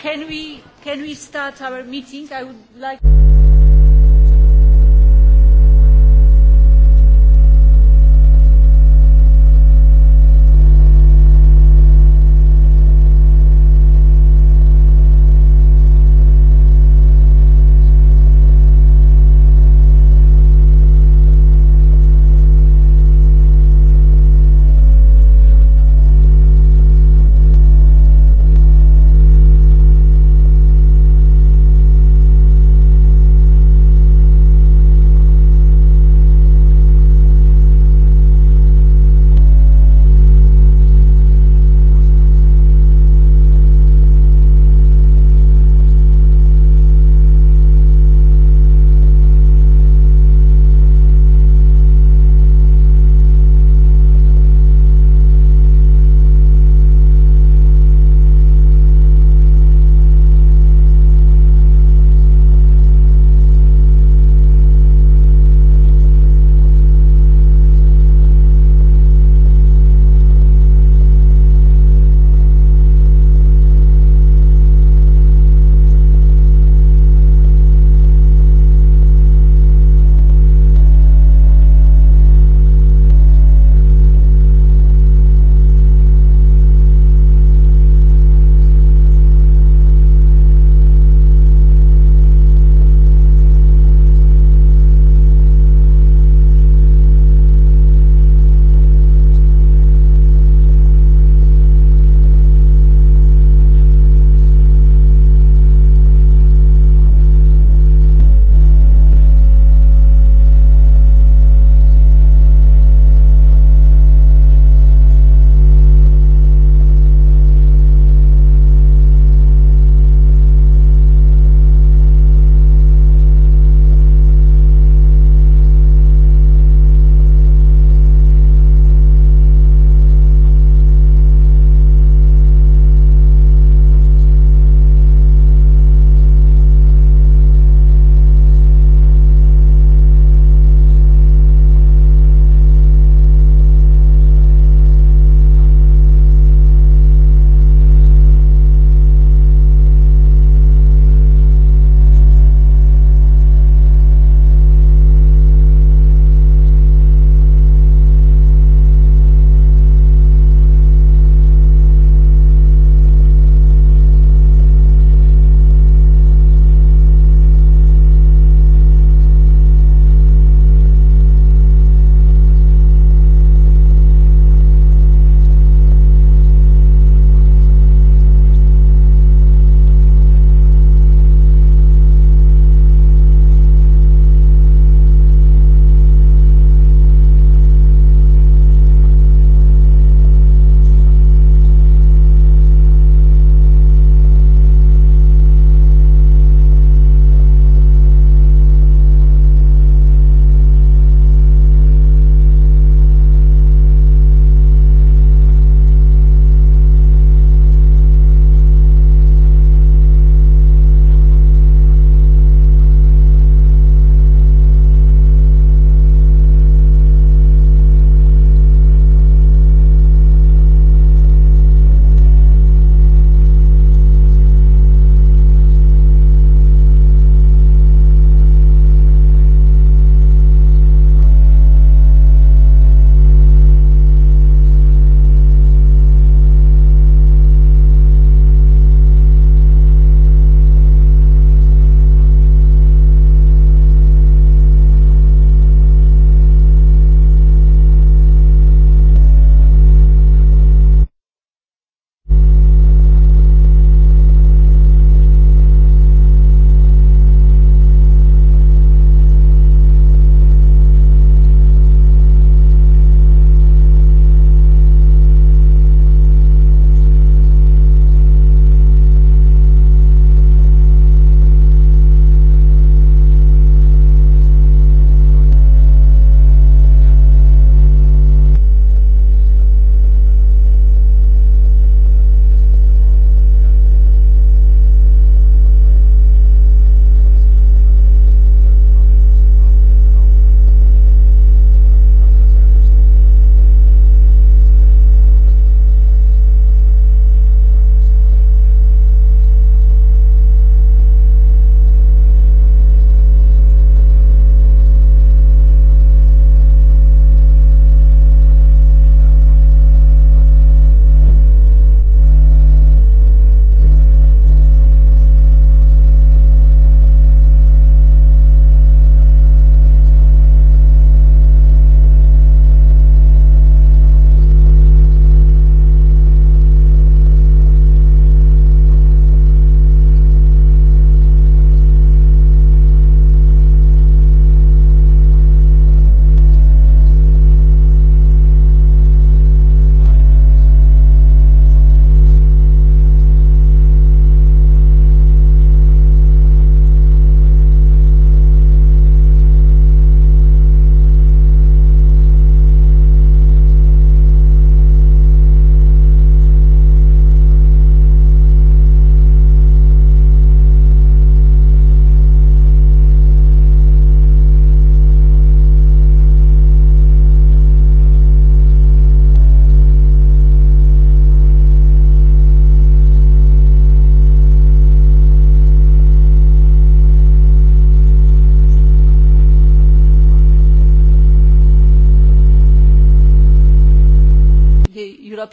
can we can we start our meeting? I would like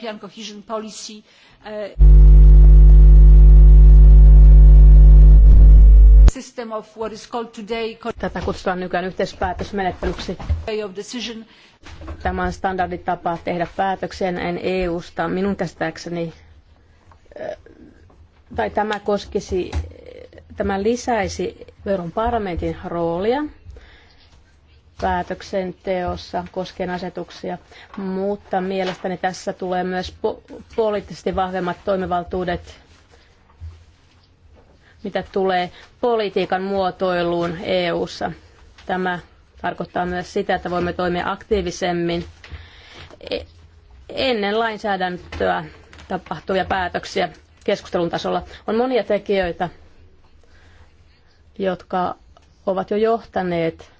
European cohesion policy uh, system of what is called today Tätä kutsutaan nykyään yhteispäätösmenettelyksi. Tämä on standarditapa tehdä päätöksiä näin EU-sta. E minun käsittääkseni, äh, tai tämä koskisi, äh, tämä lisäisi veron parlamentin roolia – päätöksenteossa koskien asetuksia, mutta mielestäni tässä tulee myös po- poliittisesti vahvemmat toimivaltuudet, mitä tulee politiikan muotoiluun EU:ssa. Tämä tarkoittaa myös sitä, että voimme toimia aktiivisemmin e-, ennen lainsäädäntöä tapahtuvia päätöksiä keskustelun tasolla. On monia tekijöitä, jotka ovat jo johtaneet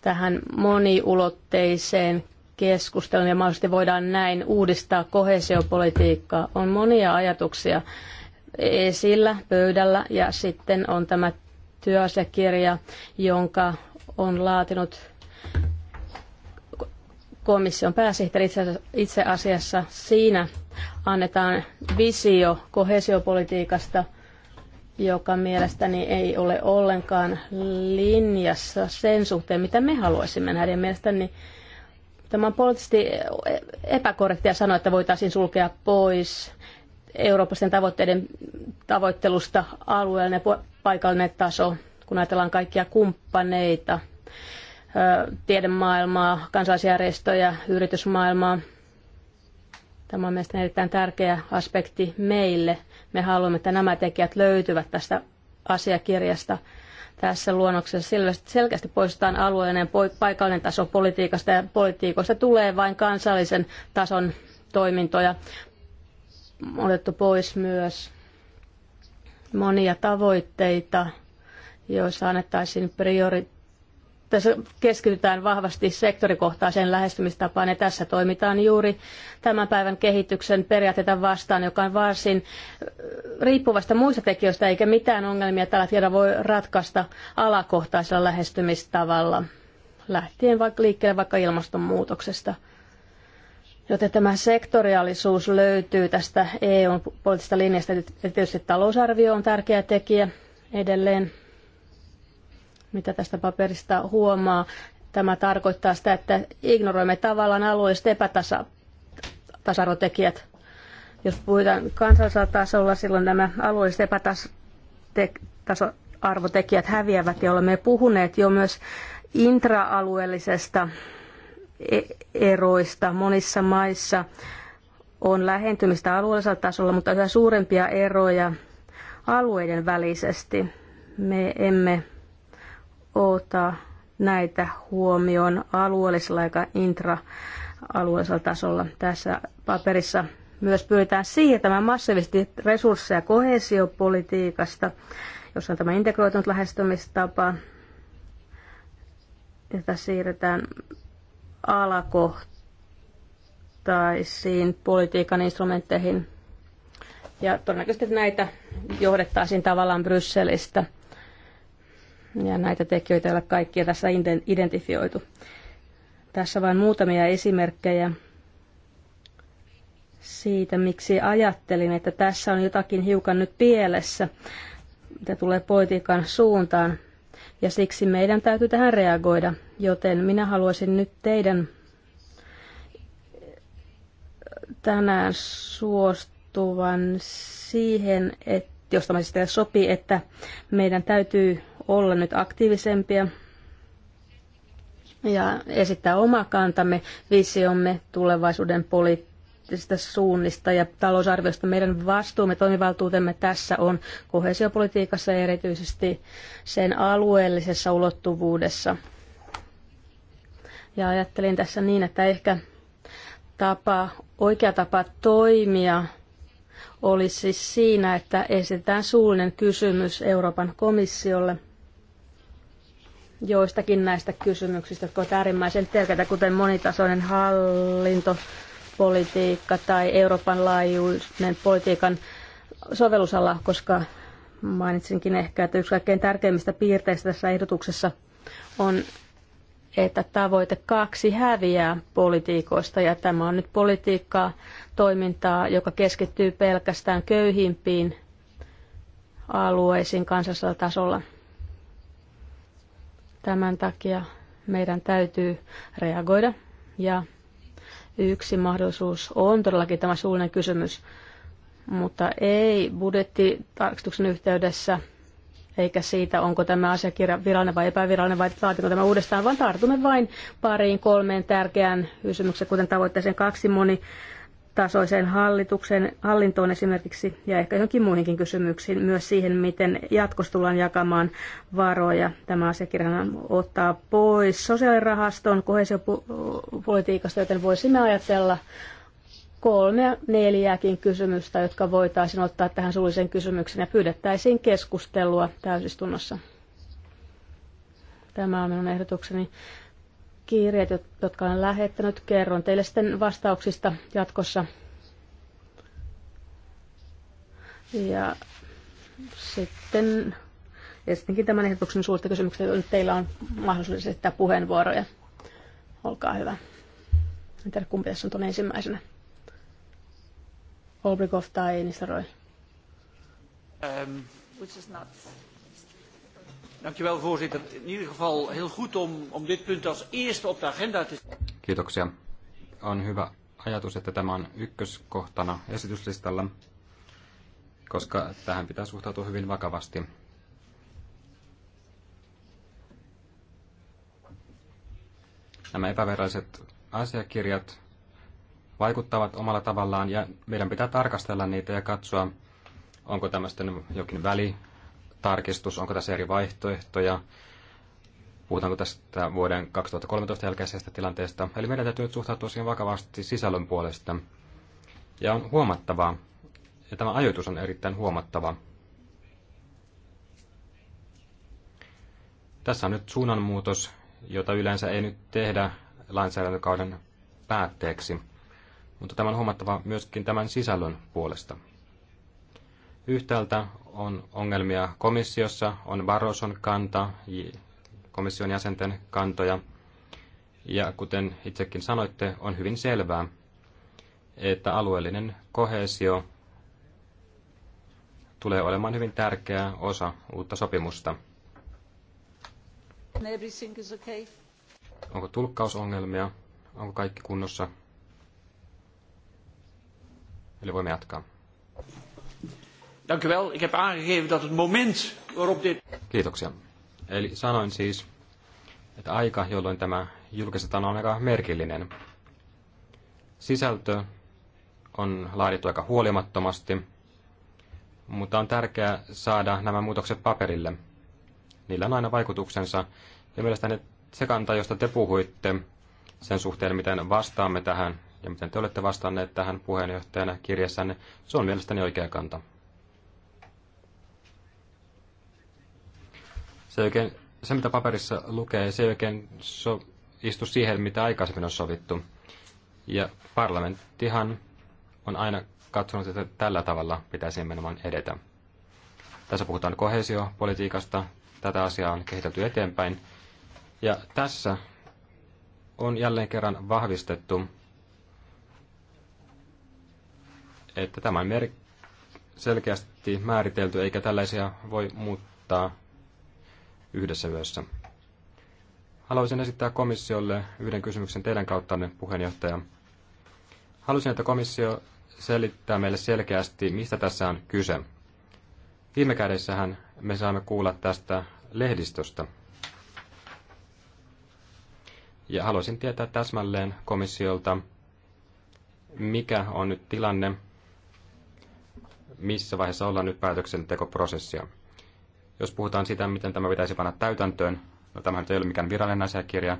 tähän moniulotteiseen keskusteluun ja mahdollisesti voidaan näin uudistaa kohesiopolitiikkaa. On monia ajatuksia esillä pöydällä ja sitten on tämä työasiakirja, jonka on laatinut komission pääsihteeri itse asiassa. Siinä annetaan visio kohesiopolitiikasta – joka mielestäni ei ole ollenkaan linjassa sen suhteen, mitä me haluaisimme nähdä. Mielestäni tämä on poliittisesti epäkorrektia sanoa, että voitaisiin sulkea pois Euroopan tavoitteiden tavoittelusta alueellinen ja paikallinen taso, kun ajatellaan kaikkia kumppaneita, tiedemaailmaa, kansalaisjärjestöjä, yritysmaailmaa. Tämä on mielestäni erittäin tärkeä aspekti meille me haluamme, että nämä tekijät löytyvät tästä asiakirjasta. Tässä luonnoksessa selkeästi poistetaan alueellinen paikallinen taso politiikasta ja politiikoista tulee vain kansallisen tason toimintoja. Otettu pois myös monia tavoitteita, joissa annettaisiin priori- tässä keskitytään vahvasti sektorikohtaiseen lähestymistapaan ja tässä toimitaan juuri tämän päivän kehityksen periaatteita vastaan, joka on varsin äh, riippuvasta muista tekijöistä eikä mitään ongelmia tällä tiedä voi ratkaista alakohtaisella lähestymistavalla lähtien vaikka liikkeelle vaikka ilmastonmuutoksesta. Joten tämä sektoriaalisuus löytyy tästä EUn poliittisesta linjasta. Tietysti talousarvio on tärkeä tekijä edelleen mitä tästä paperista huomaa. Tämä tarkoittaa sitä, että ignoroimme tavallaan alueelliset epätasa Jos puhutaan kansallisella tasolla, silloin nämä alueelliset epätasa-arvotekijät häviävät, ja olemme puhuneet jo myös intraalueellisesta e- eroista monissa maissa on lähentymistä alueellisella tasolla, mutta yhä suurempia eroja alueiden välisesti. Me emme ota näitä huomioon alueellisella eikä intra-alueellisella tasolla. Tässä paperissa myös pyritään siirtämään massiivisesti resursseja kohesiopolitiikasta, jossa on tämä integroitunut lähestymistapa, jota siirretään alakohtaisiin politiikan instrumentteihin. Ja todennäköisesti näitä johdettaisiin tavallaan Brysselistä – ja näitä tekijöitä ei ole kaikkia tässä identifioitu. Tässä vain muutamia esimerkkejä siitä, miksi ajattelin, että tässä on jotakin hiukan nyt pielessä, mitä tulee politiikan suuntaan. Ja siksi meidän täytyy tähän reagoida, joten minä haluaisin nyt teidän tänään suostuvan siihen, että jos tämä sopii, että meidän täytyy olla nyt aktiivisempia ja esittää oma kantamme, visiomme tulevaisuuden poliittisista suunnista ja talousarviosta. Meidän vastuumme, toimivaltuutemme tässä on kohesiopolitiikassa ja erityisesti sen alueellisessa ulottuvuudessa. Ja ajattelin tässä niin, että ehkä tapa, oikea tapa toimia olisi siis siinä, että esitetään suullinen kysymys Euroopan komissiolle – joistakin näistä kysymyksistä, jotka ovat äärimmäisen tärkeitä, kuten monitasoinen hallintopolitiikka tai Euroopan laajuinen politiikan sovellusala, koska mainitsinkin ehkä, että yksi kaikkein tärkeimmistä piirteistä tässä ehdotuksessa on, että tavoite kaksi häviää politiikoista, ja tämä on nyt politiikkaa, toimintaa, joka keskittyy pelkästään köyhimpiin alueisiin kansallisella tasolla. Tämän takia meidän täytyy reagoida ja yksi mahdollisuus on todellakin tämä suullinen kysymys, mutta ei budjettitarkistuksen yhteydessä eikä siitä, onko tämä asiakirja virallinen vai epävirallinen vai vaatiko tämä uudestaan, vaan tartumme vain pariin kolmeen tärkeään kysymykseen, kuten tavoitteeseen kaksi moni tasoiseen hallituksen, hallintoon esimerkiksi ja ehkä johonkin muihinkin kysymyksiin, myös siihen, miten jatkossa tullaan jakamaan varoja. Tämä asiakirja ottaa pois sosiaalirahaston kohesiopolitiikasta, joten voisimme ajatella kolme neljääkin kysymystä, jotka voitaisiin ottaa tähän suulliseen kysymykseen ja pyydettäisiin keskustelua täysistunnossa. Tämä on minun ehdotukseni kirjeet, jotka olen lähettänyt. Kerron teille sitten vastauksista jatkossa. Ja sitten sittenkin tämän ehdotuksen suurta kysymyksestä, joten teillä on mahdollisuus esittää puheenvuoroja. Olkaa hyvä. En tiedä, kumpi tässä on tuon ensimmäisenä. Olbrikov tai Nisaroi. Um, which is not Dankjewel, voorzitter. In ieder geval heel goed om, om dit punt als eerste op de agenda te... Kiitoksia. On hyvä ajatus, että tämä on ykköskohtana esityslistalla, koska tähän pitää suhtautua hyvin vakavasti. Nämä epäviralliset asiakirjat vaikuttavat omalla tavallaan ja meidän pitää tarkastella niitä ja katsoa, onko tämmöisten jokin väli tarkistus, onko tässä eri vaihtoehtoja, puhutaanko tästä vuoden 2013 jälkeisestä tilanteesta. Eli meidän täytyy nyt suhtautua siihen vakavasti sisällön puolesta. Ja on huomattavaa, ja tämä ajoitus on erittäin huomattava. Tässä on nyt suunnanmuutos, jota yleensä ei nyt tehdä lainsäädäntökauden päätteeksi, mutta tämä on huomattava myöskin tämän sisällön puolesta. Yhtäältä on ongelmia komissiossa, on Barroson kanta, komission jäsenten kantoja. Ja kuten itsekin sanoitte, on hyvin selvää, että alueellinen kohesio tulee olemaan hyvin tärkeä osa uutta sopimusta. Okay. Onko tulkkausongelmia? Onko kaikki kunnossa? Eli voimme jatkaa. Dank u wel. Ik heb aangegeven dat het moment waarop dit... Kiitoksia. Eli sanoin siis, että aika, jolloin tämä julkistetaan, on aika merkillinen. Sisältö on laadittu aika huolimattomasti, mutta on tärkeää saada nämä muutokset paperille. Niillä on aina vaikutuksensa, ja mielestäni se kanta, josta te puhuitte, sen suhteen, miten vastaamme tähän ja miten te olette vastanneet tähän puheenjohtajana kirjassanne, se on mielestäni oikea kanta. Se, oikein, se mitä paperissa lukee, se ei oikein so, istu siihen, mitä aikaisemmin on sovittu. Ja parlamenttihan on aina katsonut, että tällä tavalla pitäisi nimenomaan edetä. Tässä puhutaan kohesiopolitiikasta, tätä asiaa on kehitelty eteenpäin. Ja tässä on jälleen kerran vahvistettu, että tämä on selkeästi määritelty, eikä tällaisia voi muuttaa yhdessä yössä. Haluaisin esittää komissiolle yhden kysymyksen teidän kauttanne, puheenjohtaja. Haluaisin, että komissio selittää meille selkeästi, mistä tässä on kyse. Viime kädessähän me saamme kuulla tästä lehdistöstä. Ja haluaisin tietää täsmälleen komissiolta, mikä on nyt tilanne, missä vaiheessa ollaan nyt päätöksentekoprosessia. Jos puhutaan sitä, miten tämä pitäisi panna täytäntöön, no tämä nyt ei ole mikään virallinen asiakirja,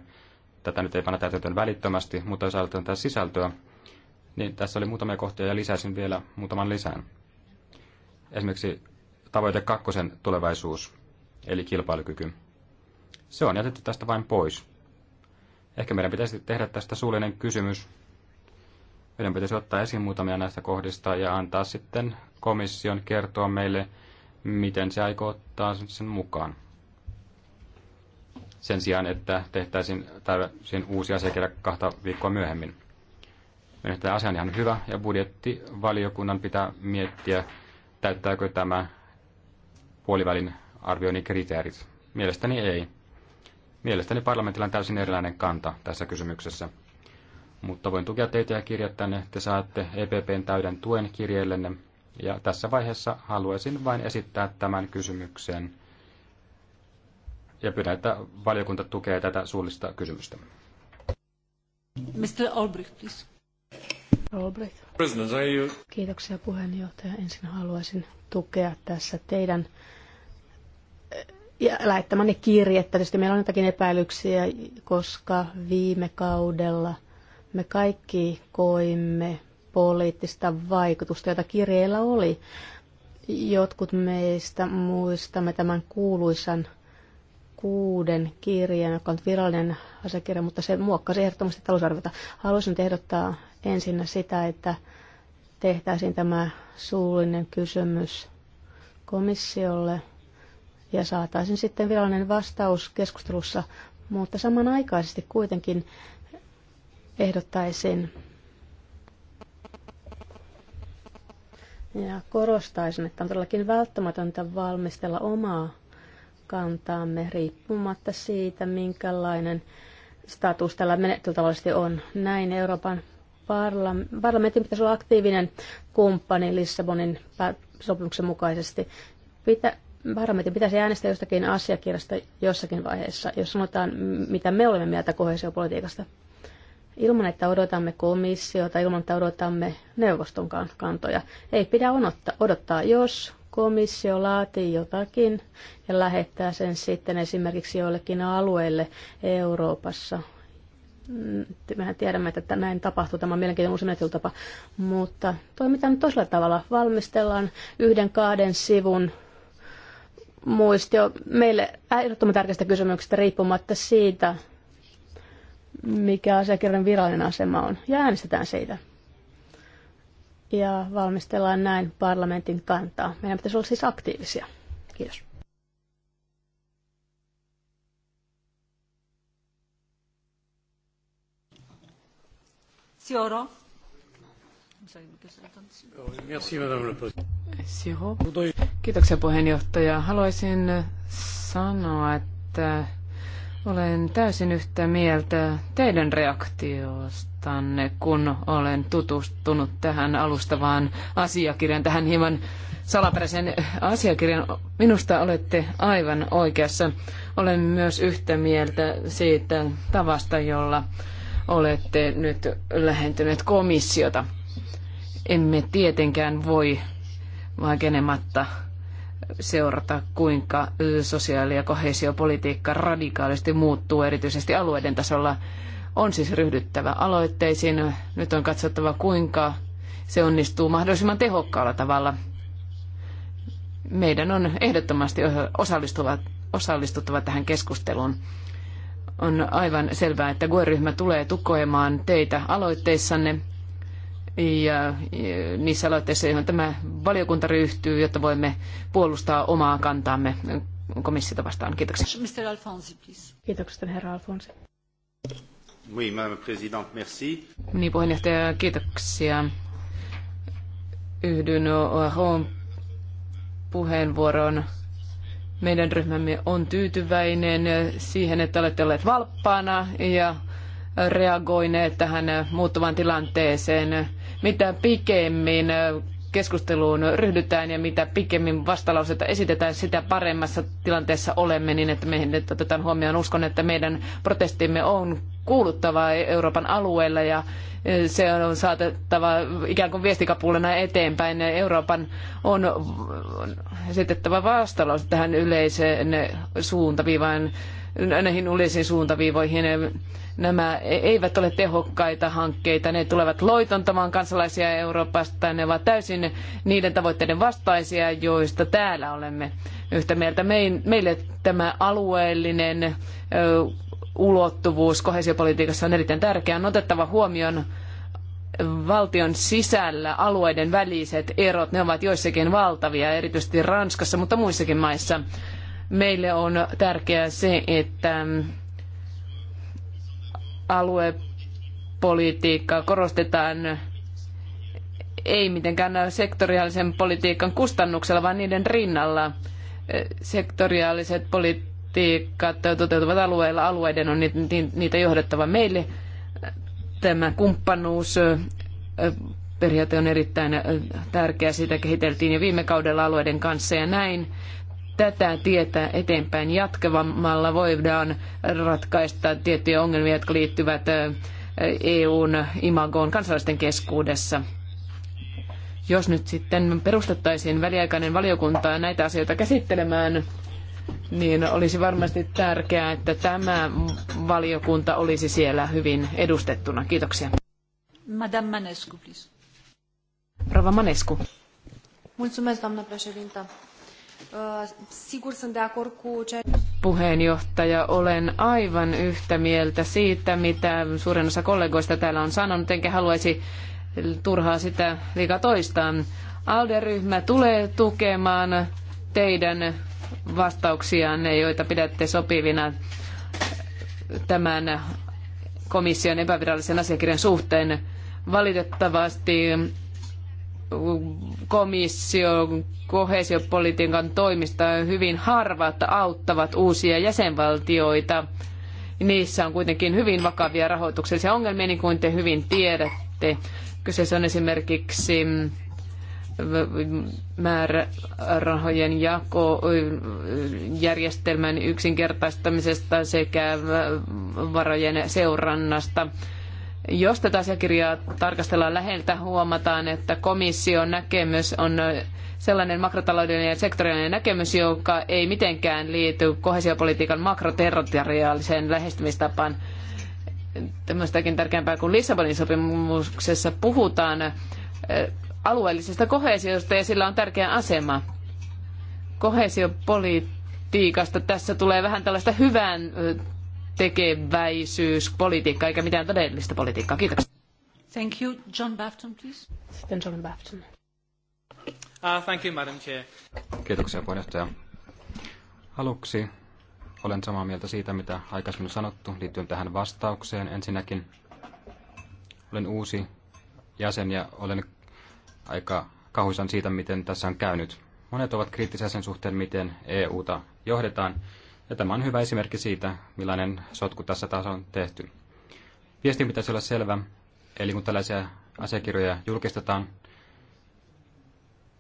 tätä nyt ei panna täytäntöön välittömästi, mutta jos ajatellaan tätä sisältöä, niin tässä oli muutamia kohtia ja lisäsin vielä muutaman lisään. Esimerkiksi tavoite kakkosen tulevaisuus, eli kilpailukyky. Se on jätetty tästä vain pois. Ehkä meidän pitäisi tehdä tästä suullinen kysymys. Meidän pitäisi ottaa esiin muutamia näistä kohdista ja antaa sitten komission kertoa meille, miten se aikoo ottaa sen mukaan. Sen sijaan, että tehtäisiin täysin uusi asiakirja kahta viikkoa myöhemmin. Mielestäni tämä asia on ihan hyvä ja budjettivaliokunnan pitää miettiä, täyttääkö tämä puolivälin arvioinnin kriteerit. Mielestäni ei. Mielestäni parlamentilla on täysin erilainen kanta tässä kysymyksessä. Mutta voin tukea teitä ja kirjoittaa ne. Te saatte EPPn täyden tuen kirjeellenne. Ja tässä vaiheessa haluaisin vain esittää tämän kysymyksen ja pyydän, että valiokunta tukee tätä suullista kysymystä. Mr. Albrecht, please. Albrecht. Kiitoksia puheenjohtaja. Ensin haluaisin tukea tässä teidän ja lähettämänne kirjettä. Tietysti meillä on jotakin epäilyksiä, koska viime kaudella me kaikki koimme poliittista vaikutusta, jota kirjeellä oli. Jotkut meistä muistamme tämän kuuluisan kuuden kirjan, joka on virallinen asiakirja, mutta se muokkasi ehdottomasti talousarviota. Haluaisin ehdottaa ensin sitä, että tehtäisiin tämä suullinen kysymys komissiolle ja saataisiin sitten virallinen vastaus keskustelussa, mutta samanaikaisesti kuitenkin ehdottaisin Ja korostaisin, että on todellakin välttämätöntä valmistella omaa kantaamme riippumatta siitä, minkälainen status tällä menettelytavallisesti on. Näin Euroopan parlamentin pitäisi olla aktiivinen kumppani Lissabonin sopimuksen mukaisesti. Pitä, parlamentin pitäisi äänestää jostakin asiakirjasta jossakin vaiheessa, jos sanotaan, mitä me olemme mieltä kohesiopolitiikasta ilman, että odotamme komissiota, ilman, että odotamme neuvoston kantoja. Ei pidä odottaa, odottaa jos komissio laatii jotakin ja lähettää sen sitten esimerkiksi joillekin alueille Euroopassa. Mm, mehän tiedämme, että näin tapahtuu. Tämä on mielenkiintoinen uusi menettelytapa, mutta toimitaan toisella tavalla. Valmistellaan yhden kahden sivun muistio meille ehdottoman tärkeistä kysymyksistä riippumatta siitä, mikä asiakirjan virallinen asema on, ja äänestetään siitä. Ja valmistellaan näin parlamentin kantaa. Meidän pitäisi olla siis aktiivisia. Kiitos. Sioro. Kiitoksia puheenjohtaja. Haluaisin sanoa, että olen täysin yhtä mieltä teidän reaktiostanne, kun olen tutustunut tähän alustavaan asiakirjan tähän hieman salaperäisen asiakirjan. Minusta olette aivan oikeassa. Olen myös yhtä mieltä siitä tavasta, jolla olette nyt lähentyneet komissiota. Emme tietenkään voi vaikenematta seurata, kuinka sosiaali- ja kohesiopolitiikka radikaalisti muuttuu erityisesti alueiden tasolla. On siis ryhdyttävä aloitteisiin. Nyt on katsottava, kuinka se onnistuu mahdollisimman tehokkaalla tavalla. Meidän on ehdottomasti osallistuva, osallistuttava tähän keskusteluun. On aivan selvää, että GUE-ryhmä tulee tukemaan teitä aloitteissanne ja niissä aloitteissa, joihin tämä valiokunta ryhtyy, jotta voimme puolustaa omaa kantaamme komissiota vastaan. Kiitoksia. Mr. Alfonsi, please. Kiitokset, herra Alfonsi. Oui, madame présidente, merci. Niin, puheenjohtaja, kiitoksia. Yhdyn OHOn puheenvuoroon. Meidän ryhmämme on tyytyväinen siihen, että olette olleet valppaana ja reagoineet tähän muuttuvaan tilanteeseen mitä pikemmin äh, keskusteluun ryhdytään ja mitä pikemmin vastalauseita esitetään, sitä paremmassa tilanteessa olemme niin, että meidät otetaan huomioon. Uskon, että meidän protestimme on kuuluttava Euroopan alueella ja äh, se on saatettava ikään kuin viestikapulana eteenpäin. Euroopan on esitettävä vastalause tähän yleiseen suuntaviivaan, näihin yleisiin suuntaviivoihin Nämä e- eivät ole tehokkaita hankkeita, ne tulevat loitontamaan kansalaisia Euroopasta, ne ovat täysin niiden tavoitteiden vastaisia, joista täällä olemme yhtä mieltä. Meille tämä alueellinen ulottuvuus kohesiopolitiikassa on erittäin tärkeää. On otettava huomioon valtion sisällä alueiden väliset erot, ne ovat joissakin valtavia, erityisesti Ranskassa, mutta muissakin maissa. Meille on tärkeää se, että aluepolitiikkaa korostetaan ei mitenkään sektoriaalisen politiikan kustannuksella, vaan niiden rinnalla. Sektoriaaliset politiikat toteutuvat alueilla, alueiden on niitä johdettava meille. Tämä kumppanuus periaate on erittäin tärkeä, sitä kehiteltiin jo viime kaudella alueiden kanssa ja näin tätä tietä eteenpäin jatkavammalla voidaan ratkaista tiettyjä ongelmia, jotka liittyvät EUn imagoon kansalaisten keskuudessa. Jos nyt sitten perustettaisiin väliaikainen valiokunta näitä asioita käsittelemään, niin olisi varmasti tärkeää, että tämä valiokunta olisi siellä hyvin edustettuna. Kiitoksia. Madame Manescu, please. Rova Manescu. Mulțumesc, doamnă președintă Puheenjohtaja, olen aivan yhtä mieltä siitä, mitä suurin osa kollegoista täällä on sanonut, enkä haluaisi turhaa sitä liikaa toistaa. ALDE-ryhmä tulee tukemaan teidän vastauksianne, joita pidätte sopivina tämän komission epävirallisen asiakirjan suhteen. Valitettavasti komission kohesiopolitiikan toimista hyvin harvat auttavat uusia jäsenvaltioita. Niissä on kuitenkin hyvin vakavia rahoituksellisia ongelmia, niin kuin te hyvin tiedätte. Kyseessä on esimerkiksi mm, mm, määrärahojen jakojärjestelmän mm, yksinkertaistamisesta sekä varojen seurannasta jos tätä asiakirjaa tarkastellaan läheltä, huomataan, että komission näkemys on sellainen makrotaloudellinen ja sektoriallinen näkemys, joka ei mitenkään liity kohesiopolitiikan makroterritoriaaliseen lähestymistapaan. Tämmöistäkin tärkeämpää kuin Lissabonin sopimuksessa puhutaan eh, alueellisesta kohesiosta ja sillä on tärkeä asema. Kohesiopolitiikasta tässä tulee vähän tällaista hyvän eh, tekeväisyyspolitiikka eikä mitään todellista politiikkaa. Kiitoksia. Thank you. John Bafton, please. Sitten John Bafton. Uh, thank you, Madam Chair. Kiitoksia puheenjohtaja. Aluksi olen samaa mieltä siitä, mitä aikaisemmin on sanottu liittyen tähän vastaukseen. Ensinnäkin olen uusi jäsen ja olen aika kahuisan siitä, miten tässä on käynyt. Monet ovat kriittisiä sen suhteen, miten EUta johdetaan ja tämä on hyvä esimerkki siitä, millainen sotku tässä taas on tehty. Viestin pitäisi olla selvä, eli kun tällaisia asiakirjoja julkistetaan,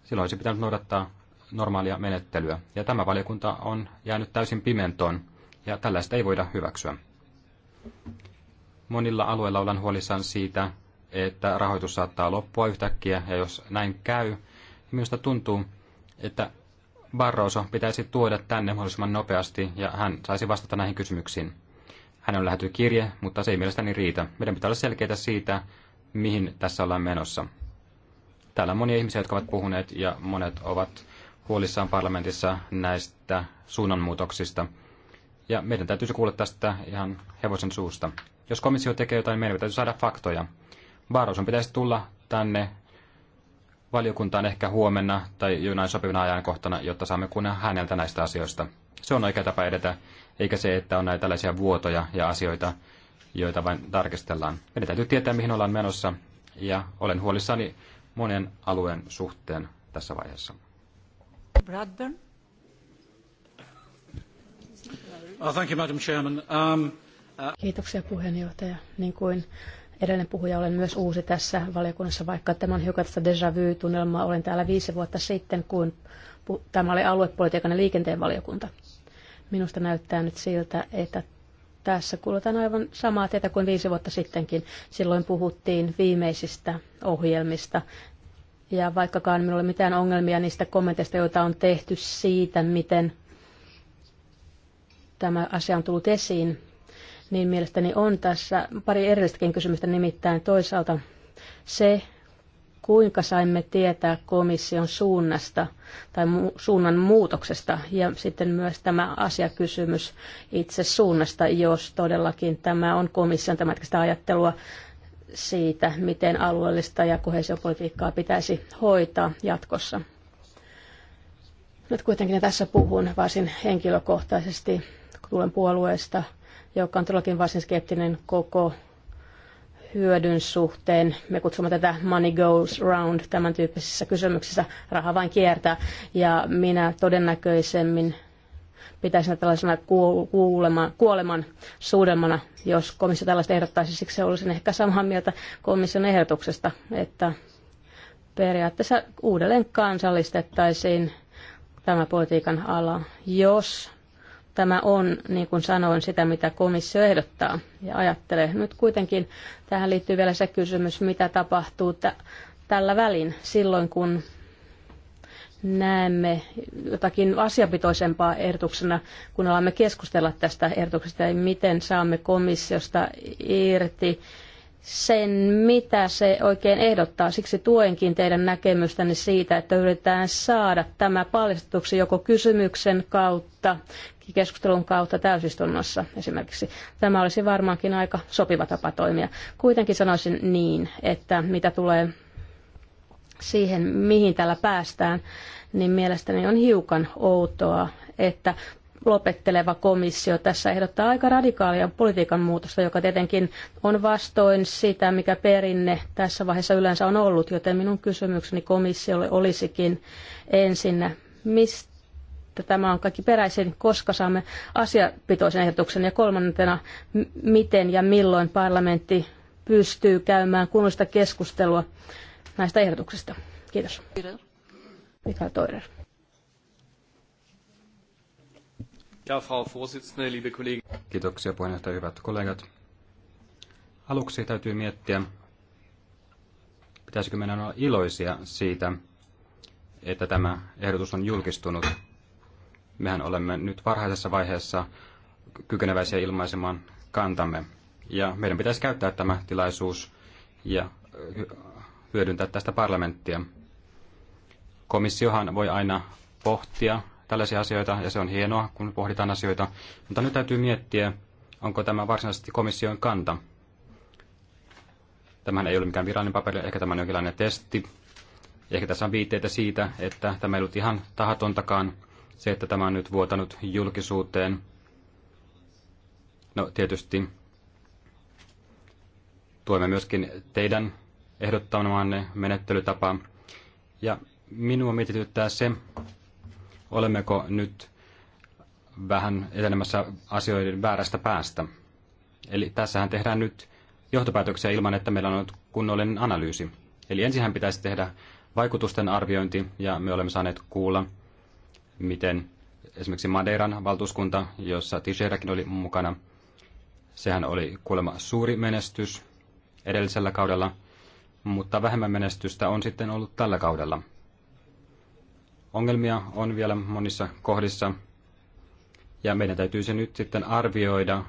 silloin olisi pitänyt noudattaa normaalia menettelyä. Ja tämä valiokunta on jäänyt täysin pimentoon, ja tällaista ei voida hyväksyä. Monilla alueilla ollaan huolissaan siitä, että rahoitus saattaa loppua yhtäkkiä, ja jos näin käy, niin minusta tuntuu, että Barroso pitäisi tuoda tänne mahdollisimman nopeasti ja hän saisi vastata näihin kysymyksiin. Hän on lähetty kirje, mutta se ei mielestäni riitä. Meidän pitää olla selkeitä siitä, mihin tässä ollaan menossa. Täällä on monia ihmisiä, jotka ovat puhuneet ja monet ovat huolissaan parlamentissa näistä suunnanmuutoksista. Ja meidän täytyisi kuulla tästä ihan hevosen suusta. Jos komissio tekee jotain, meidän täytyy saada faktoja. Barroson pitäisi tulla tänne valiokuntaan ehkä huomenna tai jonain sopivana ajankohtana, jotta saamme kuunnella häneltä näistä asioista. Se on oikea tapa edetä, eikä se, että on näitä tällaisia vuotoja ja asioita, joita vain tarkistellaan. Meidän täytyy tietää, mihin ollaan menossa, ja olen huolissani monen alueen suhteen tässä vaiheessa. Bradburn. Oh, thank you, Madam Chairman. Um, uh... Kiitoksia puheenjohtaja. Niin kuin Edellinen puhuja olen myös uusi tässä valiokunnassa, vaikka tämä on hiukan tästä déjà vu-tunnelmaa. Olen täällä viisi vuotta sitten, kun tämä oli aluepolitiikan ja liikenteen valiokunta. Minusta näyttää nyt siltä, että tässä kuljetaan aivan samaa tietä kuin viisi vuotta sittenkin. Silloin puhuttiin viimeisistä ohjelmista. Ja vaikkakaan minulla ei mitään ongelmia niistä kommenteista, joita on tehty siitä, miten tämä asia on tullut esiin, niin mielestäni on tässä pari erillistäkin kysymystä, nimittäin toisaalta se, kuinka saimme tietää komission suunnasta tai mu- suunnan muutoksesta ja sitten myös tämä asiakysymys itse suunnasta, jos todellakin tämä on komission tämänhetkistä ajattelua siitä, miten alueellista ja kohesiopolitiikkaa pitäisi hoitaa jatkossa. Nyt kuitenkin tässä puhun varsin henkilökohtaisesti, tulen puolueesta – joka on todellakin varsin skeptinen koko hyödyn suhteen. Me kutsumme tätä money goes round tämän tyyppisissä kysymyksissä. Raha vain kiertää. Ja minä todennäköisemmin pitäisin tällaisena kuuleman kuoleman suudelmana, jos komissio tällaista ehdottaisi. Siksi olisin ehkä samaa mieltä komission ehdotuksesta, että periaatteessa uudelleen kansallistettaisiin tämä politiikan ala, jos Tämä on, niin kuin sanoin, sitä, mitä komissio ehdottaa ja ajattelee. Nyt kuitenkin tähän liittyy vielä se kysymys, mitä tapahtuu tällä välin silloin, kun näemme jotakin asiapitoisempaa ehdotuksena, kun alamme keskustella tästä ehdotuksesta ja miten saamme komissiosta irti sen, mitä se oikein ehdottaa. Siksi tuenkin teidän näkemystänne siitä, että yritetään saada tämä paljastetuksi joko kysymyksen kautta, keskustelun kautta täysistunnossa esimerkiksi. Tämä olisi varmaankin aika sopiva tapa toimia. Kuitenkin sanoisin niin, että mitä tulee siihen, mihin tällä päästään, niin mielestäni on hiukan outoa, että lopetteleva komissio tässä ehdottaa aika radikaalia politiikan muutosta, joka tietenkin on vastoin sitä, mikä perinne tässä vaiheessa yleensä on ollut, joten minun kysymykseni komissiolle olisikin ensinnä, mistä että tämä on kaikki peräisin, koska saamme asiapitoisen ehdotuksen. Ja kolmantena, miten ja milloin parlamentti pystyy käymään kunnollista keskustelua näistä ehdotuksista. Kiitos. Mikael Toirer. Ja, Frau Vorsitzende, liebe Kiitoksia puheenjohtaja, hyvät kollegat. Aluksi täytyy miettiä, pitäisikö meidän olla iloisia siitä, että tämä ehdotus on julkistunut Mehän olemme nyt varhaisessa vaiheessa kykeneväisiä ilmaisemaan kantamme. Ja meidän pitäisi käyttää tämä tilaisuus ja hyödyntää tästä parlamenttia. Komissiohan voi aina pohtia tällaisia asioita, ja se on hienoa, kun pohditaan asioita. Mutta nyt täytyy miettiä, onko tämä varsinaisesti komission kanta. Tämähän ei ole mikään virallinen paperi, ehkä tämä on jonkinlainen testi. Ehkä tässä on viitteitä siitä, että tämä ei ollut ihan tahatontakaan, se, että tämä on nyt vuotanut julkisuuteen. No tietysti tuemme myöskin teidän ehdottamanne menettelytapaa. Ja minua mietityttää se, olemmeko nyt vähän etenemässä asioiden väärästä päästä. Eli tässähän tehdään nyt johtopäätöksiä ilman, että meillä on ollut kunnollinen analyysi. Eli ensinhän pitäisi tehdä vaikutusten arviointi, ja me olemme saaneet kuulla – miten esimerkiksi Madeiran valtuuskunta, jossa Tijerakin oli mukana, sehän oli kuulemma suuri menestys edellisellä kaudella, mutta vähemmän menestystä on sitten ollut tällä kaudella. Ongelmia on vielä monissa kohdissa, ja meidän täytyy se nyt sitten arvioida,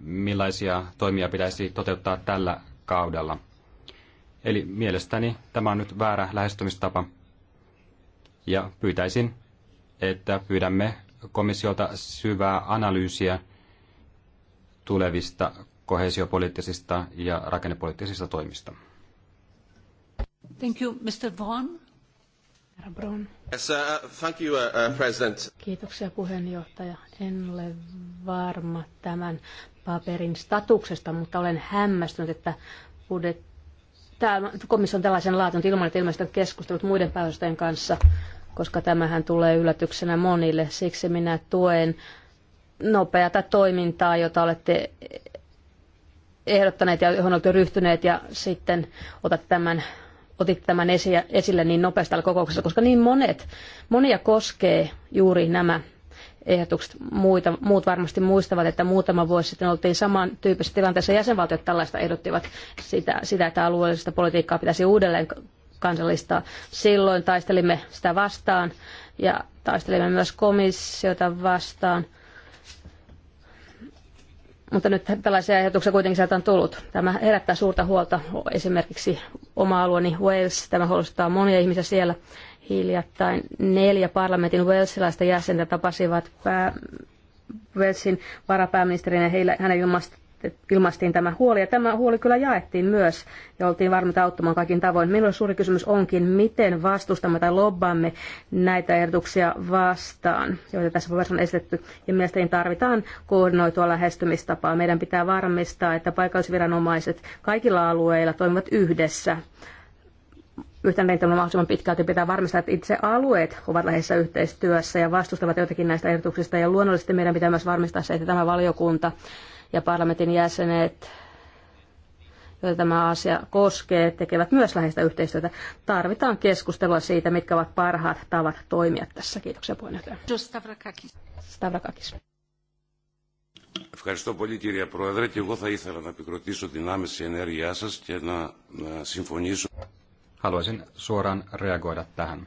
millaisia toimia pitäisi toteuttaa tällä kaudella. Eli mielestäni tämä on nyt väärä lähestymistapa, ja pyytäisin että pyydämme komissiolta syvää analyysiä tulevista kohesiopoliittisista ja rakennepoliittisista toimista. Thank you, Mr. Vaughan. Uh, uh, uh, Kiitoksia puheenjohtaja. En ole varma tämän paperin statuksesta, mutta olen hämmästynyt, että budjet... Tämä komissio on tällaisen laatunut ilman, että ilmeisesti keskustelut muiden päätösten kanssa koska tämähän tulee yllätyksenä monille. Siksi minä tuen nopeata toimintaa, jota olette ehdottaneet ja johon olette ryhtyneet ja sitten otat tämän, otit tämän esille niin nopeasti tällä kokouksessa, koska niin monet, monia koskee juuri nämä ehdotukset. Muita, muut varmasti muistavat, että muutama vuosi sitten oltiin tyyppisessä tilanteessa. Jäsenvaltiot tällaista ehdottivat sitä, sitä että alueellista politiikkaa pitäisi uudelleen Kansallista Silloin taistelimme sitä vastaan ja taistelimme myös komissiota vastaan. Mutta nyt tällaisia ehdotuksia kuitenkin sieltä on tullut. Tämä herättää suurta huolta esimerkiksi oma alueeni Wales. Tämä huolestuttaa monia ihmisiä siellä. Hiljattain neljä parlamentin walesilaista jäsentä tapasivat pää, Walesin varapääministerin ja heillä, hänen ilmastaan ilmaistiin tämä huoli. Ja tämä huoli kyllä jaettiin myös ja oltiin varmita auttamaan kaikin tavoin. Minulle suuri kysymys onkin, miten vastustamme tai lobbaamme näitä ehdotuksia vastaan, joita tässä puheessa on esitetty. Ja mielestäni tarvitaan koordinoitua lähestymistapaa. Meidän pitää varmistaa, että paikallisviranomaiset kaikilla alueilla toimivat yhdessä yhtä rintamalla mahdollisimman pitkälti pitää varmistaa, että itse alueet ovat lähes yhteistyössä ja vastustavat jotakin näistä ehdotuksista. Ja luonnollisesti meidän pitää myös varmistaa se, että tämä valiokunta ja parlamentin jäsenet, joita tämä asia koskee, tekevät myös läheistä yhteistyötä. Tarvitaan keskustelua siitä, mitkä ovat parhaat tavat toimia tässä. Kiitoksia puheenjohtaja. Stavrakakis. Ευχαριστώ πολύ κύριε Πρόεδρε και εγώ θα ήθελα να επικροτήσω την άμεση ενέργειά σας και να, να συμφωνήσω. Haluaisin suoraan reagoida tähän.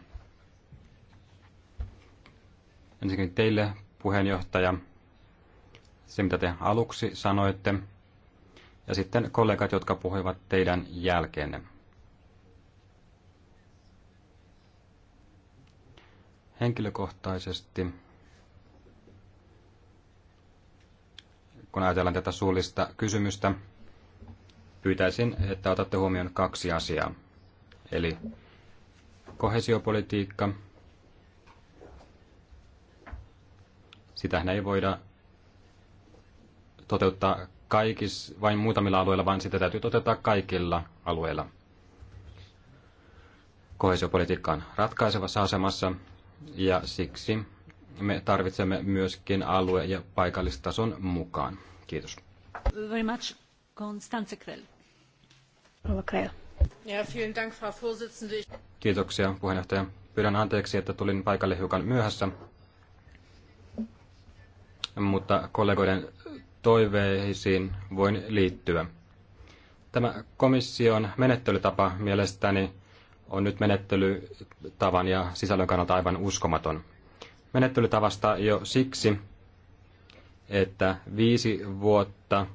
Ensinnäkin teille, puheenjohtaja, se mitä te aluksi sanoitte, ja sitten kollegat, jotka puhuivat teidän jälkeenne. Henkilökohtaisesti, kun ajatellaan tätä suullista kysymystä, pyytäisin, että otatte huomioon kaksi asiaa. Eli kohesiopolitiikka, sitähän ei voida toteuttaa kaikis vain muutamilla alueilla, vaan sitä täytyy toteuttaa kaikilla alueilla. Kohesiopolitiikka on ratkaisevassa asemassa ja siksi me tarvitsemme myöskin alue- ja paikallistason mukaan. Kiitos. Very much. Constanze Krell. Krell. Ja, vielen Dank, Frau Kiitoksia, puheenjohtaja. Pyydän anteeksi, että tulin paikalle hiukan myöhässä, mutta kollegoiden toiveisiin voin liittyä. Tämä komission menettelytapa mielestäni on nyt menettelytavan ja sisällön kannalta aivan uskomaton. Menettelytavasta jo siksi, että viisi vuotta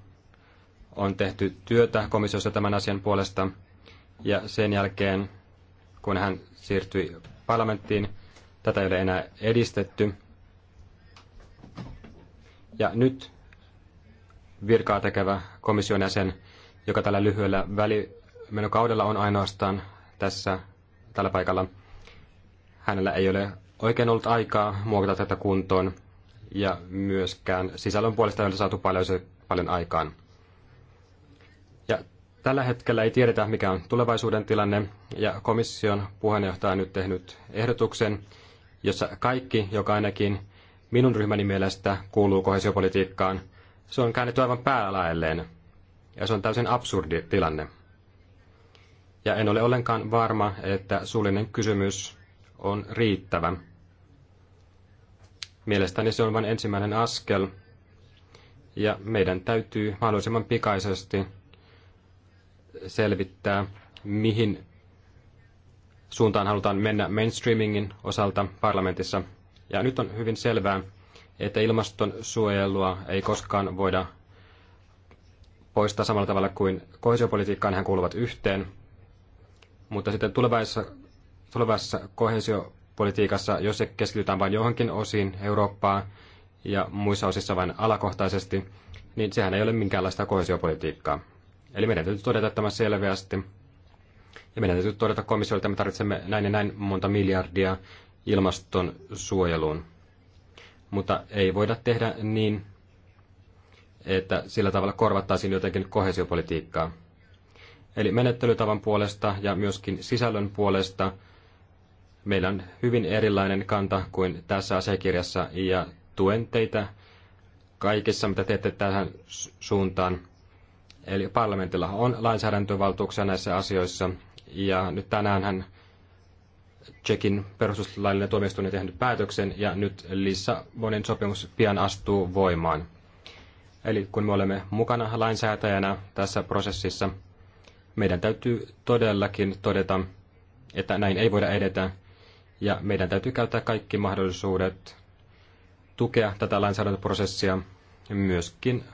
on tehty työtä komissiossa tämän asian puolesta ja sen jälkeen, kun hän siirtyi parlamenttiin, tätä ei ole enää edistetty. Ja nyt virkaa tekevä komission jäsen, joka tällä lyhyellä välimenokaudella on ainoastaan tässä tällä paikalla. Hänellä ei ole oikein ollut aikaa muokata tätä kuntoon ja myöskään sisällön puolesta ei ole saatu paljon, paljon aikaan. Ja tällä hetkellä ei tiedetä, mikä on tulevaisuuden tilanne, ja komission puheenjohtaja on nyt tehnyt ehdotuksen, jossa kaikki, joka ainakin minun ryhmäni mielestä kuuluu kohesiopolitiikkaan, se on käännetty aivan päälaelleen. Ja se on täysin absurdi tilanne. Ja en ole ollenkaan varma, että suullinen kysymys on riittävä. Mielestäni se on vain ensimmäinen askel, ja meidän täytyy mahdollisimman pikaisesti selvittää, mihin suuntaan halutaan mennä mainstreamingin osalta parlamentissa. Ja nyt on hyvin selvää, että ilmastonsuojelua ei koskaan voida poistaa samalla tavalla kuin kohesiopolitiikkaan, hän kuuluvat yhteen. Mutta sitten tulevaisessa, tulevaisessa kohesiopolitiikassa, jos se keskitytään vain johonkin osiin Eurooppaa ja muissa osissa vain alakohtaisesti, niin sehän ei ole minkäänlaista kohesiopolitiikkaa. Eli meidän täytyy todeta tämä selveästi. Ja meidän täytyy todeta komissiolle, että me tarvitsemme näin ja näin monta miljardia ilmaston suojeluun mutta ei voida tehdä niin, että sillä tavalla korvattaisiin jotenkin kohesiopolitiikkaa. Eli menettelytavan puolesta ja myöskin sisällön puolesta meillä on hyvin erilainen kanta kuin tässä asiakirjassa ja tuen teitä kaikissa, mitä teette tähän suuntaan. Eli parlamentilla on lainsäädäntövaltuuksia näissä asioissa ja nyt tänään hän Tsekin perustuslaillinen tuomioistuin on tehnyt päätöksen ja nyt Lissabonin sopimus pian astuu voimaan. Eli kun me olemme mukana lainsäätäjänä tässä prosessissa, meidän täytyy todellakin todeta, että näin ei voida edetä ja meidän täytyy käyttää kaikki mahdollisuudet tukea tätä lainsäädäntöprosessia myöskin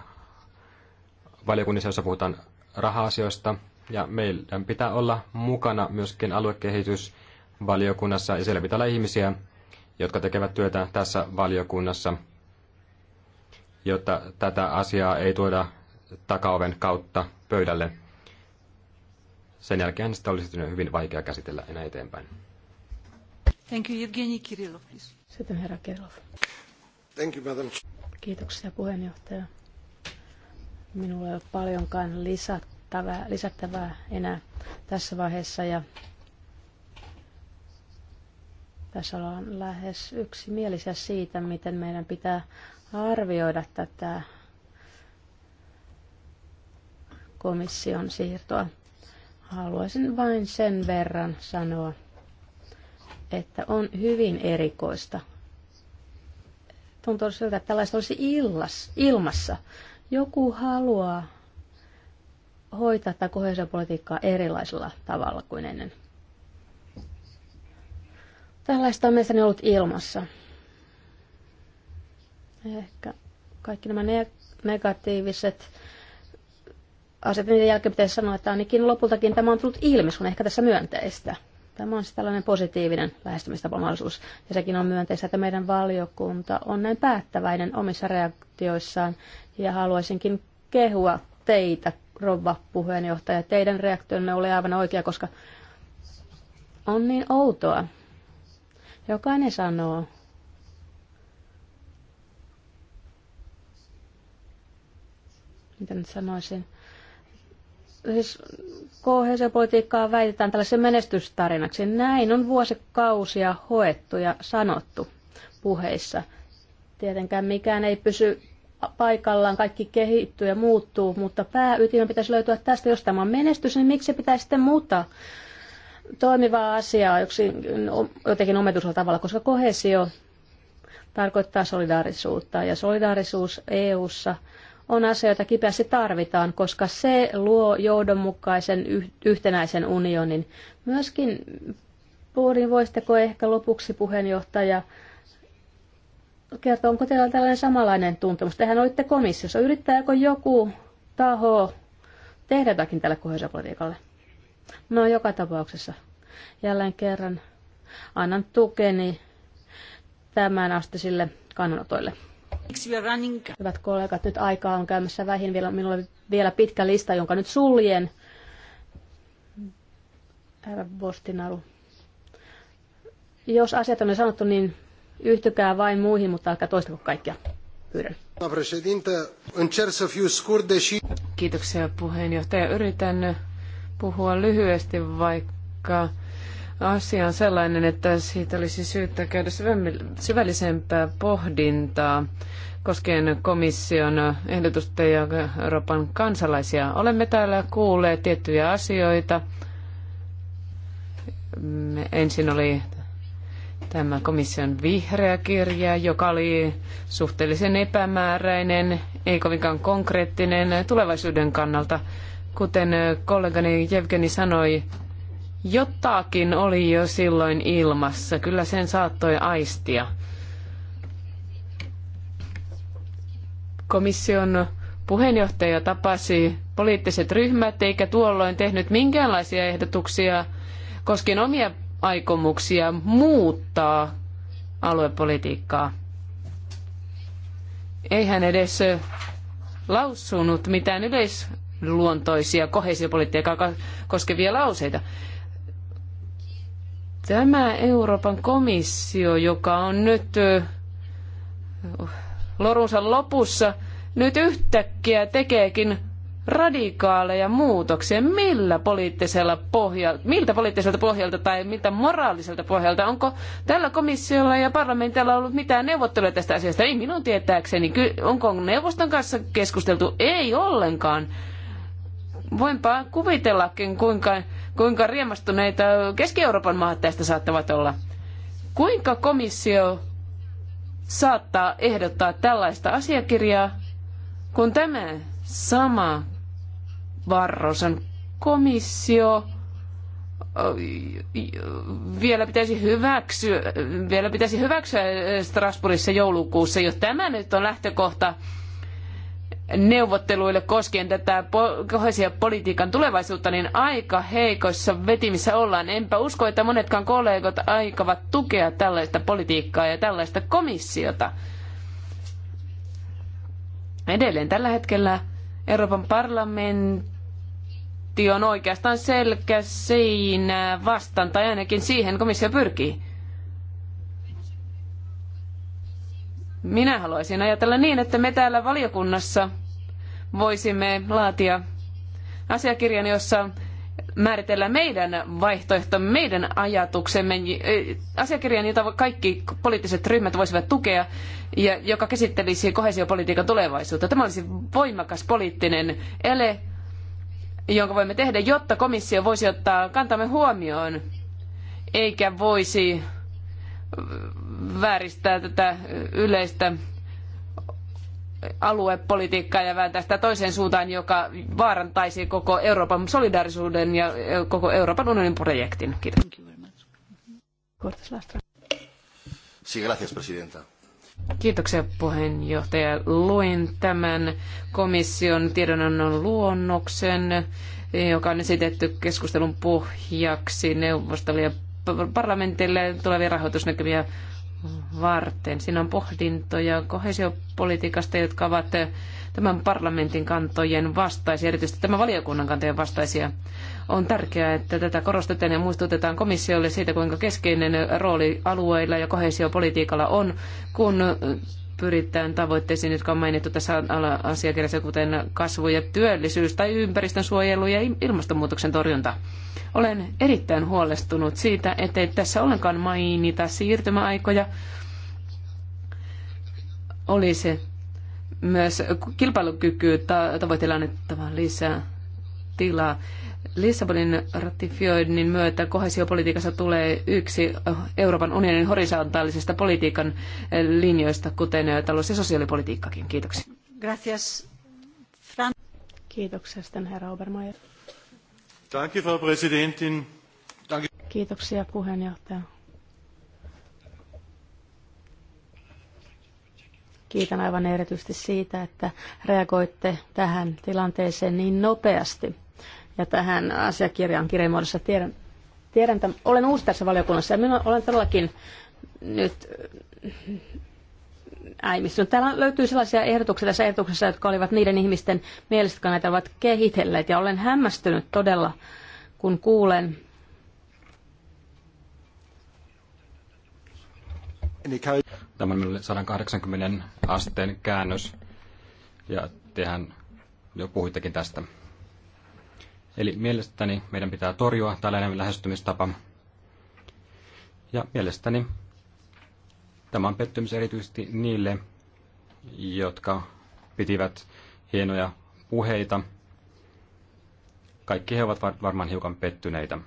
valiokunnissa, jossa puhutaan raha-asioista. Ja meidän pitää olla mukana myöskin aluekehitys- valiokunnassa ja siellä pitää olla ihmisiä, jotka tekevät työtä tässä valiokunnassa, jotta tätä asiaa ei tuoda takaoven kautta pöydälle. Sen jälkeen sitä olisi hyvin vaikea käsitellä enää eteenpäin. Thank you, Evgeny Kirillov, please. Sitten herra Kirillov. Thank you, madam. Kiitoksia puheenjohtaja. Minulla ei ole paljonkaan lisättävää, lisättävää enää tässä vaiheessa ja tässä ollaan lähes yksimielisiä siitä, miten meidän pitää arvioida tätä komission siirtoa. Haluaisin vain sen verran sanoa, että on hyvin erikoista. Tuntuu siltä, että tällaista olisi illas, ilmassa. Joku haluaa hoitaa tätä kohesiopolitiikkaa erilaisella tavalla kuin ennen. Tällaista on mielestäni ollut ilmassa. Ehkä kaikki nämä ne- negatiiviset asiat, niiden jälkeen pitäisi sanoa, että ainakin lopultakin tämä on tullut ilmi, kun ehkä tässä myönteistä. Tämä on siis tällainen positiivinen lähestymistapamallisuus. Ja sekin on myönteistä, että meidän valiokunta on näin päättäväinen omissa reaktioissaan. Ja haluaisinkin kehua teitä, rouva puheenjohtaja. Teidän reaktionne oli aivan oikea, koska on niin outoa, Jokainen sanoo, mitä nyt sanoisin, siis kohesiopolitiikkaa väitetään tällaisen menestystarinaksi. Näin on vuosikausia hoettu ja sanottu puheissa. Tietenkään mikään ei pysy paikallaan, kaikki kehittyy ja muuttuu, mutta pääytimen pitäisi löytyä tästä, jos tämä on menestys, niin miksi se pitäisi sitten muuttaa toimivaa asiaa jotenkin omituisella tavalla, koska kohesio tarkoittaa solidaarisuutta ja solidaarisuus EU:ssa on asia, jota kipeästi tarvitaan, koska se luo johdonmukaisen yhtenäisen unionin. Myöskin Puurin voisitteko ehkä lopuksi puheenjohtaja kertoa, onko teillä tällainen samanlainen tuntemus? Tehän olitte komissiossa. Yrittääkö joku taho tehdä jotakin tälle kohesiopolitiikalle? No joka tapauksessa jälleen kerran annan tukeni tämän sille kannanotoille. Hyvät kollegat, nyt aikaa on käymässä vähin. Vielä, minulla on vielä pitkä lista, jonka nyt suljen. Herra Bostinaru. Jos asiat on jo sanottu, niin yhtykää vain muihin, mutta älkää toistako kaikkia. Pyydän. Kiitoksia puheenjohtaja. Yritän puhua lyhyesti, vaikka asia on sellainen, että siitä olisi syytä käydä syvällisempää pohdintaa koskien komission ehdotusta ja Euroopan kansalaisia. Olemme täällä kuulleet tiettyjä asioita. Ensin oli tämä komission vihreä kirja, joka oli suhteellisen epämääräinen, ei kovinkaan konkreettinen tulevaisuuden kannalta. Kuten kollegani Jevgeni sanoi, jotakin oli jo silloin ilmassa. Kyllä sen saattoi aistia. Komission puheenjohtaja tapasi poliittiset ryhmät eikä tuolloin tehnyt minkäänlaisia ehdotuksia koskien omia aikomuksia muuttaa aluepolitiikkaa. Ei hän edes lausunut mitään yleis luontoisia kohesiopolitiikkaa koskevia lauseita. Tämä Euroopan komissio, joka on nyt lorunsa lopussa, nyt yhtäkkiä tekeekin radikaaleja muutoksia. Millä poliittisella pohjalta, miltä poliittiselta pohjalta tai miltä moraaliselta pohjalta? Onko tällä komissiolla ja parlamentilla ollut mitään neuvotteluja tästä asiasta? Ei minun tietääkseni. Onko neuvoston kanssa keskusteltu? Ei ollenkaan voinpa kuvitellakin, kuinka, kuinka riemastuneita Keski-Euroopan maat tästä saattavat olla. Kuinka komissio saattaa ehdottaa tällaista asiakirjaa, kun tämä sama Varrosan komissio vielä pitäisi hyväksyä, vielä pitäisi hyväksyä Strasbourgissa joulukuussa, jos tämä nyt on lähtökohta neuvotteluille koskien tätä kohesiopolitiikan tulevaisuutta, niin aika heikoissa vetimissä ollaan. Enpä usko, että monetkaan kollegot aikovat tukea tällaista politiikkaa ja tällaista komissiota. Edelleen tällä hetkellä Euroopan parlamentti on oikeastaan selkä siinä vastaan, tai ainakin siihen komissio pyrkii. Minä haluaisin ajatella niin, että me täällä valiokunnassa voisimme laatia asiakirjan, jossa määritellään meidän vaihtoehto, meidän ajatuksemme, asiakirjan, jota kaikki poliittiset ryhmät voisivat tukea ja joka käsittelisi kohesiopolitiikan tulevaisuutta. Tämä olisi voimakas poliittinen ele, jonka voimme tehdä, jotta komissio voisi ottaa kantamme huomioon, eikä voisi vääristää tätä yleistä aluepolitiikkaa ja vääntää sitä toiseen suuntaan, joka vaarantaisi koko Euroopan solidaarisuuden ja koko Euroopan unionin projektin. Kiitos. Kiitoksia puheenjohtaja. Luin tämän komission tiedonannon luonnoksen, joka on esitetty keskustelun pohjaksi neuvostolle ja parlamentille tulevia rahoitusnäkymiä varten. Siinä on pohdintoja kohesiopolitiikasta, jotka ovat tämän parlamentin kantojen vastaisia, erityisesti tämän valiokunnan kantojen vastaisia. On tärkeää, että tätä korostetaan ja muistutetaan komissiolle siitä, kuinka keskeinen rooli alueilla ja kohesiopolitiikalla on, kun pyritään tavoitteisiin, jotka on mainittu tässä asiakirjassa, kuten kasvu ja työllisyys tai ympäristön suojelu ja ilmastonmuutoksen torjunta. Olen erittäin huolestunut siitä, ettei tässä ollenkaan mainita siirtymäaikoja. Olisi myös kilpailukyky tavoitellaan annettava lisää tilaa. Lissabonin ratifioinnin myötä kohesiopolitiikassa tulee yksi Euroopan unionin horisontaalisista politiikan eh, linjoista, kuten eh, talous- ja sosiaalipolitiikkakin. Kiitoksia. Gracias. Fran- Kiitoksia sitten herra Obermeier. Danke, Frau Präsidentin. Danke. Kiitoksia puheenjohtaja. Kiitän aivan erityisesti siitä, että reagoitte tähän tilanteeseen niin nopeasti ja tähän asiakirjaan kirjeen tiedän, tiedän tämän. olen uusi tässä valiokunnassa ja minä olen todellakin nyt äimissä. No, täällä löytyy sellaisia ehdotuksia tässä ehdotuksessa, jotka olivat niiden ihmisten mielestä, jotka näitä ovat kehitelleet. Ja olen hämmästynyt todella, kun kuulen Tämä on 180 asteen käännös, ja tehän jo puhuittekin tästä. Eli mielestäni meidän pitää torjua tällainen lähestymistapa. Ja mielestäni tämä on pettymys erityisesti niille, jotka pitivät hienoja puheita. Kaikki he ovat varmaan hiukan pettyneitä.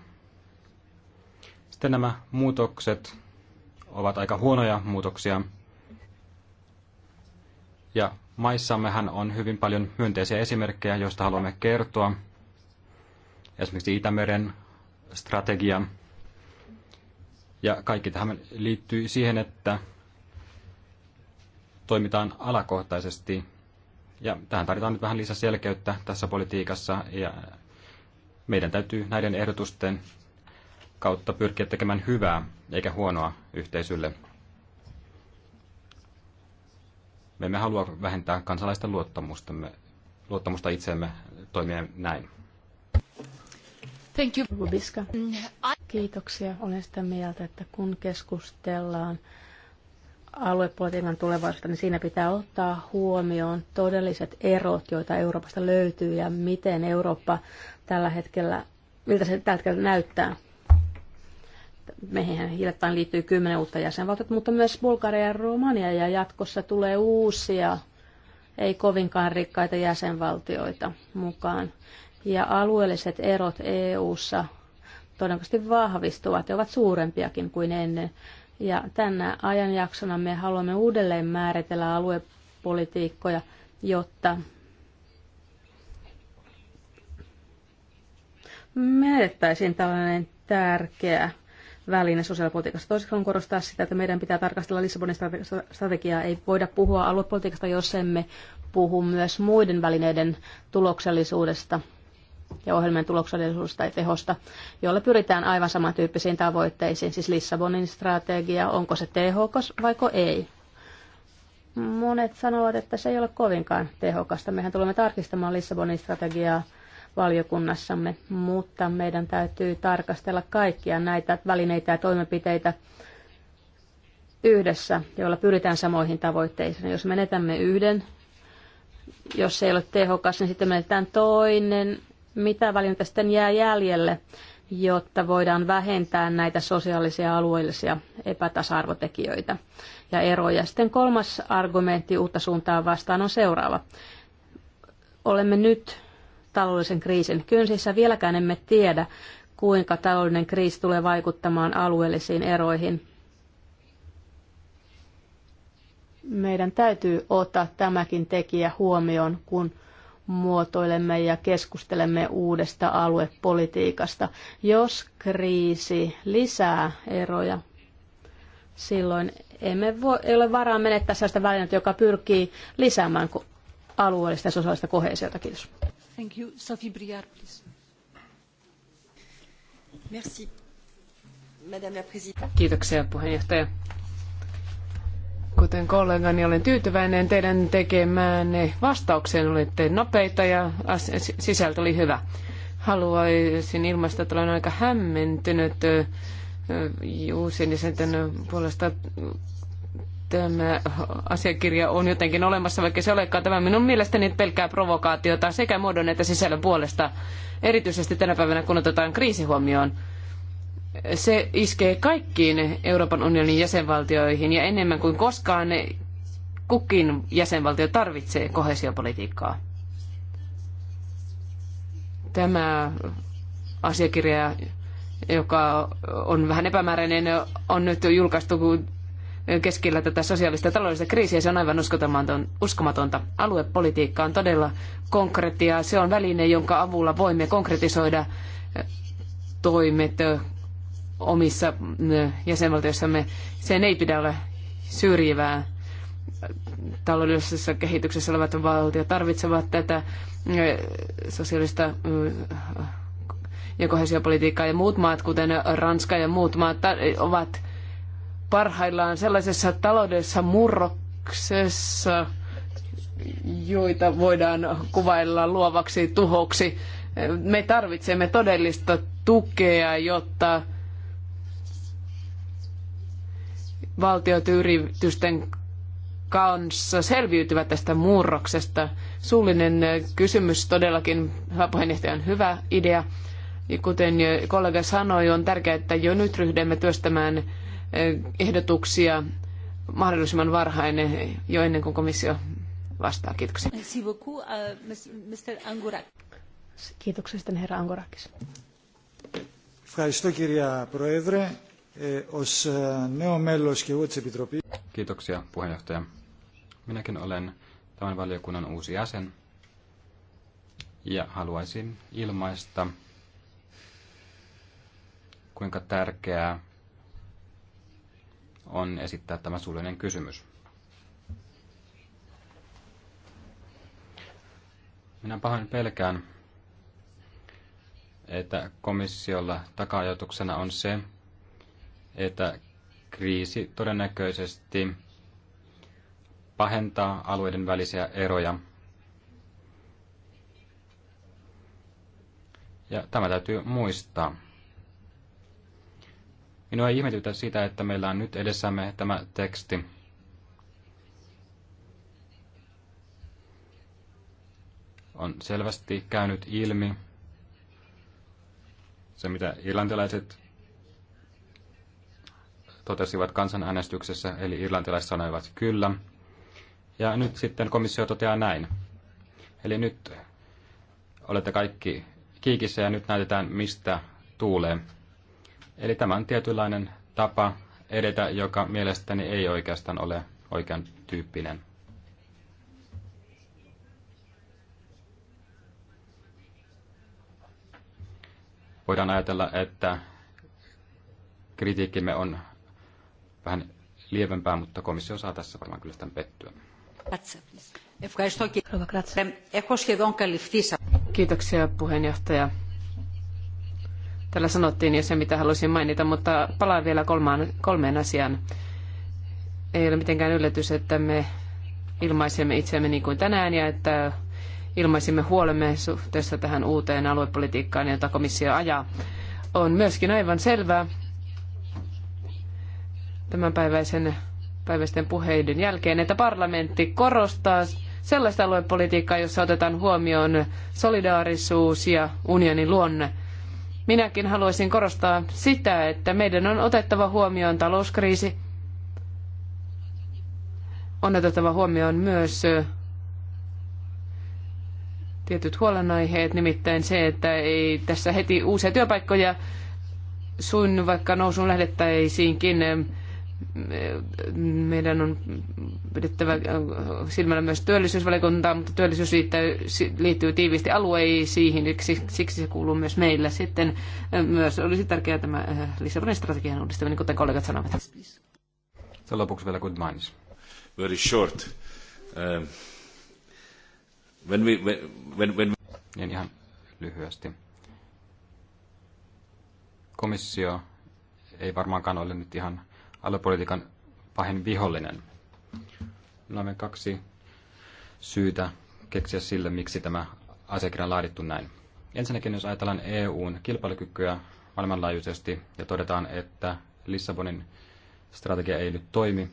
Sitten nämä muutokset ovat aika huonoja muutoksia. Ja maissammehan on hyvin paljon myönteisiä esimerkkejä, joista haluamme kertoa esimerkiksi Itämeren strategia. Ja kaikki tähän liittyy siihen, että toimitaan alakohtaisesti. Ja tähän tarvitaan nyt vähän lisää selkeyttä tässä politiikassa ja meidän täytyy näiden ehdotusten kautta pyrkiä tekemään hyvää eikä huonoa yhteisölle. Me emme halua vähentää kansalaisten luottamusta, itseemme toimia näin. Thank you. Kiitoksia. Olen sitä mieltä, että kun keskustellaan aluepolitiikan tulevaisuudesta, niin siinä pitää ottaa huomioon todelliset erot, joita Euroopasta löytyy ja miten Eurooppa tällä hetkellä, miltä se tällä hetkellä näyttää. Meihin hiljattain liittyy kymmenen uutta jäsenvaltiota, mutta myös Bulgaria ja Romania ja jatkossa tulee uusia, ei kovinkaan rikkaita jäsenvaltioita mukaan ja alueelliset erot EU-ssa todennäköisesti vahvistuvat ja ovat suurempiakin kuin ennen. Ja tänä ajanjaksona me haluamme uudelleen määritellä aluepolitiikkoja, jotta menettäisiin tällainen tärkeä väline sosiaalipolitiikassa. Toiseksi on korostaa sitä, että meidän pitää tarkastella Lissabonin strategiaa. Ei voida puhua aluepolitiikasta, jos emme puhu myös muiden välineiden tuloksellisuudesta – ja ohjelmien tuloksellisuudesta tai tehosta, jolla pyritään aivan samantyyppisiin tavoitteisiin, siis Lissabonin strategia, onko se tehokas vaiko ei. Monet sanovat, että se ei ole kovinkaan tehokasta. Mehän tulemme tarkistamaan Lissabonin strategiaa valiokunnassamme, mutta meidän täytyy tarkastella kaikkia näitä välineitä ja toimenpiteitä yhdessä, joilla pyritään samoihin tavoitteisiin. Jos menetämme yhden, jos se ei ole tehokas, niin sitten menetään toinen mitä välineitä sitten jää jäljelle, jotta voidaan vähentää näitä sosiaalisia alueellisia epätasa-arvotekijöitä ja eroja. Sitten kolmas argumentti uutta suuntaa vastaan on seuraava. Olemme nyt taloudellisen kriisin kynsissä. Vieläkään emme tiedä, kuinka taloudellinen kriisi tulee vaikuttamaan alueellisiin eroihin. Meidän täytyy ottaa tämäkin tekijä huomioon, kun muotoilemme ja keskustelemme uudesta aluepolitiikasta. Jos kriisi lisää eroja, silloin emme voi, ei ole varaa menettää sellaista välinettä, joka pyrkii lisäämään alueellista ja sosiaalista koheesiota. Kiitos. Thank you. Sophie Briard, please. Merci. Madame la Kiitoksia puheenjohtaja. Kuten kollegani, olen tyytyväinen teidän tekemäänne vastaukseen. Olitte nopeita ja sisältö oli hyvä. Haluaisin ilmaista, että olen aika hämmentynyt uusien jäsenten puolesta tämä asiakirja on jotenkin olemassa, vaikka se olekaan tämä minun mielestäni pelkkää provokaatiota sekä muodon että sisällön puolesta, erityisesti tänä päivänä kun otetaan kriisi huomioon se iskee kaikkiin Euroopan unionin jäsenvaltioihin ja enemmän kuin koskaan kukin jäsenvaltio tarvitsee kohesiopolitiikkaa. Tämä asiakirja, joka on vähän epämääräinen, on nyt julkaistu keskellä tätä sosiaalista ja taloudellista kriisiä. Se on aivan uskomatonta. Aluepolitiikka on todella konkretiaa. Se on väline, jonka avulla voimme konkretisoida toimet omissa mm, jäsenvaltioissamme. Sen ei pidä olla syrjivää. Taloudellisessa kehityksessä olevat valtiot tarvitsevat tätä mm, sosiaalista mm, ja kohesiopolitiikkaa ja muut maat, kuten Ranska ja muut maat, ovat parhaillaan sellaisessa taloudellisessa murroksessa, joita voidaan kuvailla luovaksi tuhoksi. Me tarvitsemme todellista tukea, jotta valtiot yritysten kanssa selviytyvät tästä murroksesta. Suullinen kysymys todellakin, hyvä puheenjohtaja, on hyvä idea. Ja kuten kollega sanoi, on tärkeää, että jo nyt ryhdymme työstämään eh, ehdotuksia mahdollisimman varhain, eh, jo ennen kuin komissio vastaa. Kiitoksia. Euh, Kiitoksia herra Angorakis. Ευχαριστώ κυρία Os neomellos και εγώ της Επιτροπής. Kiitoksia puheenjohtaja. Minäkin olen tämän valiokunnan uusi jäsen ja haluaisin ilmaista, kuinka tärkeää on esittää tämä suullinen kysymys. Minä pahoin pelkään, että komissiolla taka on se, että kriisi todennäköisesti pahentaa alueiden välisiä eroja. Ja tämä täytyy muistaa. Minua ei ihmetytä sitä, että meillä on nyt edessämme tämä teksti. On selvästi käynyt ilmi se, mitä irlantilaiset totesivat kansanäänestyksessä, eli irlantilaiset sanoivat kyllä. Ja nyt sitten komissio toteaa näin. Eli nyt olette kaikki kiikissä ja nyt näytetään, mistä tuulee. Eli tämä on tietynlainen tapa edetä, joka mielestäni ei oikeastaan ole oikean tyyppinen. Voidaan ajatella, että kritiikkimme on vähän lievempää, mutta komissio saa tässä varmaan kyllä sitten pettyä. Kiitoksia puheenjohtaja. Tällä sanottiin jo se, mitä halusin mainita, mutta palaan vielä kolmaan, kolmeen asiaan. Ei ole mitenkään yllätys, että me ilmaisemme itseämme niin kuin tänään ja että ilmaisimme huolemme suhteessa tähän uuteen aluepolitiikkaan, jota komissio ajaa. On myöskin aivan selvää, tämänpäiväisen päiväisten puheiden jälkeen, että parlamentti korostaa sellaista aluepolitiikkaa, jossa otetaan huomioon solidaarisuus ja unionin luonne. Minäkin haluaisin korostaa sitä, että meidän on otettava huomioon talouskriisi. On otettava huomioon myös tietyt huolenaiheet, nimittäin se, että ei tässä heti uusia työpaikkoja sun vaikka nousun lähdettäisiinkin meidän on pidettävä silmällä myös työllisyysvaliokuntaa, mutta työllisyys liittyy, liittyy tiiviisti alueisiin, siksi se kuuluu myös meillä. Sitten myös olisi tärkeää tämä Lissabonin strategian uudistaminen, niin kuten kollegat sanovat. Sitten lopuksi vielä Very short. Uh, when we, when, when... Niin ihan lyhyesti. Komissio ei varmaankaan ole nyt ihan aluepolitiikan pahin vihollinen. Meillä on kaksi syytä keksiä sille, miksi tämä asiakirja on laadittu näin. Ensinnäkin, jos ajatellaan EUn kilpailukykyä maailmanlaajuisesti ja todetaan, että Lissabonin strategia ei nyt toimi,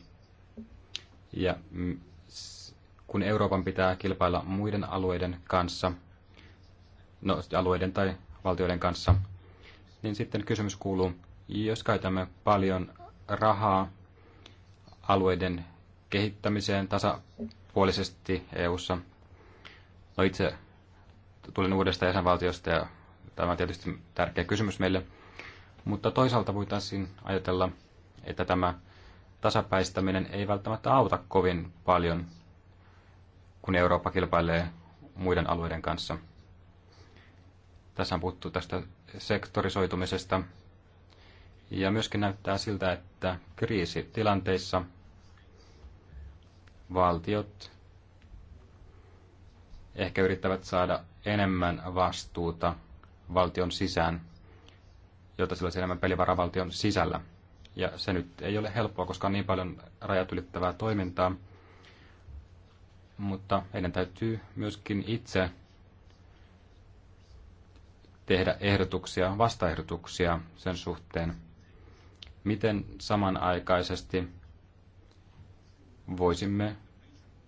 ja kun Euroopan pitää kilpailla muiden alueiden kanssa, no, alueiden tai valtioiden kanssa, niin sitten kysymys kuuluu, jos käytämme paljon rahaa alueiden kehittämiseen tasapuolisesti EU:ssa. No itse tulin uudesta jäsenvaltiosta ja tämä on tietysti tärkeä kysymys meille. Mutta toisaalta voitaisiin ajatella, että tämä tasapäistäminen ei välttämättä auta kovin paljon, kun Eurooppa kilpailee muiden alueiden kanssa. Tässä on puhuttu tästä sektorisoitumisesta, ja myöskin näyttää siltä, että kriisitilanteissa valtiot ehkä yrittävät saada enemmän vastuuta valtion sisään, jotta sillä olisi enemmän pelivaraa valtion sisällä. Ja se nyt ei ole helppoa, koska on niin paljon rajat ylittävää toimintaa, mutta meidän täytyy myöskin itse tehdä ehdotuksia, vastaehdotuksia sen suhteen, miten samanaikaisesti voisimme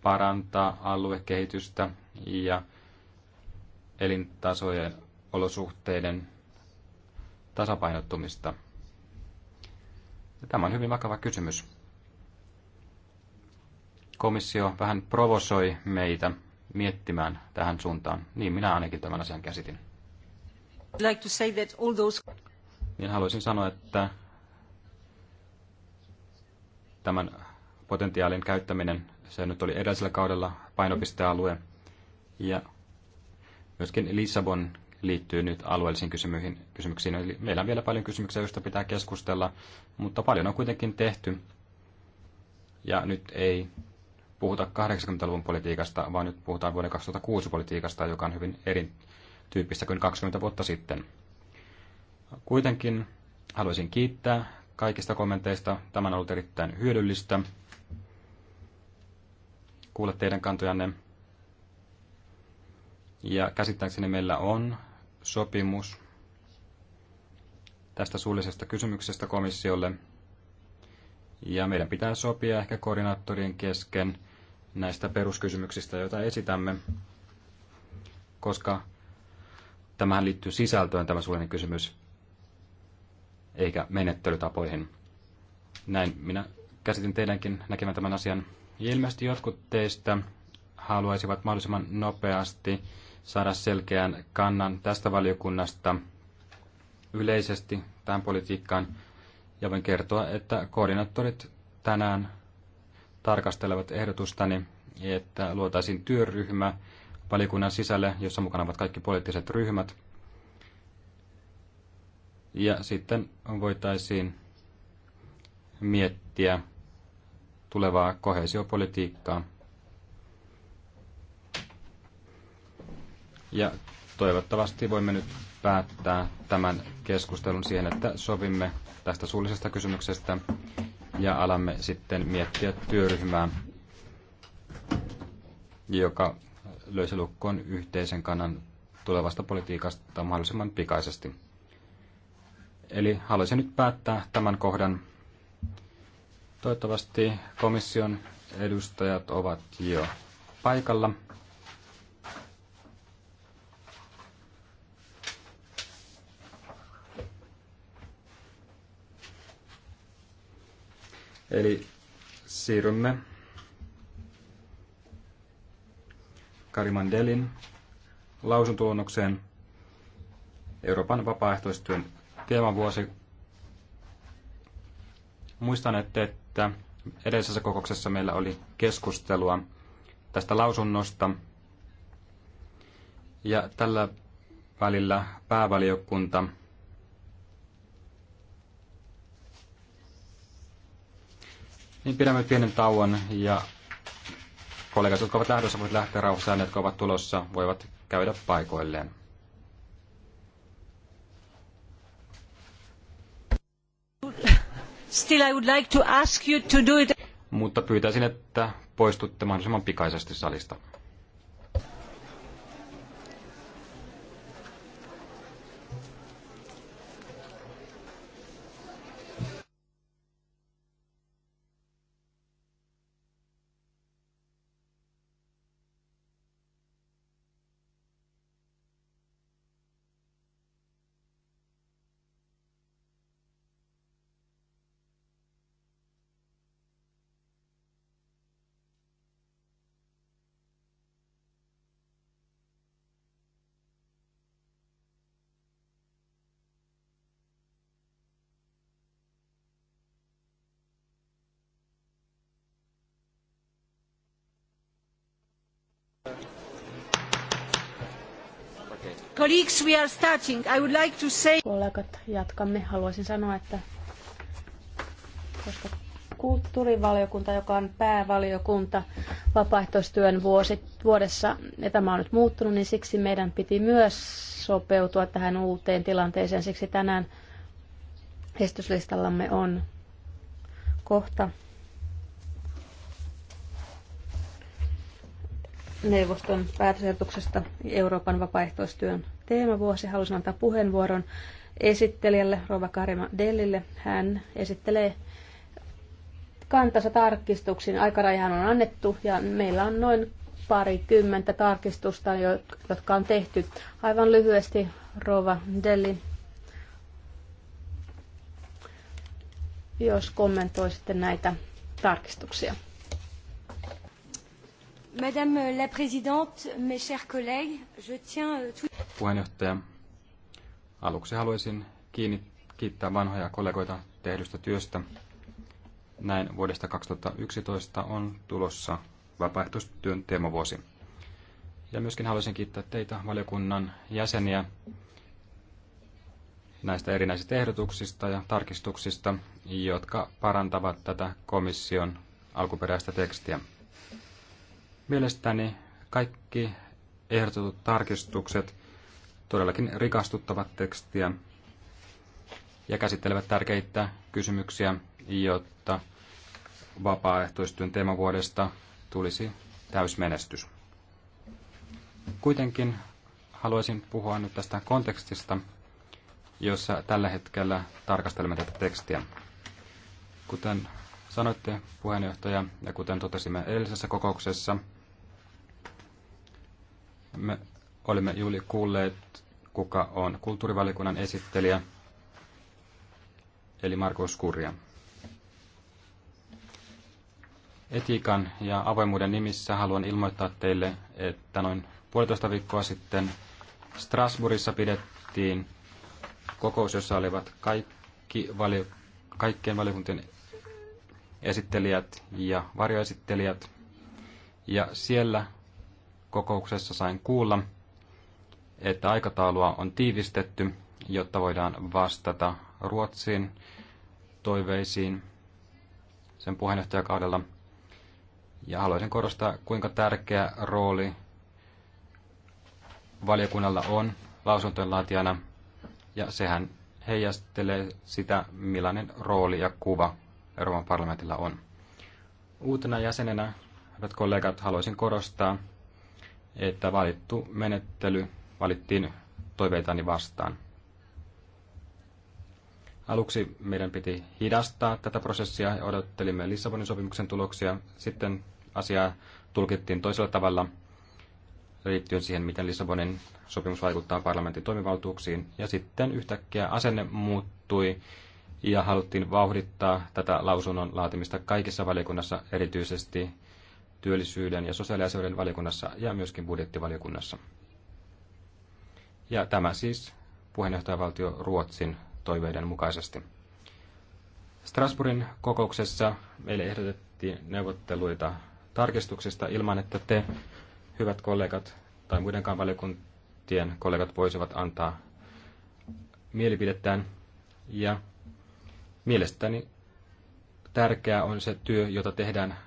parantaa aluekehitystä ja elintasojen olosuhteiden tasapainottumista. tämä on hyvin vakava kysymys. Komissio vähän provosoi meitä miettimään tähän suuntaan. Niin minä ainakin tämän asian käsitin. Like to say that all those... Niin haluaisin sanoa, että tämän potentiaalin käyttäminen, se nyt oli edellisellä kaudella painopistealue, ja myöskin Lissabon liittyy nyt alueellisiin kysymyksiin. Eli meillä on vielä paljon kysymyksiä, joista pitää keskustella, mutta paljon on kuitenkin tehty. Ja nyt ei puhuta 80-luvun politiikasta, vaan nyt puhutaan vuoden 2006 politiikasta, joka on hyvin eri tyyppistä kuin 20 vuotta sitten. Kuitenkin haluaisin kiittää kaikista kommenteista. Tämä on ollut erittäin hyödyllistä Kuule teidän kantojanne. Ja käsittääkseni meillä on sopimus tästä suullisesta kysymyksestä komissiolle. Ja meidän pitää sopia ehkä koordinaattorien kesken näistä peruskysymyksistä, joita esitämme, koska tämähän liittyy sisältöön tämä suullinen kysymys eikä menettelytapoihin. Näin minä käsitin teidänkin näkemään tämän asian. Ilmeisesti jotkut teistä haluaisivat mahdollisimman nopeasti saada selkeän kannan tästä valiokunnasta yleisesti tähän politiikkaan. Ja voin kertoa, että koordinaattorit tänään tarkastelevat ehdotustani, että luotaisiin työryhmä valiokunnan sisälle, jossa mukana ovat kaikki poliittiset ryhmät – ja sitten voitaisiin miettiä tulevaa kohesiopolitiikkaa. Ja toivottavasti voimme nyt päättää tämän keskustelun siihen, että sovimme tästä suullisesta kysymyksestä ja alamme sitten miettiä työryhmää, joka löysi lukkoon yhteisen kannan tulevasta politiikasta mahdollisimman pikaisesti. Eli haluaisin nyt päättää tämän kohdan. Toivottavasti komission edustajat ovat jo paikalla. Eli siirrymme Karimandelin lausuntoluonnokseen Euroopan vapaaehtoistyön teemavuosi. Muistan, että, että edellisessä kokouksessa meillä oli keskustelua tästä lausunnosta. Ja tällä välillä päävaliokunta niin pidämme pienen tauon ja kollegat, jotka ovat lähdössä, voivat lähteä rauhassa ne, jotka ovat tulossa, voivat käydä paikoilleen. Still I would like to ask you to do it. Mutta pyytäisin, että poistutte mahdollisimman pikaisesti salista. Colleagues, we are starting. I would like to say... Kollegat, jatkamme. Haluaisin sanoa, että koska kulttuurivaliokunta, joka on päävaliokunta vapaaehtoistyön vuosi, vuodessa, ja tämä on nyt muuttunut, niin siksi meidän piti myös sopeutua tähän uuteen tilanteeseen. Siksi tänään esityslistallamme on kohta neuvoston päätösehdotuksesta Euroopan vapaaehtoistyön teemavuosi. Haluaisin antaa puheenvuoron esittelijälle Rova Karima Dellille. Hän esittelee kantansa tarkistuksiin. Aikarajahan on annettu ja meillä on noin parikymmentä tarkistusta, jotka on tehty. Aivan lyhyesti Rova Delli, jos kommentoisitte näitä tarkistuksia. Madame la Présidente, mes chers collègues, je tiens euh, tout... Puheenjohtaja, aluksi haluaisin kiinni, kiittää vanhoja kollegoita tehdystä työstä. Näin vuodesta 2011 on tulossa vapaaehtoistyön teemavuosi. Ja myöskin haluaisin kiittää teitä valiokunnan jäseniä näistä erinäisistä ehdotuksista ja tarkistuksista, jotka parantavat tätä komission alkuperäistä tekstiä. Mielestäni kaikki ehdotetut tarkistukset todellakin rikastuttavat tekstiä ja käsittelevät tärkeitä kysymyksiä, jotta vapaaehtoistyön teemavuodesta tulisi täysmenestys. Kuitenkin haluaisin puhua nyt tästä kontekstista, jossa tällä hetkellä tarkastelemme tätä tekstiä. Kuten sanoitte puheenjohtaja ja kuten totesimme edellisessä kokouksessa, me olemme juuri kuulleet, kuka on kulttuurivaliokunnan esittelijä, eli Markus Kurja. Etiikan ja avoimuuden nimissä haluan ilmoittaa teille, että noin puolitoista viikkoa sitten Strasbourgissa pidettiin kokous, jossa olivat kaikki valio, kaikkien valiokuntien esittelijät ja varjoesittelijät. Ja siellä kokouksessa sain kuulla, että aikataulua on tiivistetty, jotta voidaan vastata ruotsiin, toiveisiin sen puheenjohtajakaudella. Ja haluaisin korostaa, kuinka tärkeä rooli valiokunnalla on lausuntojen laatijana, ja sehän heijastelee sitä, millainen rooli ja kuva Euroopan parlamentilla on. Uutena jäsenenä, hyvät kollegat, haluaisin korostaa, että valittu menettely valittiin toiveitani vastaan. Aluksi meidän piti hidastaa tätä prosessia ja odottelimme Lissabonin sopimuksen tuloksia. Sitten asiaa tulkittiin toisella tavalla liittyen siihen, miten Lissabonin sopimus vaikuttaa parlamentin toimivaltuuksiin. Ja sitten yhtäkkiä asenne muuttui ja haluttiin vauhdittaa tätä lausunnon laatimista kaikissa valiokunnassa, erityisesti työllisyyden ja sosiaaliasioiden valiokunnassa ja myöskin budjettivaliokunnassa. Ja tämä siis puheenjohtajavaltio Ruotsin toiveiden mukaisesti. Strasbourgin kokouksessa meille ehdotettiin neuvotteluita tarkistuksista ilman, että te, hyvät kollegat tai muidenkaan valiokuntien kollegat voisivat antaa mielipidettään. Ja mielestäni tärkeää on se työ, jota tehdään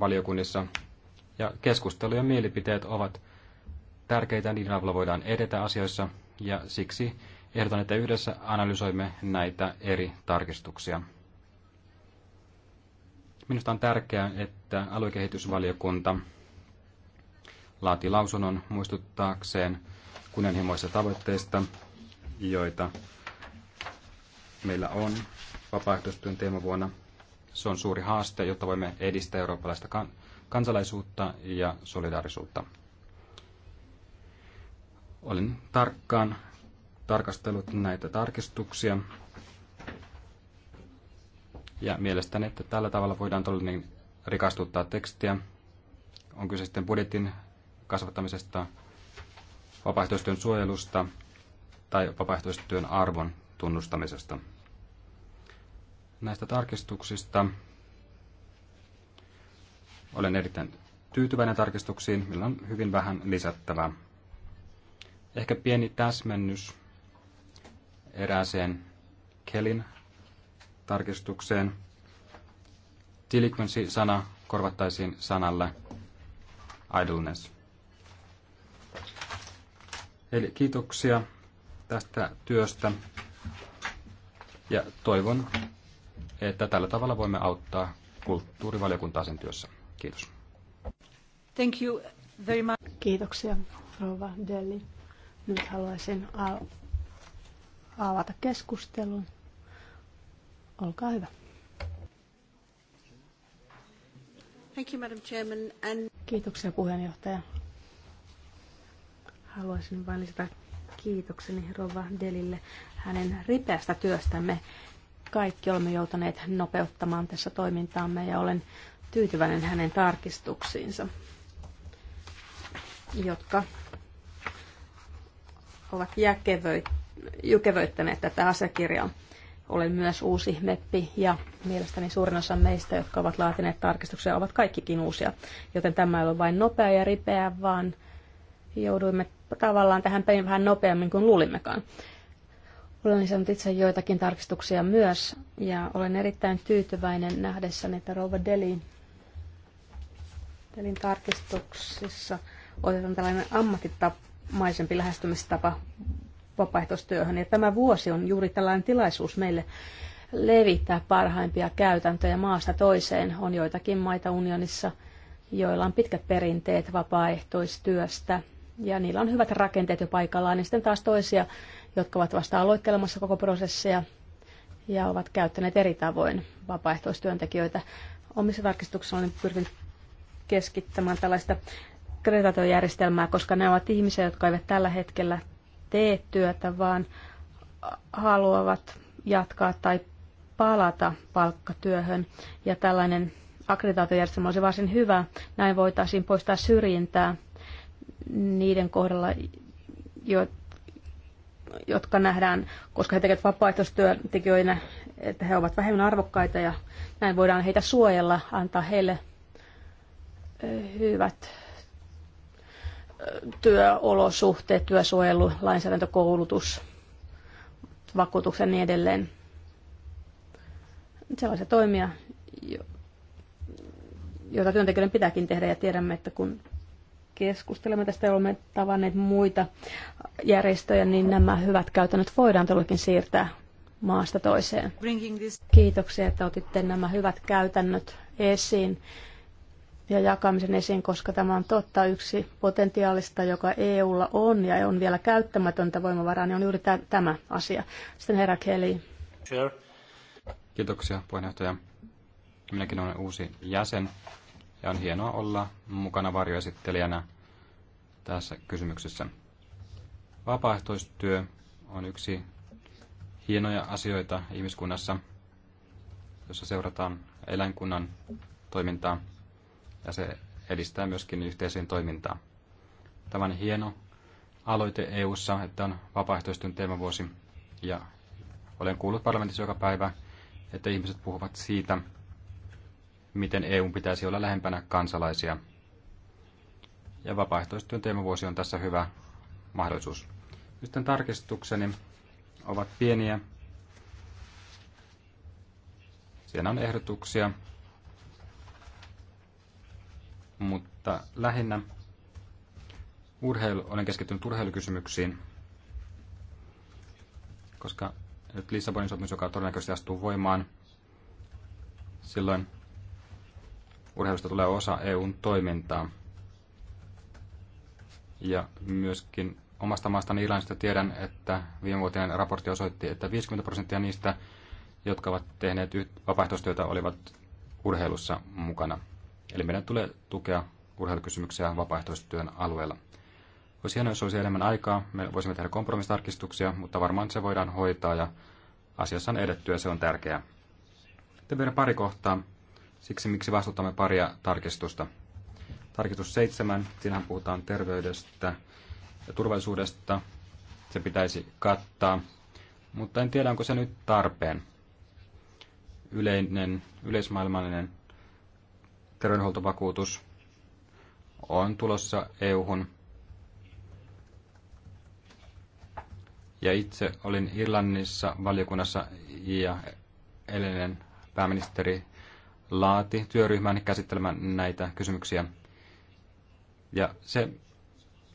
valiokunnissa. Ja keskustelu ja mielipiteet ovat tärkeitä, niiden avulla voidaan edetä asioissa ja siksi ehdotan, että yhdessä analysoimme näitä eri tarkistuksia. Minusta on tärkeää, että aluekehitysvaliokunta laati lausunnon muistuttaakseen kunnianhimoista tavoitteista, joita meillä on vapaaehtoistyön teemavuonna se on suuri haaste, jotta voimme edistää eurooppalaista kan- kansalaisuutta ja solidaarisuutta. Olen tarkkaan tarkastellut näitä tarkistuksia. Ja mielestäni, että tällä tavalla voidaan todellinen niin rikastuttaa tekstiä. On kyse sitten budjetin kasvattamisesta, vapaaehtoistyön suojelusta tai vapaaehtoistyön arvon tunnustamisesta näistä tarkistuksista. Olen erittäin tyytyväinen tarkistuksiin, millä on hyvin vähän lisättävää. Ehkä pieni täsmennys erääseen Kelin tarkistukseen. Delinquency-sana korvattaisiin sanalle idleness. Eli kiitoksia tästä työstä ja toivon, että tällä tavalla voimme auttaa kulttuurivaliokuntaa sen työssä. Kiitos. Thank you very much. Kiitoksia, Rova Delli. Nyt haluaisin avata keskustelun. Olkaa hyvä. Thank you, Madam Chairman. And... Kiitoksia puheenjohtaja. Haluaisin vain lisätä kiitokseni Rova Delille hänen ripeästä työstämme kaikki olemme joutuneet nopeuttamaan tässä toimintaamme ja olen tyytyväinen hänen tarkistuksiinsa, jotka ovat jäkevöittäneet tätä asiakirjaa. Olen myös uusi meppi ja mielestäni suurin osa meistä, jotka ovat laatineet tarkistuksia, ovat kaikkikin uusia. Joten tämä ei ole vain nopea ja ripeä, vaan jouduimme tavallaan tähän pein vähän nopeammin kuin luulimmekaan. Olen saanut itse joitakin tarkistuksia myös ja olen erittäin tyytyväinen nähdessäni, että Rova Deli, Delin tarkistuksissa otetaan tällainen ammattitapaisempi lähestymistapa vapaaehtoistyöhön. Ja tämä vuosi on juuri tällainen tilaisuus meille levittää parhaimpia käytäntöjä maasta toiseen. On joitakin maita unionissa, joilla on pitkät perinteet vapaaehtoistyöstä ja niillä on hyvät rakenteet jo paikallaan. niin sitten taas toisia jotka ovat vasta aloittelemassa koko prosessia ja ovat käyttäneet eri tavoin vapaaehtoistyöntekijöitä. Omissa tarkistuksissa olen pyrkinyt keskittämään tällaista kreditaatiojärjestelmää, koska ne ovat ihmisiä, jotka eivät tällä hetkellä tee työtä, vaan haluavat jatkaa tai palata palkkatyöhön. Ja tällainen akkreditaatiojärjestelmä olisi varsin hyvä. Näin voitaisiin poistaa syrjintää niiden kohdalla, jotka nähdään, koska he tekevät vapaaehtoistyöntekijöinä, että he ovat vähemmän arvokkaita ja näin voidaan heitä suojella, antaa heille hyvät työolosuhteet, työsuojelu, lainsäädäntökoulutus, vakuutuksen ja niin edelleen. Sellaisia toimia, joita työntekijöiden pitääkin tehdä ja tiedämme, että kun keskustelemme tästä ja olemme tavanneet muita järjestöjä, niin nämä hyvät käytännöt voidaan todellakin siirtää maasta toiseen. Kiitoksia, että otitte nämä hyvät käytännöt esiin ja jakamisen esiin, koska tämä on totta yksi potentiaalista, joka EUlla on ja on vielä käyttämätöntä voimavaraa, niin on juuri tämä asia. Sitten herra Kelly. Kiitoksia puheenjohtaja. Minäkin olen uusi jäsen ja on hienoa olla mukana varjoesittelijänä tässä kysymyksessä. Vapaaehtoistyö on yksi hienoja asioita ihmiskunnassa, jossa seurataan eläinkunnan toimintaa ja se edistää myöskin yhteiseen toimintaa. Tämä on hieno aloite EU:ssa, että on vapaaehtoistyön teemavuosi ja olen kuullut parlamentissa joka päivä, että ihmiset puhuvat siitä, miten EU pitäisi olla lähempänä kansalaisia. Ja vapaaehtoistyön teemavuosi on tässä hyvä mahdollisuus. Sitten tarkistukseni ovat pieniä. Siinä on ehdotuksia, mutta lähinnä urheilu, olen keskittynyt urheilukysymyksiin, koska nyt Lissabonin sopimus, joka todennäköisesti astuu voimaan, silloin urheilusta tulee osa EUn toimintaa. Ja myöskin omasta maastani Irlannista tiedän, että viimevuotinen raportti osoitti, että 50 prosenttia niistä, jotka ovat tehneet vapaaehtoistyötä, olivat urheilussa mukana. Eli meidän tulee tukea urheilukysymyksiä vapaaehtoistyön alueella. Olisi hienoa, jos olisi enemmän aikaa. Me voisimme tehdä kompromissitarkistuksia, mutta varmaan se voidaan hoitaa ja asiassa on edetty ja se on tärkeää. Sitten vielä pari kohtaa, Siksi miksi vastuttamme paria tarkistusta. Tarkistus seitsemän, siinähän puhutaan terveydestä ja turvallisuudesta. Se pitäisi kattaa, mutta en tiedä, onko se nyt tarpeen. Yleinen, yleismaailmallinen terveydenhuoltovakuutus on tulossa EU-hun. Ja itse olin Irlannissa valiokunnassa ja elinen pääministeri laati työryhmän käsittelemään näitä kysymyksiä. Ja se,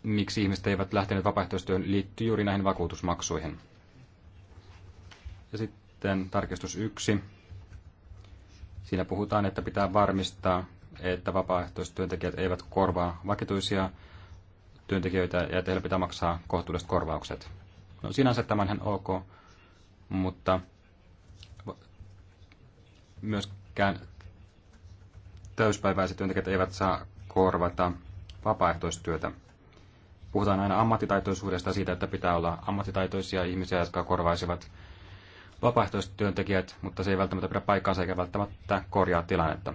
miksi ihmiset eivät lähteneet vapaaehtoistyöhön, liittyy juuri näihin vakuutusmaksuihin. Ja sitten tarkistus yksi. Siinä puhutaan, että pitää varmistaa, että vapaaehtoistyöntekijät eivät korvaa vakituisia työntekijöitä ja että heillä pitää maksaa kohtuulliset korvaukset. No sinänsä ihan ok, mutta myöskään täyspäiväiset työntekijät eivät saa korvata vapaaehtoistyötä. Puhutaan aina ammattitaitoisuudesta siitä, että pitää olla ammattitaitoisia ihmisiä, jotka korvaisivat vapaaehtoistyöntekijät, mutta se ei välttämättä pidä paikkaansa eikä välttämättä korjaa tilannetta.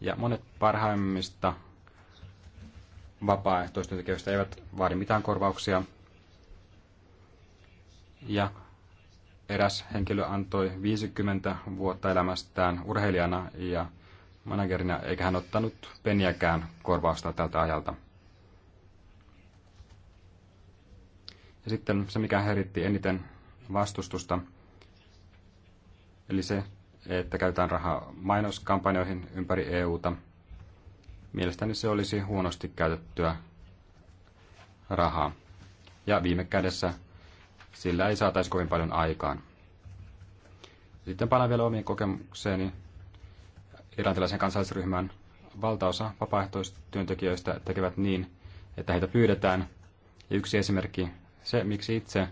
Ja monet parhaimmista vapaaehtoistyöntekijöistä eivät vaadi mitään korvauksia. Ja eräs henkilö antoi 50 vuotta elämästään urheilijana ja managerina, eikä hän ottanut peniäkään korvausta tältä ajalta. Ja sitten se, mikä heritti eniten vastustusta, eli se, että käytetään rahaa mainoskampanjoihin ympäri EUta. Mielestäni se olisi huonosti käytettyä rahaa. Ja viime kädessä sillä ei saataisi kovin paljon aikaan. Sitten palaan vielä omiin kokemukseeni irantilaisen kansalaisryhmän valtaosa vapaaehtoistyöntekijöistä tekevät niin, että heitä pyydetään. Ja yksi esimerkki, se miksi itse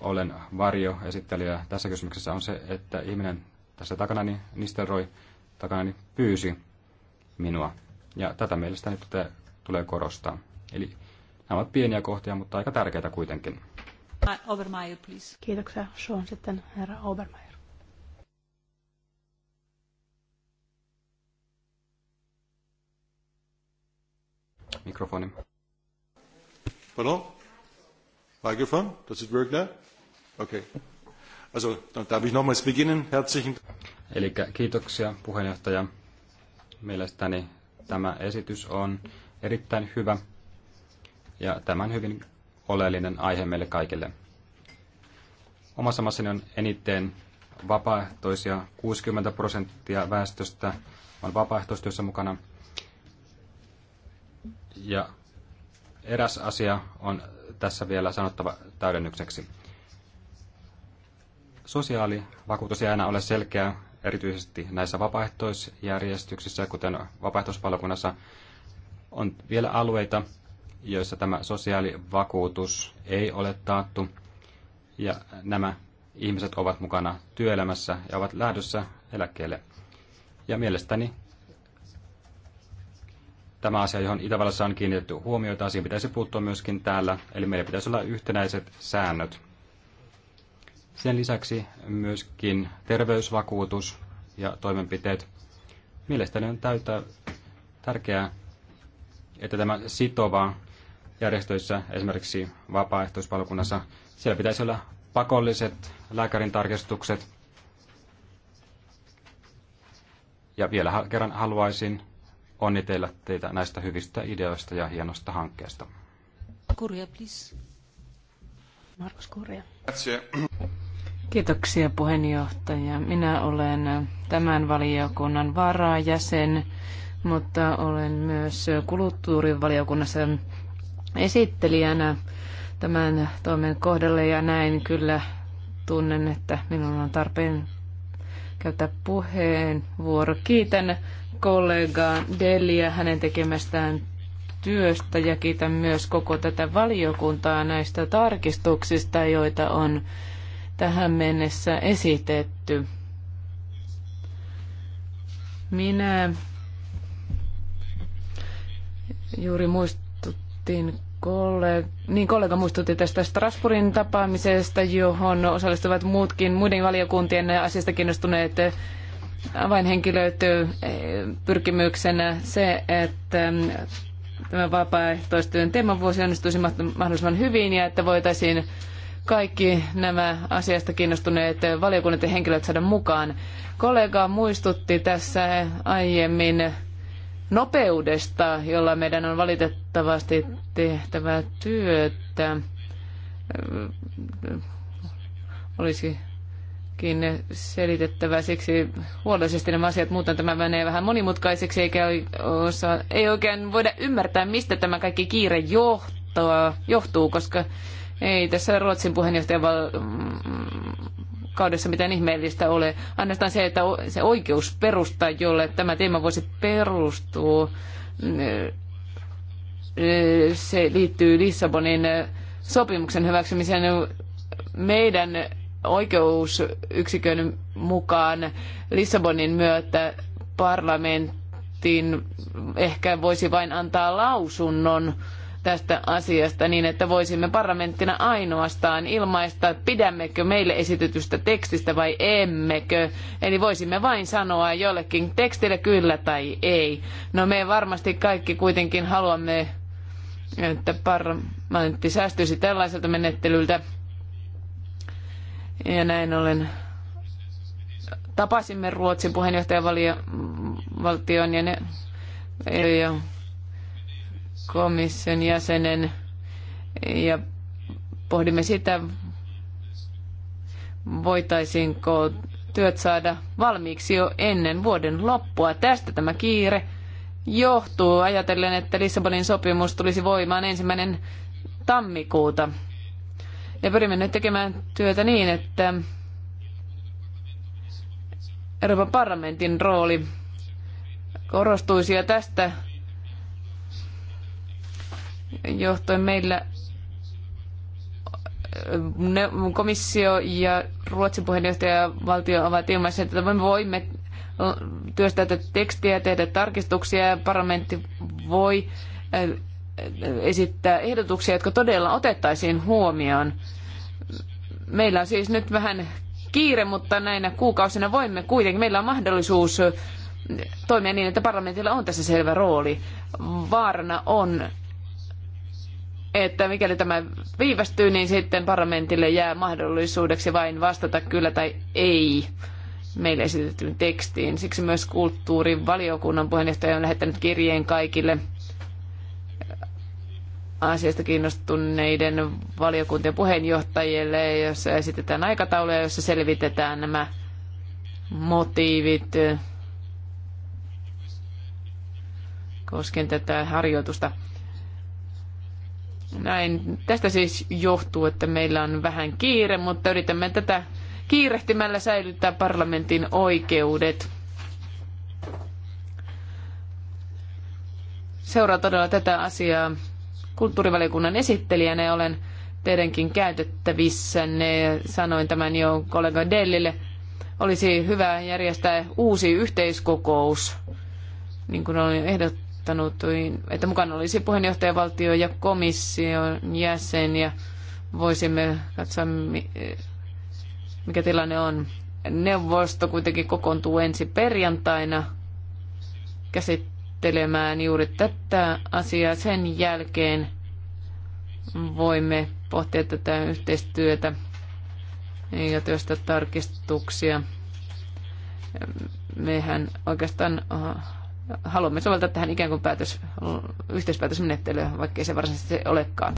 olen varjo esittelijä tässä kysymyksessä on se, että ihminen tässä takanani, Nisteroi takanani, pyysi minua. Ja tätä mielestäni tulee korostaa. Eli nämä ovat pieniä kohtia, mutta aika tärkeitä kuitenkin. Obermeier, please. Kiitoksia. Se on sitten herra Obermeier. mikrofonin. Pardon? Microphone? Does it work now? Okay. Also, dann darf ich nochmals beginnen. Herzlichen Eli kiitoksia puheenjohtaja. Mielestäni tämä esitys on erittäin hyvä ja tämä on hyvin oleellinen aihe meille kaikille. Omassa maassani on eniten vapaaehtoisia, 60 prosenttia väestöstä on vapaaehtoistyössä mukana – ja eräs asia on tässä vielä sanottava täydennykseksi. Sosiaalivakuutus ei aina ole selkeä, erityisesti näissä vapaaehtoisjärjestyksissä, kuten vapaaehtoispalokunnassa, on vielä alueita, joissa tämä sosiaalivakuutus ei ole taattu, ja nämä ihmiset ovat mukana työelämässä ja ovat lähdössä eläkkeelle. Ja mielestäni tämä asia, johon Itävallassa on kiinnitetty huomiota, siihen pitäisi puuttua myöskin täällä, eli meillä pitäisi olla yhtenäiset säännöt. Sen lisäksi myöskin terveysvakuutus ja toimenpiteet. Mielestäni on täyttä tärkeää, että tämä sitova järjestöissä, esimerkiksi vapaaehtoispalokunnassa, siellä pitäisi olla pakolliset lääkärin tarkistukset. Ja vielä kerran haluaisin onnitella teitä näistä hyvistä ideoista ja hienosta hankkeesta. Kurja, please. Markus Kurja. Kiitoksia puheenjohtaja. Minä olen tämän valiokunnan varajäsen, mutta olen myös kulttuurivaliokunnassa esittelijänä tämän toimen kohdalle ja näin kyllä tunnen, että minun on tarpeen käyttää puheenvuoro. Kiitän kollegaa Delia hänen tekemästään työstä ja kiitän myös koko tätä valiokuntaa näistä tarkistuksista, joita on tähän mennessä esitetty. Minä juuri muistutin kollega, niin kollega muistutti tästä Strasbourgin tapaamisesta, johon osallistuvat muutkin muiden valiokuntien asiasta kiinnostuneet avainhenkilöt eh, pyrkimyksenä se, että mm, tämä vapaaehtoistyön teemavuosi onnistuisi mahdollisimman hyvin ja että voitaisiin kaikki nämä asiasta kiinnostuneet valiokunnat ja henkilöt saada mukaan. Kollega muistutti tässä aiemmin nopeudesta, jolla meidän on valitettavasti tehtävä työtä. Olisi selitettävä siksi huolellisesti nämä asiat, muuten tämä menee vähän monimutkaiseksi, eikä osaa, ei oikein voida ymmärtää, mistä tämä kaikki kiire johtaa, johtuu, koska ei tässä Ruotsin puheenjohtajan kaudessa mitään ihmeellistä ole. Ainoastaan se, että se oikeusperusta, jolle tämä teema voisi perustua, se liittyy Lissabonin sopimuksen hyväksymiseen. Meidän oikeusyksikön mukaan Lissabonin myötä parlamenttiin ehkä voisi vain antaa lausunnon tästä asiasta niin, että voisimme parlamenttina ainoastaan ilmaista, pidämmekö meille esitetystä tekstistä vai emmekö. Eli voisimme vain sanoa jollekin tekstille kyllä tai ei. No me varmasti kaikki kuitenkin haluamme, että parlamentti säästyisi tällaiselta menettelyltä. Ja näin ollen tapasimme Ruotsin puheenjohtajavaltion ja, ne, ja komission jäsenen ja pohdimme sitä, voitaisiinko työt saada valmiiksi jo ennen vuoden loppua. Tästä tämä kiire johtuu ajatellen, että Lissabonin sopimus tulisi voimaan ensimmäinen tammikuuta me pyrimme nyt tekemään työtä niin, että Euroopan parlamentin rooli korostuisi ja tästä johtuen meillä komissio ja Ruotsin valtio ovat ilmaisseet, että me voimme työstää tätä tekstiä, tehdä tarkistuksia ja parlamentti voi esittää ehdotuksia, jotka todella otettaisiin huomioon. Meillä on siis nyt vähän kiire, mutta näinä kuukausina voimme kuitenkin. Meillä on mahdollisuus toimia niin, että parlamentilla on tässä selvä rooli. Vaarana on, että mikäli tämä viivästyy, niin sitten parlamentille jää mahdollisuudeksi vain vastata kyllä tai ei meille esitettyyn tekstiin. Siksi myös kulttuurivaliokunnan puheenjohtaja on lähettänyt kirjeen kaikille asiasta kiinnostuneiden valiokuntien puheenjohtajille, jossa esitetään aikatauluja, jossa selvitetään nämä motiivit eh, koskien tätä harjoitusta. Näin. Tästä siis johtuu, että meillä on vähän kiire, mutta yritämme tätä kiirehtimällä säilyttää parlamentin oikeudet. Seuraa todella tätä asiaa kulttuurivaliokunnan esittelijänä ja olen teidänkin käytettävissänne. Sanoin tämän jo kollega Dellille. Olisi hyvä järjestää uusi yhteiskokous, niin kuin olen ehdottanut, että mukana olisi puheenjohtajavaltio ja komission jäsen ja voisimme katsoa, mikä tilanne on. Neuvosto kuitenkin kokoontuu ensi perjantaina käsittelemään käsittelemään juuri tätä asiaa. Sen jälkeen voimme pohtia tätä yhteistyötä ja työstä tarkistuksia. Mehän oikeastaan äh, haluamme soveltaa tähän ikään kuin päätös, yhteispäätösmenettelyä, vaikkei se varsinaisesti se olekaan.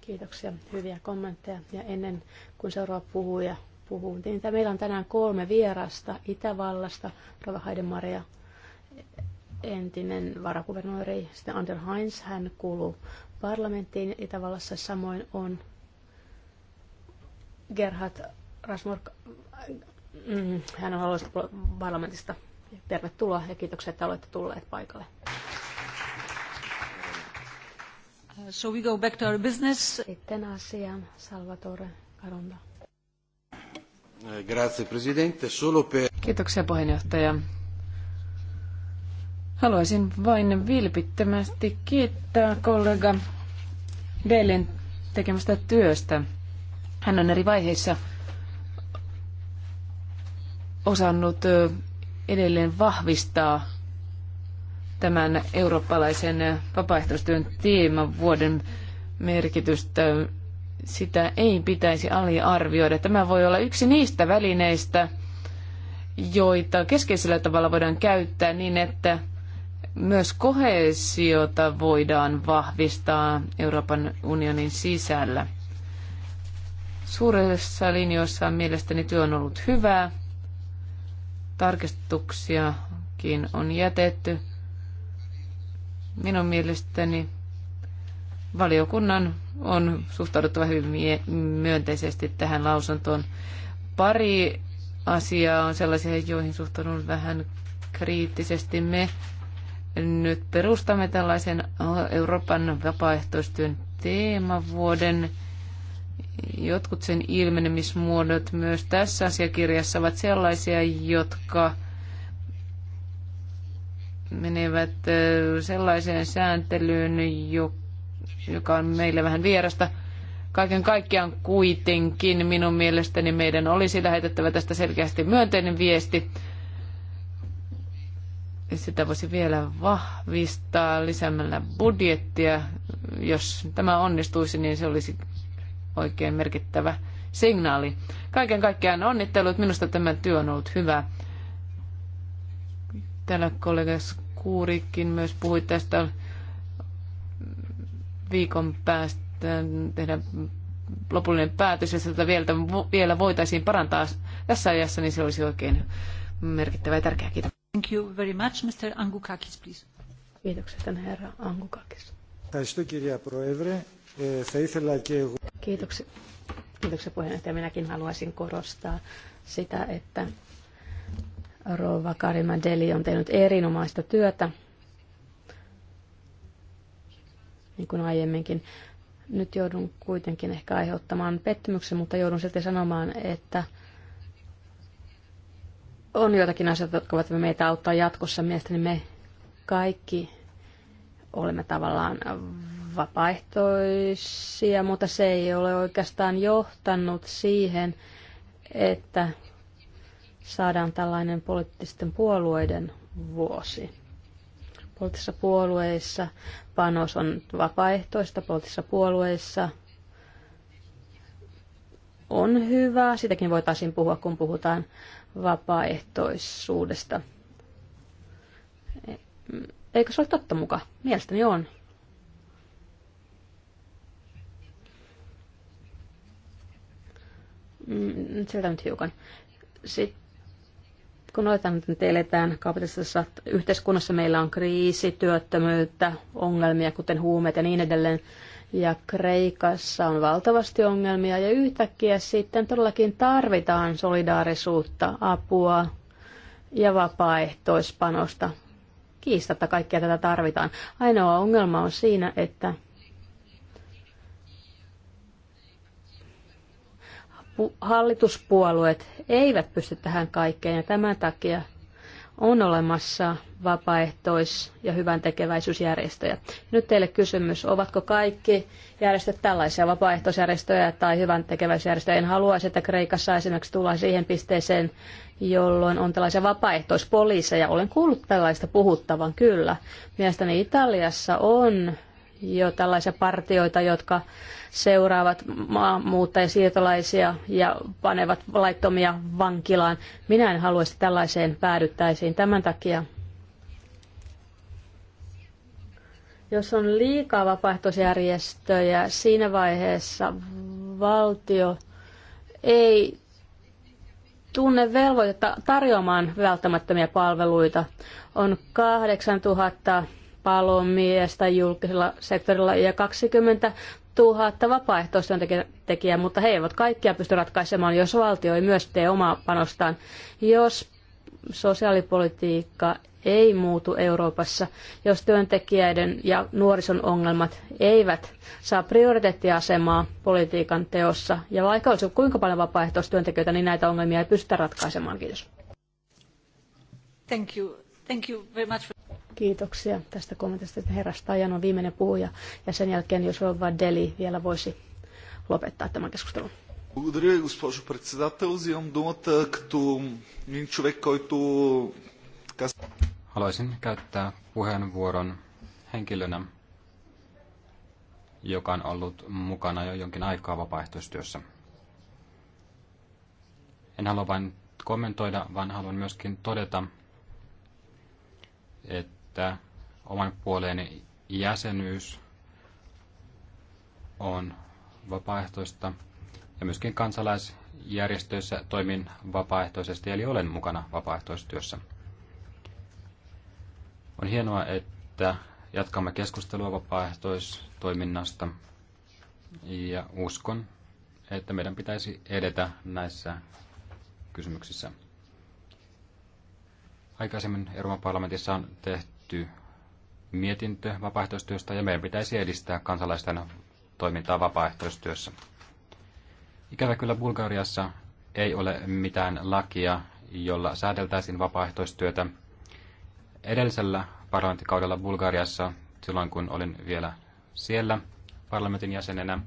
Kiitoksia, hyviä kommentteja. Ja ennen kuin seuraava puhuja puhuu, niin meillä on tänään kolme vierasta Itävallasta, Rova Maria entinen varakuvernööri sitten Ander Heinz, hän kuuluu parlamenttiin Itävallassa, samoin on Gerhard Rasmork, mm, hän on aloista parlamentista. Tervetuloa ja kiitoksia, että olette tulleet paikalle. So we go back to our business. Sitten asiaan Salvatore Caronda. Grazie, Presidente. Solo per... Kiitoksia puheenjohtaja. Haluaisin vain vilpittömästi kiittää kollega Delin tekemästä työstä. Hän on eri vaiheissa osannut edelleen vahvistaa tämän eurooppalaisen vapaaehtoistyön teeman vuoden merkitystä. Sitä ei pitäisi aliarvioida. Tämä voi olla yksi niistä välineistä, joita keskeisellä tavalla voidaan käyttää niin, että myös kohesiota voidaan vahvistaa Euroopan unionin sisällä. Suuressa linjoissa mielestäni työ on ollut hyvää. Tarkistuksiakin on jätetty. Minun mielestäni valiokunnan on suhtauduttava hyvin myönteisesti tähän lausuntoon. Pari asiaa on sellaisia, joihin suhtaudun vähän kriittisesti. Me nyt perustamme tällaisen Euroopan vapaaehtoistyön teemavuoden. Jotkut sen ilmenemismuodot myös tässä asiakirjassa ovat sellaisia, jotka menevät sellaiseen sääntelyyn, joka on meille vähän vierasta. Kaiken kaikkiaan kuitenkin minun mielestäni meidän olisi lähetettävä tästä selkeästi myönteinen viesti sitä voisi vielä vahvistaa lisäämällä budjettia. Jos tämä onnistuisi, niin se olisi oikein merkittävä signaali. Kaiken kaikkiaan onnittelut. Minusta tämä työ on ollut hyvä. Täällä kollega Kuurikin myös puhui tästä viikon päästä tehdä lopullinen päätös, jos tätä vielä, vielä voitaisiin parantaa tässä ajassa, niin se olisi oikein merkittävä ja tärkeä. Thank you very much, Mr. Angukakis, please. Kiitokset, herra Angukakis. Ευχαριστώ, κυρία Πρόεδρε. Ε, θα ήθελα και εγώ... Kiitoksia. Kiitoksia puheenjohtaja. Minäkin haluaisin korostaa sitä, että Rova Karimadeli on tehnyt erinomaista työtä, niin kuin aiemminkin. Nyt joudun kuitenkin ehkä aiheuttamaan pettymyksen, mutta joudun silti sanomaan, että on joitakin asioita, jotka voivat meitä auttaa jatkossa. Mielestäni me kaikki olemme tavallaan vapaaehtoisia, mutta se ei ole oikeastaan johtanut siihen, että saadaan tällainen poliittisten puolueiden vuosi. Poliittisissa puolueissa panos on vapaaehtoista, poliittisissa puolueissa on hyvä. Sitäkin voitaisiin puhua, kun puhutaan vapaaehtoisuudesta. Eikö se ole totta muka? Mielestäni on. Mm, Sieltä nyt hiukan. Sitten kun oletan, että nyt eletään kapitalistisessa yhteiskunnassa, meillä on kriisi, työttömyyttä, ongelmia, kuten huumeet ja niin edelleen, ja Kreikassa on valtavasti ongelmia ja yhtäkkiä sitten todellakin tarvitaan solidaarisuutta, apua ja vapaaehtoispanosta. Kiistatta kaikkea tätä tarvitaan. Ainoa ongelma on siinä, että hallituspuolueet eivät pysty tähän kaikkeen ja tämän takia on olemassa vapaaehtois- ja hyvän tekeväisyysjärjestöjä. Nyt teille kysymys, ovatko kaikki järjestöt tällaisia vapaaehtoisjärjestöjä tai hyvän tekeväisyysjärjestöjä? En haluaisi, että Kreikassa esimerkiksi tullaan siihen pisteeseen, jolloin on tällaisia vapaaehtoispoliiseja. Olen kuullut tällaista puhuttavan, kyllä. Mielestäni Italiassa on jo tällaisia partioita, jotka seuraavat siirtolaisia ja panevat laittomia vankilaan. Minä en haluaisi tällaiseen päädyttäisiin tämän takia. Jos on liikaa vapaaehtoisjärjestöjä, siinä vaiheessa valtio ei tunne velvoitetta tarjoamaan välttämättömiä palveluita. On 8000 palomiestä julkisella sektorilla ja 20 000 vapaaehtoistyöntekijää, mutta he eivät kaikkia pysty ratkaisemaan, jos valtio ei myös tee omaa panostaan. Jos sosiaalipolitiikka ei muutu Euroopassa, jos työntekijöiden ja nuorison ongelmat eivät saa prioriteettiasemaa politiikan teossa. Ja vaikka olisi kuinka paljon vapaaehtoistyöntekijöitä, niin näitä ongelmia ei pystytä ratkaisemaan. Kiitos. Thank you. Thank you very much. Kiitoksia tästä kommentista. Herra Stajan on viimeinen puhuja ja sen jälkeen, jos Rova Deli, vielä voisi lopettaa tämän keskustelun. Благодаря ви, госпожо председател. Взимам думата като един човек, който... Haluaisin käyttää puheenvuoron henkilönä, joka on ollut mukana jo jonkin aikaa vapaaehtoistyössä. En halua vain kommentoida, vaan haluan myöskin todeta, että että oman puoleeni jäsenyys on vapaaehtoista ja myöskin kansalaisjärjestöissä toimin vapaaehtoisesti, eli olen mukana vapaaehtoistyössä. On hienoa, että jatkamme keskustelua vapaaehtoistoiminnasta ja uskon, että meidän pitäisi edetä näissä kysymyksissä. Aikaisemmin Euroopan parlamentissa on tehty tehty mietintö vapaaehtoistyöstä ja meidän pitäisi edistää kansalaisten toimintaa vapaaehtoistyössä. Ikävä kyllä Bulgariassa ei ole mitään lakia, jolla säädeltäisiin vapaaehtoistyötä. Edellisellä parlamenttikaudella Bulgariassa, silloin kun olin vielä siellä parlamentin jäsenenä,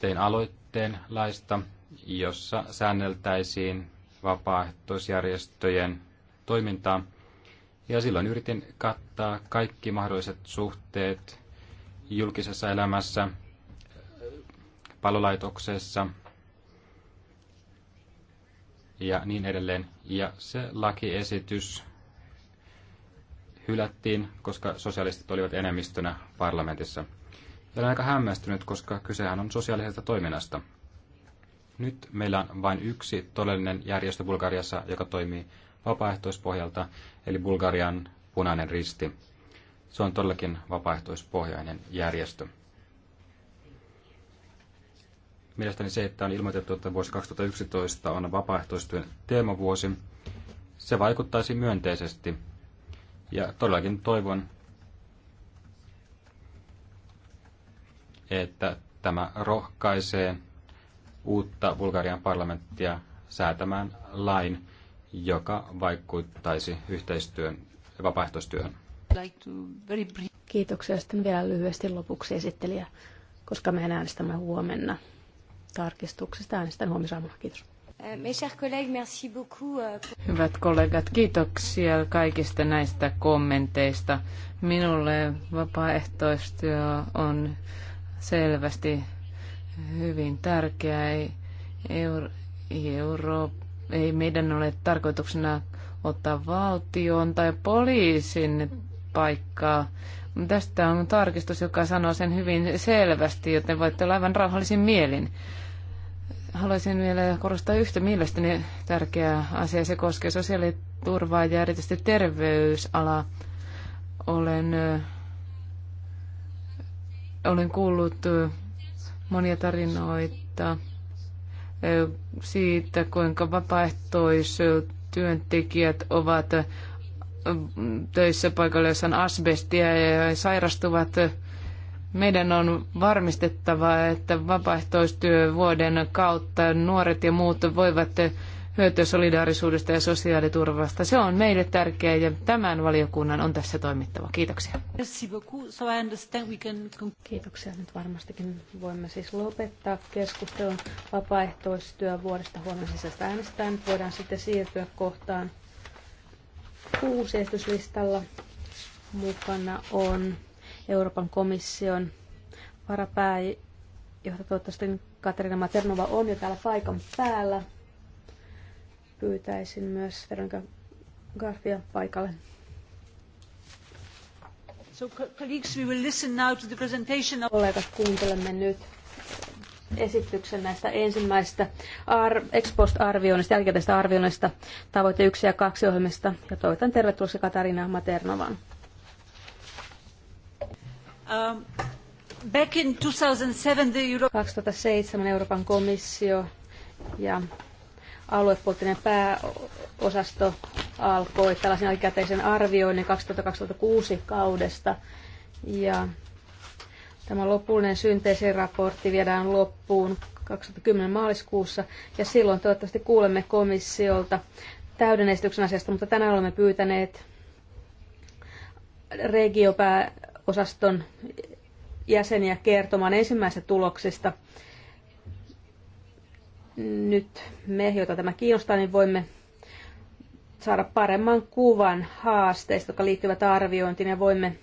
tein aloitteen laista, jossa säänneltäisiin vapaaehtoisjärjestöjen toimintaa. Ja silloin yritin kattaa kaikki mahdolliset suhteet julkisessa elämässä, palolaitoksessa ja niin edelleen. Ja se lakiesitys hylättiin, koska sosialistit olivat enemmistönä parlamentissa. Ja olen aika hämmästynyt, koska kysehän on sosiaalisesta toiminnasta – nyt meillä on vain yksi todellinen järjestö Bulgariassa, joka toimii vapaaehtoispohjalta, eli Bulgarian punainen risti. Se on todellakin vapaaehtoispohjainen järjestö. Mielestäni se, että on ilmoitettu, että vuosi 2011 on vapaaehtoistyön teemavuosi, se vaikuttaisi myönteisesti. Ja todellakin toivon, että tämä rohkaisee uutta Bulgarian parlamenttia säätämään lain, joka vaikuttaisi yhteistyön ja vapaaehtoistyöhön. Kiitoksia. Sitten vielä lyhyesti lopuksi esittelijä, koska me äänestämme huomenna tarkistuksesta. Äänestän huomisaamuna. Kiitos. Eh, euh, Hyvät kollegat, kiitoksia kaikista näistä kommenteista. Minulle vapaaehtoistyö on selvästi hyvin tärkeä. Ei, euro, ei, meidän ole tarkoituksena ottaa valtion tai poliisin paikkaa. Tästä on tarkistus, joka sanoo sen hyvin selvästi, joten voitte olla aivan rauhallisin mielin. Haluaisin vielä korostaa yhtä mielestäni tärkeää asiaa. Se koskee sosiaaliturvaa ja erityisesti terveysalaa. Olen, olen kuullut monia tarinoita siitä, kuinka vapaaehtoistyöntekijät ovat töissä paikalla, jossa on asbestia ja sairastuvat. Meidän on varmistettava, että vapaaehtoistyövuoden kautta nuoret ja muut voivat hyötyä solidaarisuudesta ja sosiaaliturvasta. Se on meille tärkeää ja tämän valiokunnan on tässä toimittava. Kiitoksia. Kiitoksia. Nyt varmastikin voimme siis lopettaa keskustelun vapaaehtoistyön vuodesta huomenna sisäistä Nyt voidaan sitten siirtyä kohtaan kuusi esityslistalla. Mukana on Euroopan komission varapääjohtaja, toivottavasti Katerina Maternova on jo täällä paikan päällä. Pyytäisin myös Veronika Garfia paikalle. So, colleagues, we will listen now to the presentation of... Kollegat, kuuntelemme nyt esityksen näistä ensimmäistä ar- ex post-arvioinnista, jälkikäteistä arvioinnista, tavoite 1 ja 2 ohjelmista. Ja toivotan tervetuloa Katarina Maternovan. Um, back in 2007, the Euro- 2007 Euroopan komissio ja aluepoliittinen pääosasto alkoi tällaisen jälkikäteisen arvioinnin 2006 kaudesta. Ja tämä lopullinen synteesiraportti viedään loppuun 2010 maaliskuussa ja silloin toivottavasti kuulemme komissiolta täyden esityksen asiasta, mutta tänään olemme pyytäneet regiopääosaston jäseniä kertomaan ensimmäisistä tuloksista – nyt me, joita tämä kiinnostaa, niin voimme saada paremman kuvan haasteista, jotka liittyvät arviointiin ja voimme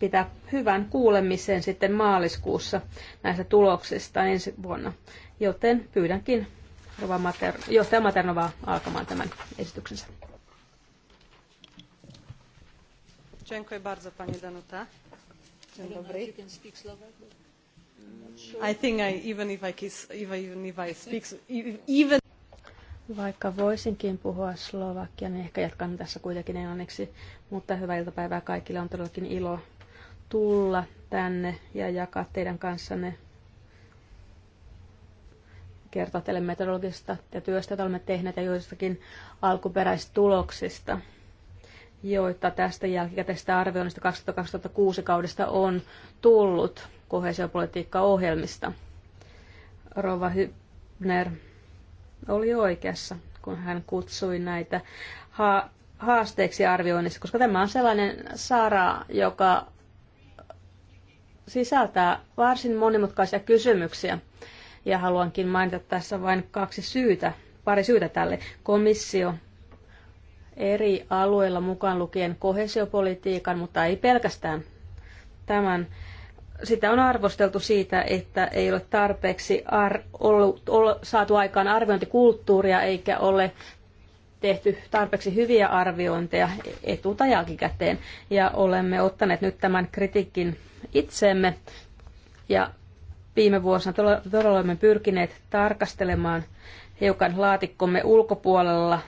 pitää hyvän kuulemisen sitten maaliskuussa näistä tuloksista ensi vuonna. Joten pyydänkin johtaja Maternovaa alkamaan tämän esityksensä. Dziękuję bardzo Pani Danuta. Dzień dobry. I think I, even if I, kiss, even if I speak, e, even... Vaikka voisinkin puhua slovakia, niin ehkä jatkan tässä kuitenkin englanniksi. Mutta hyvää iltapäivää kaikille. On todellakin ilo tulla tänne ja jakaa teidän kanssanne kertoa teille metodologisesta ja työstä, jota olemme tehneet ja joistakin alkuperäistuloksista, joita tästä jälkikäteistä arvioinnista 2006 kaudesta on tullut kohesiopolitiikkaohjelmista. Rova Hybner oli oikeassa, kun hän kutsui näitä ha- haasteeksi arvioinnissa, koska tämä on sellainen sara, joka sisältää varsin monimutkaisia kysymyksiä. Ja haluankin mainita tässä vain kaksi syytä, pari syytä tälle. Komissio eri alueilla mukaan lukien kohesiopolitiikan, mutta ei pelkästään tämän sitä on arvosteltu siitä, että ei ole tarpeeksi ar- ollut, ollut, saatu aikaan arviointikulttuuria eikä ole tehty tarpeeksi hyviä arviointeja etu- tai jälkikäteen. Ja olemme ottaneet nyt tämän kritiikin itseemme ja viime vuosina todella olemme pyrkineet tarkastelemaan hiukan laatikkomme ulkopuolella,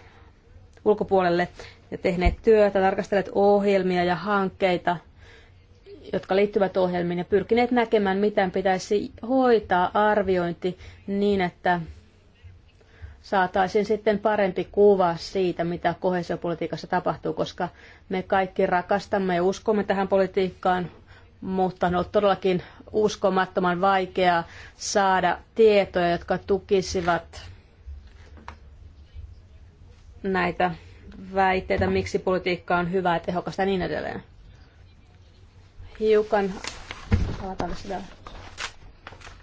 ulkopuolelle ja tehneet työtä, tarkastelleet ohjelmia ja hankkeita – jotka liittyvät ohjelmiin ja pyrkineet näkemään, miten pitäisi hoitaa arviointi niin, että saataisiin sitten parempi kuva siitä, mitä kohesiopolitiikassa tapahtuu, koska me kaikki rakastamme ja uskomme tähän politiikkaan, mutta on ollut todellakin uskomattoman vaikeaa saada tietoja, jotka tukisivat näitä väitteitä, miksi politiikka on hyvää, tehokasta ja niin edelleen hiukan sitä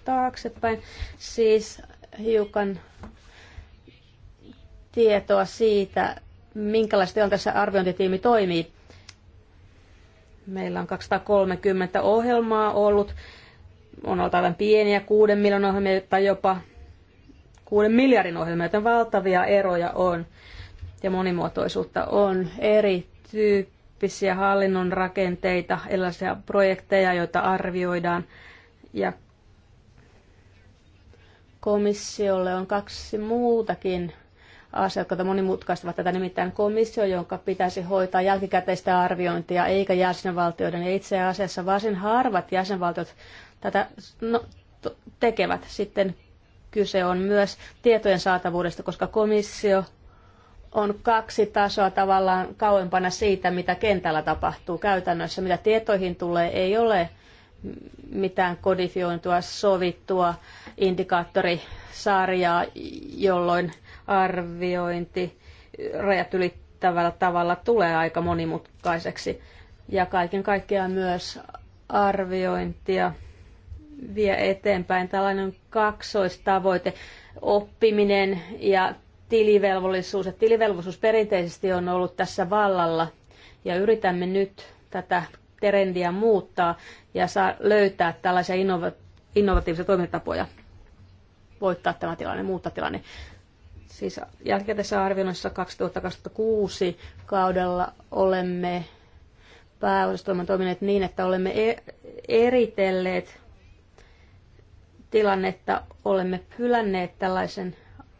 taaksepäin, siis hiukan tietoa siitä, minkälaista tässä arviointitiimi toimii. Meillä on 230 ohjelmaa ollut. On ollut aivan pieniä, 6 miljoonan ohjelmia tai jopa 6 miljardin ohjelmia, joten valtavia eroja on ja monimuotoisuutta on eri tyyppi tyyppisiä hallinnon rakenteita, erilaisia projekteja, joita arvioidaan. Ja komissiolle on kaksi muutakin asiaa, jotka monimutkaistavat tätä, nimittäin komissio, jonka pitäisi hoitaa jälkikäteistä arviointia, eikä jäsenvaltioiden. Ja itse asiassa varsin harvat jäsenvaltiot tätä no, tekevät. Sitten kyse on myös tietojen saatavuudesta, koska komissio on kaksi tasoa tavallaan kauempana siitä, mitä kentällä tapahtuu käytännössä. Mitä tietoihin tulee, ei ole mitään kodifiointua, sovittua indikaattorisarjaa, jolloin arviointi rajat ylittävällä tavalla tulee aika monimutkaiseksi. Ja kaiken kaikkiaan myös arviointia vie eteenpäin tällainen kaksoistavoite, oppiminen ja tilivelvollisuus. Ja tilivelvollisuus perinteisesti on ollut tässä vallalla ja yritämme nyt tätä trendiä muuttaa ja saa löytää tällaisia innova- innovatiivisia toimintatapoja voittaa tämä tilanne, muuttaa tilanne. Siis jälkikäteisessä arvioinnissa 2026 kaudella olemme pääosastoiman toimineet niin, että olemme e-, eritelleet tilannetta, olemme hylänneet tällaisen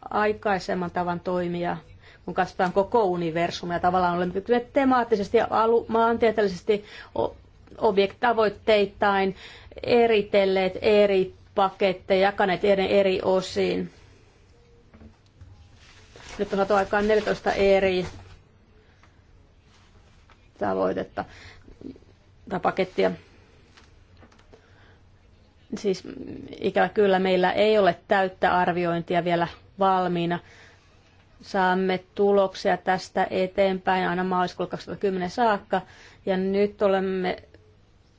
aikaisemman tavan toimia, kun katsotaan koko universumia. Tavallaan olemme pystyneet temaattisesti ja alu- maantieteellisesti objektavoitteittain eritelleet eri paketteja, jakaneet eri osiin. Nyt on saatu aikaan 14 eri tavoitetta tai pakettia. Siis ikävä kyllä meillä ei ole täyttä arviointia vielä valmiina. Saamme tuloksia tästä eteenpäin aina maaliskuulle 2010 saakka. Ja nyt olemme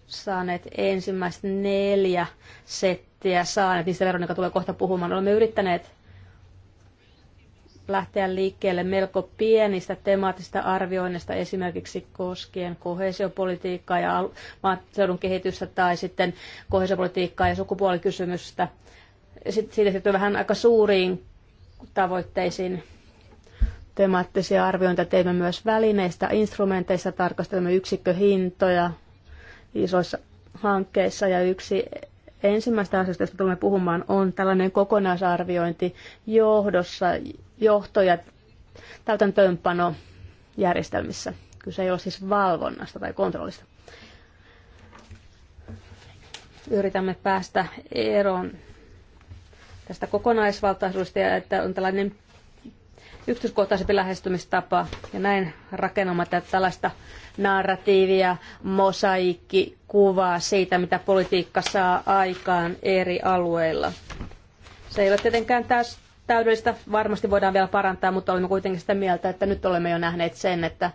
saaneet ensimmäiset neljä settiä saaneet. Niistä Veronika tulee kohta puhumaan. Olemme yrittäneet lähteä liikkeelle melko pienistä temaattisista arvioinnista esimerkiksi koskien kohesiopolitiikkaa ja maaseudun kehitystä tai sitten kohesiopolitiikkaa ja sukupuolikysymystä. Sitten siitä siirtyy vähän aika suuriin tavoitteisiin. Temaattisia arviointia teemme myös välineistä, instrumenteissa tarkastelemme yksikköhintoja isoissa hankkeissa ja yksi ensimmäistä asioista, josta tulemme puhumaan, on tällainen kokonaisarviointi johdossa, johto- ja täytäntöönpanojärjestelmissä. Kyse ei ole siis valvonnasta tai kontrollista. Yritämme päästä eroon tästä kokonaisvaltaisuudesta ja että on tällainen yksityiskohtaisempi lähestymistapa. Ja näin rakennamme tällaista narratiivia, mosaikki, kuvaa siitä, mitä politiikka saa aikaan eri alueilla. Se ei ole tietenkään täys, täydellistä, varmasti voidaan vielä parantaa, mutta olemme kuitenkin sitä mieltä, että nyt olemme jo nähneet sen, että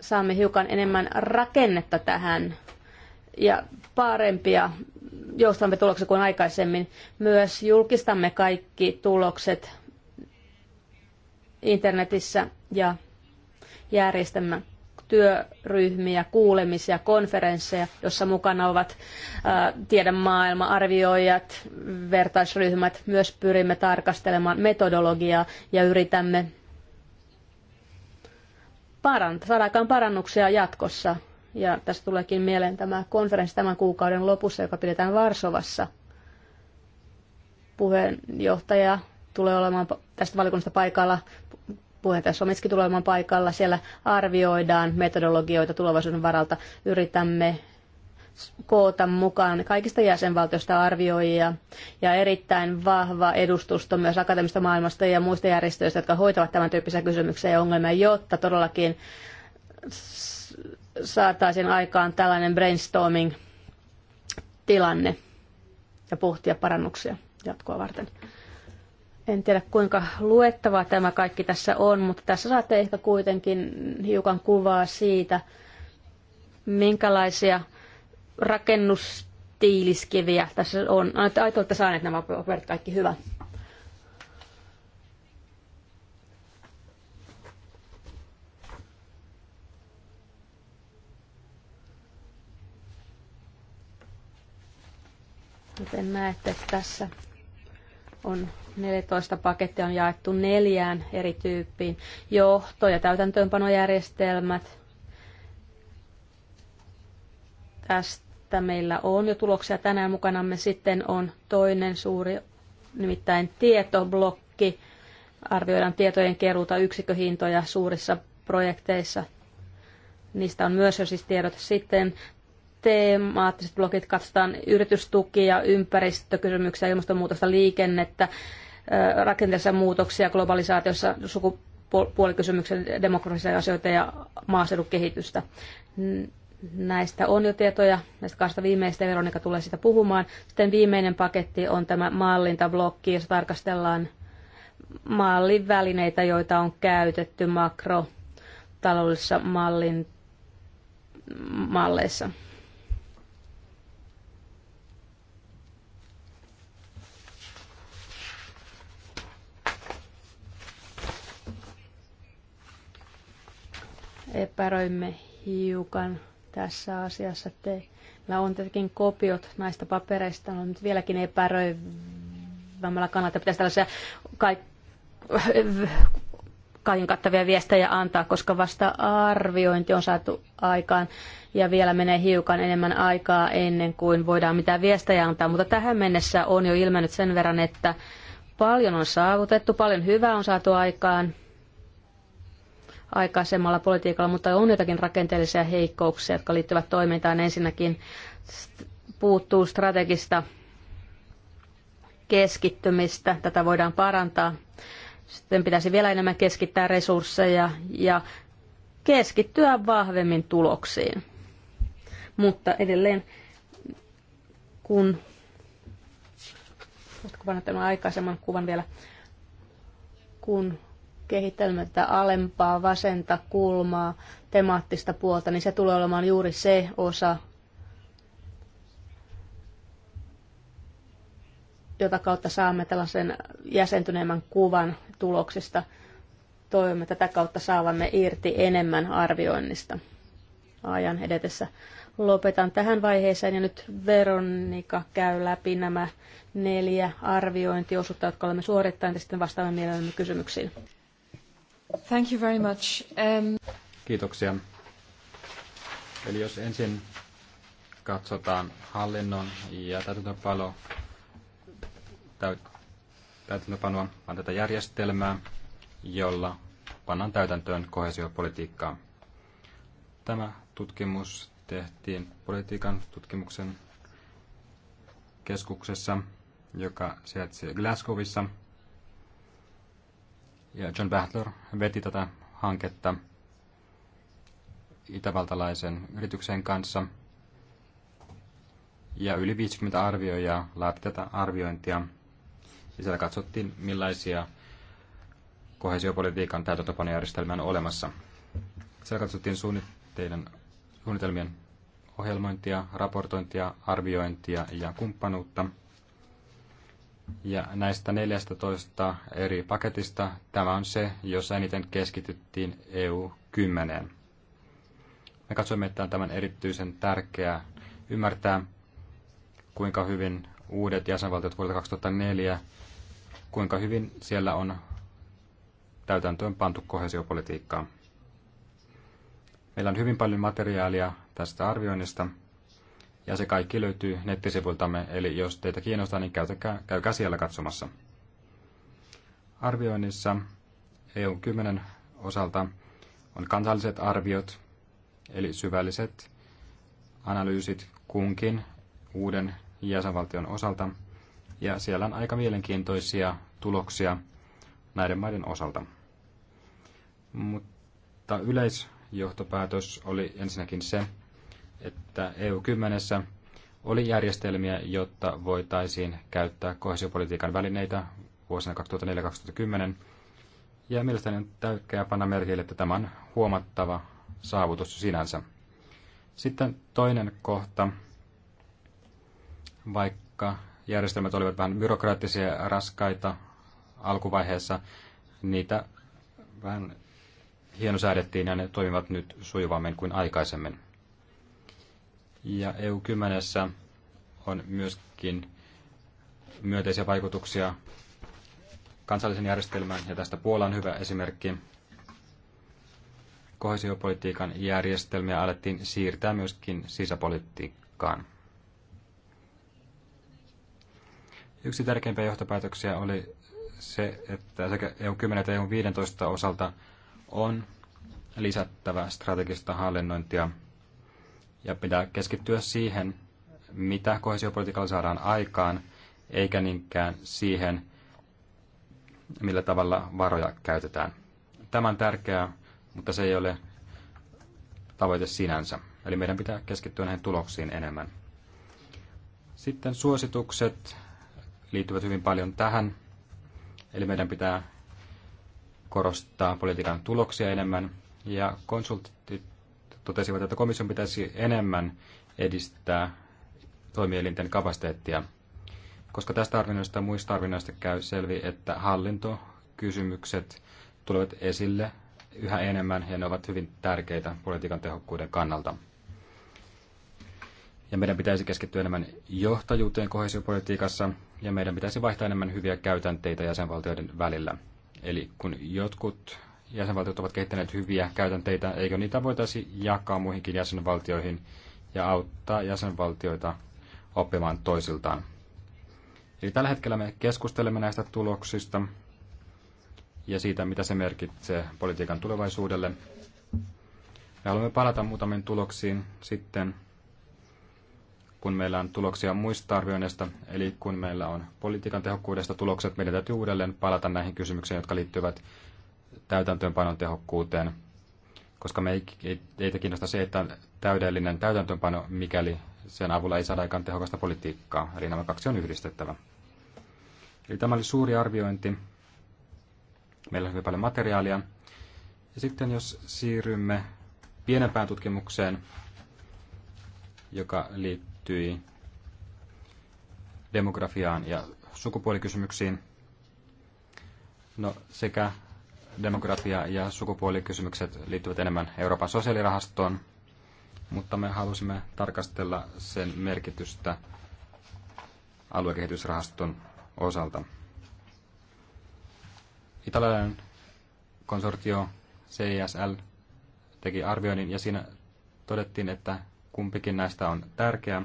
saamme hiukan enemmän rakennetta tähän ja parempia joustamme tuloksia kuin aikaisemmin. Myös julkistamme kaikki tulokset internetissä ja järjestämme työryhmiä, kuulemisia, konferensseja, jossa mukana ovat tiedemaailma, arvioijat, vertaisryhmät. Myös pyrimme tarkastelemaan metodologiaa ja yritämme parantaa, saada parannuksia jatkossa ja tästä tuleekin mieleen tämä konferenssi tämän kuukauden lopussa, joka pidetään Varsovassa. Puheenjohtaja tulee olemaan tästä valikunnasta paikalla, puheenjohtaja Somitski tulee olemaan paikalla. Siellä arvioidaan metodologioita tulevaisuuden varalta. Yritämme koota mukaan kaikista jäsenvaltioista arvioijia ja erittäin vahva edustusto myös akateemista maailmasta ja muista järjestöistä, jotka hoitavat tämän tyyppisiä kysymyksiä ja ongelmia, jotta todellakin saataisiin aikaan tällainen brainstorming-tilanne ja pohtia parannuksia jatkoa varten. En tiedä kuinka luettavaa tämä kaikki tässä on, mutta tässä saatte ehkä kuitenkin hiukan kuvaa siitä, minkälaisia rakennustiiliskiviä tässä on. Aito, että saaneet nämä paperit kaikki hyvä. Joten näette, että tässä on 14 pakettia on jaettu neljään eri tyyppiin. Johto- ja täytäntöönpanojärjestelmät. Tästä meillä on jo tuloksia tänään mukanamme. Sitten on toinen suuri, nimittäin tietoblokki. Arvioidaan tietojen keruuta yksikköhintoja suurissa projekteissa. Niistä on myös jo siis tiedot. Sitten teemaattiset blokit, katsotaan yritystukia, ympäristökysymyksiä, ilmastonmuutosta, liikennettä, rakenteellisia muutoksia, globalisaatiossa sukupuolikysymyksen demokraattisia asioita ja maaseudun kehitystä. Näistä on jo tietoja, näistä kahdesta viimeistä Veronika tulee sitä puhumaan. Sitten viimeinen paketti on tämä mallintablokki, jossa tarkastellaan mallin välineitä, joita on käytetty makrotaloudellisissa mallin malleissa. epäröimme hiukan tässä asiassa. Teillä on tietenkin kopiot näistä papereista, on nyt vieläkin epäröivämmällä kannalta. Pitäisi tällaisia kaiken kattavia viestejä antaa, koska vasta arviointi on saatu aikaan ja vielä menee hiukan enemmän aikaa ennen kuin voidaan mitään viestejä antaa. Mutta tähän mennessä on jo ilmennyt sen verran, että paljon on saavutettu, paljon hyvää on saatu aikaan, aikaisemmalla politiikalla, mutta on jotakin rakenteellisia heikkouksia, jotka liittyvät toimintaan. Ensinnäkin puuttuu strategista keskittymistä. Tätä voidaan parantaa. Sitten pitäisi vielä enemmän keskittää resursseja ja keskittyä vahvemmin tuloksiin. Mutta edelleen, kun... Oletko tämän aikaisemman kuvan vielä? Kun kehittelemättä alempaa vasenta kulmaa, temaattista puolta, niin se tulee olemaan juuri se osa, jota kautta saamme tällaisen jäsentyneemmän kuvan tuloksista. Toivomme tätä kautta saavamme irti enemmän arvioinnista ajan edetessä. Lopetan tähän vaiheeseen ja nyt Veronika käy läpi nämä neljä arviointiosuutta, jotka olemme suorittaneet ja sitten vastaamme mielellämme kysymyksiin. Thank you very much. Um... Kiitoksia. Eli jos ensin katsotaan hallinnon ja täytäntöönpanoa, vaan tätä järjestelmää, jolla pannaan täytäntöön kohesiopolitiikkaa. Tämä tutkimus tehtiin politiikan tutkimuksen keskuksessa, joka sijaitsee Glasgowissa – ja John Battler veti tätä hanketta itävaltalaisen yrityksen kanssa. Ja yli 50 arvioja laati tätä arviointia. Ja siellä katsottiin, millaisia kohesiopolitiikan täytäntöpanojärjestelmiä on olemassa. Siellä katsottiin suunnitteiden, suunnitelmien ohjelmointia, raportointia, arviointia ja kumppanuutta – ja näistä 14 eri paketista tämä on se, jossa eniten keskityttiin EU-10. Me katsoimme, että on tämän erityisen tärkeää ymmärtää, kuinka hyvin uudet jäsenvaltiot vuodelta 2004, kuinka hyvin siellä on täytäntöön pantu kohesiopolitiikkaa. Meillä on hyvin paljon materiaalia tästä arvioinnista, ja se kaikki löytyy nettisivuiltamme, eli jos teitä kiinnostaa, niin käytäkää, käykää siellä katsomassa. Arvioinnissa EU10 osalta on kansalliset arviot, eli syvälliset analyysit kunkin uuden jäsenvaltion osalta, ja siellä on aika mielenkiintoisia tuloksia näiden maiden osalta. Mutta yleisjohtopäätös oli ensinnäkin se, että EU10 oli järjestelmiä, jotta voitaisiin käyttää kohesiopolitiikan välineitä vuosina 2004-2010. Ja mielestäni on tärkeää panna merkille, että tämä on huomattava saavutus sinänsä. Sitten toinen kohta, vaikka järjestelmät olivat vähän byrokraattisia ja raskaita alkuvaiheessa, niitä vähän hienosäädettiin ja ne toimivat nyt sujuvammin kuin aikaisemmin. Ja EU10 on myöskin myönteisiä vaikutuksia kansallisen järjestelmään, ja tästä Puola on hyvä esimerkki. Kohesiopolitiikan järjestelmiä alettiin siirtää myöskin sisäpolitiikkaan. Yksi tärkeimpiä johtopäätöksiä oli se, että sekä EU10 että EU15 osalta on lisättävä strategista hallinnointia – ja pitää keskittyä siihen, mitä kohesiopolitiikalla saadaan aikaan, eikä niinkään siihen, millä tavalla varoja käytetään. Tämä on tärkeää, mutta se ei ole tavoite sinänsä. Eli meidän pitää keskittyä näihin tuloksiin enemmän. Sitten suositukset liittyvät hyvin paljon tähän. Eli meidän pitää korostaa politiikan tuloksia enemmän. Ja konsultit totesivat, että komission pitäisi enemmän edistää toimielinten kapasiteettia, koska tästä arvinnoista ja muista arvinnoista käy selvi, että hallintokysymykset tulevat esille yhä enemmän ja ne ovat hyvin tärkeitä politiikan tehokkuuden kannalta. Ja meidän pitäisi keskittyä enemmän johtajuuteen kohesiopolitiikassa ja meidän pitäisi vaihtaa enemmän hyviä käytänteitä jäsenvaltioiden välillä. Eli kun jotkut jäsenvaltiot ovat kehittäneet hyviä käytänteitä, eikö niitä voitaisi jakaa muihinkin jäsenvaltioihin ja auttaa jäsenvaltioita oppimaan toisiltaan. Eli tällä hetkellä me keskustelemme näistä tuloksista ja siitä, mitä se merkitsee politiikan tulevaisuudelle. Me haluamme palata muutamiin tuloksiin sitten, kun meillä on tuloksia muista arvioinneista, eli kun meillä on politiikan tehokkuudesta tulokset, meidän täytyy uudelleen palata näihin kysymyksiin, jotka liittyvät täytäntöönpanon tehokkuuteen, koska me ei, ei, ei kiinnosta se, että on täydellinen täytäntöönpano, mikäli sen avulla ei saada aikaan tehokasta politiikkaa. Eli nämä kaksi on yhdistettävä. Eli tämä oli suuri arviointi. Meillä on hyvin paljon materiaalia. Ja sitten jos siirrymme pienempään tutkimukseen, joka liittyi demografiaan ja sukupuolikysymyksiin. No sekä Demokratia ja sukupuolikysymykset liittyvät enemmän Euroopan sosiaalirahastoon, mutta me halusimme tarkastella sen merkitystä aluekehitysrahaston osalta. Italialainen konsortio CISL teki arvioinnin ja siinä todettiin, että kumpikin näistä on tärkeä,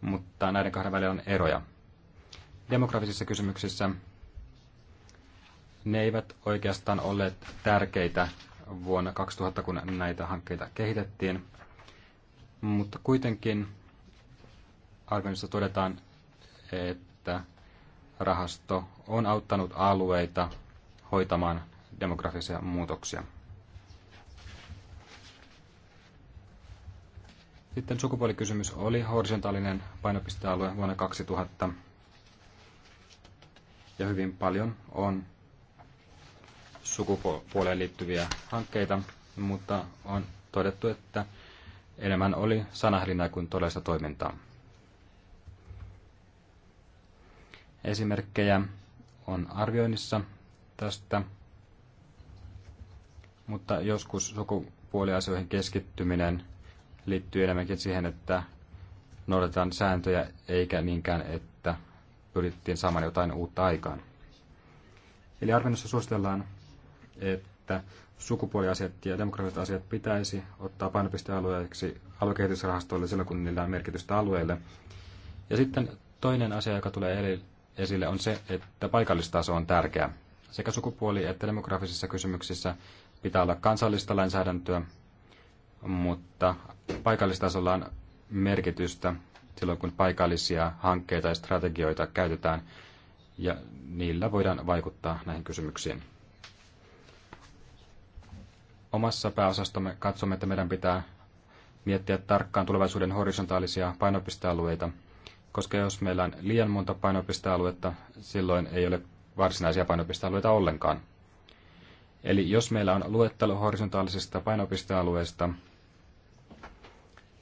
mutta näiden kahden välillä on eroja. Demografisissa kysymyksissä ne eivät oikeastaan olleet tärkeitä vuonna 2000, kun näitä hankkeita kehitettiin. Mutta kuitenkin arvioinnissa todetaan, että rahasto on auttanut alueita hoitamaan demografisia muutoksia. Sitten sukupuolikysymys oli horisontaalinen painopistealue vuonna 2000. Ja hyvin paljon on sukupuoleen liittyviä hankkeita, mutta on todettu, että enemmän oli sanahlinaa kuin todellista toimintaa. Esimerkkejä on arvioinnissa tästä, mutta joskus sukupuoliasioihin keskittyminen liittyy enemmänkin siihen, että noudatetaan sääntöjä eikä niinkään, että pyrittiin saamaan jotain uutta aikaan. Eli arvennossa suositellaan että sukupuoliasiat ja demokraattiset asiat pitäisi ottaa painopistealueeksi aluekehitysrahastoille silloin, kun niillä on merkitystä alueelle. Ja sitten toinen asia, joka tulee esille, on se, että paikallistaso on tärkeä. Sekä sukupuoli- että demografisissa kysymyksissä pitää olla kansallista lainsäädäntöä, mutta paikallistasolla on merkitystä silloin, kun paikallisia hankkeita ja strategioita käytetään, ja niillä voidaan vaikuttaa näihin kysymyksiin omassa pääosastamme katsomme, että meidän pitää miettiä tarkkaan tulevaisuuden horisontaalisia painopistealueita, koska jos meillä on liian monta painopistealuetta, silloin ei ole varsinaisia painopistealueita ollenkaan. Eli jos meillä on luettelo horisontaalisista painopistealueista,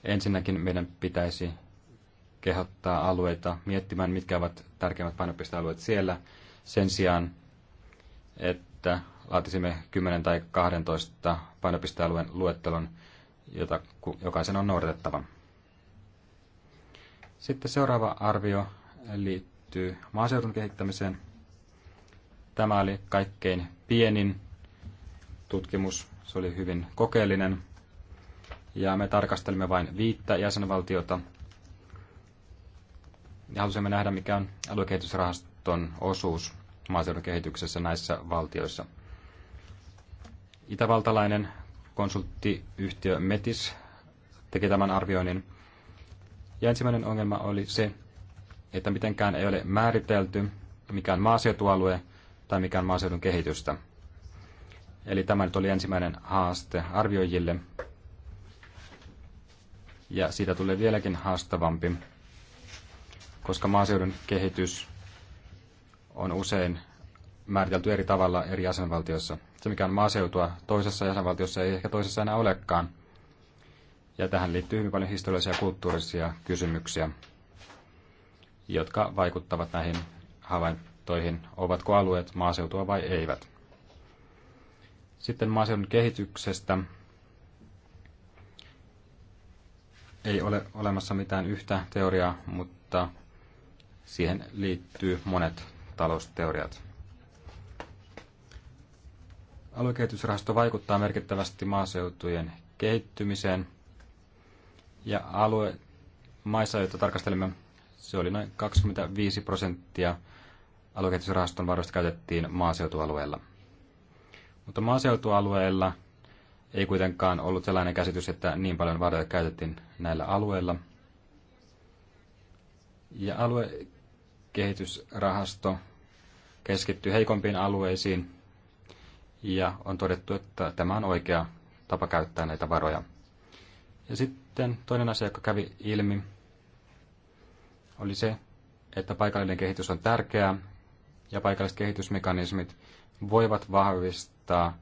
ensinnäkin meidän pitäisi kehottaa alueita miettimään, mitkä ovat tärkeimmät painopistealueet siellä, sen sijaan, että laatisimme 10 tai 12 painopistealueen luettelon, jota jokaisen on noudatettava. Sitten seuraava arvio liittyy maaseudun kehittämiseen. Tämä oli kaikkein pienin tutkimus. Se oli hyvin kokeellinen. Ja me tarkastelimme vain viittä jäsenvaltiota. Ja halusimme nähdä, mikä on aluekehitysrahaston osuus maaseudun kehityksessä näissä valtioissa. Itävaltalainen konsulttiyhtiö Metis teki tämän arvioinnin. Ja ensimmäinen ongelma oli se, että mitenkään ei ole määritelty mikään maaseutualue tai mikään maaseudun kehitystä. Eli tämä nyt oli ensimmäinen haaste arvioijille. Ja siitä tulee vieläkin haastavampi, koska maaseudun kehitys on usein määritelty eri tavalla eri jäsenvaltioissa – se, mikä on maaseutua toisessa jäsenvaltiossa, ei ehkä toisessa enää olekaan. Ja tähän liittyy hyvin paljon historiallisia ja kulttuurisia kysymyksiä, jotka vaikuttavat näihin havaintoihin, ovatko alueet maaseutua vai eivät. Sitten maaseudun kehityksestä ei ole olemassa mitään yhtä teoriaa, mutta siihen liittyy monet talousteoriat. Aluekehitysrahasto vaikuttaa merkittävästi maaseutujen kehittymiseen ja alue maissa, joita tarkastelemme, se oli noin 25 prosenttia aluekehitysrahaston varoista käytettiin maaseutualueella. Mutta maaseutualueella ei kuitenkaan ollut sellainen käsitys, että niin paljon varoja käytettiin näillä alueilla. Ja aluekehitysrahasto keskittyy heikompiin alueisiin, ja on todettu, että tämä on oikea tapa käyttää näitä varoja. Ja sitten toinen asia, joka kävi ilmi, oli se, että paikallinen kehitys on tärkeää ja paikalliset kehitysmekanismit voivat vahvistaa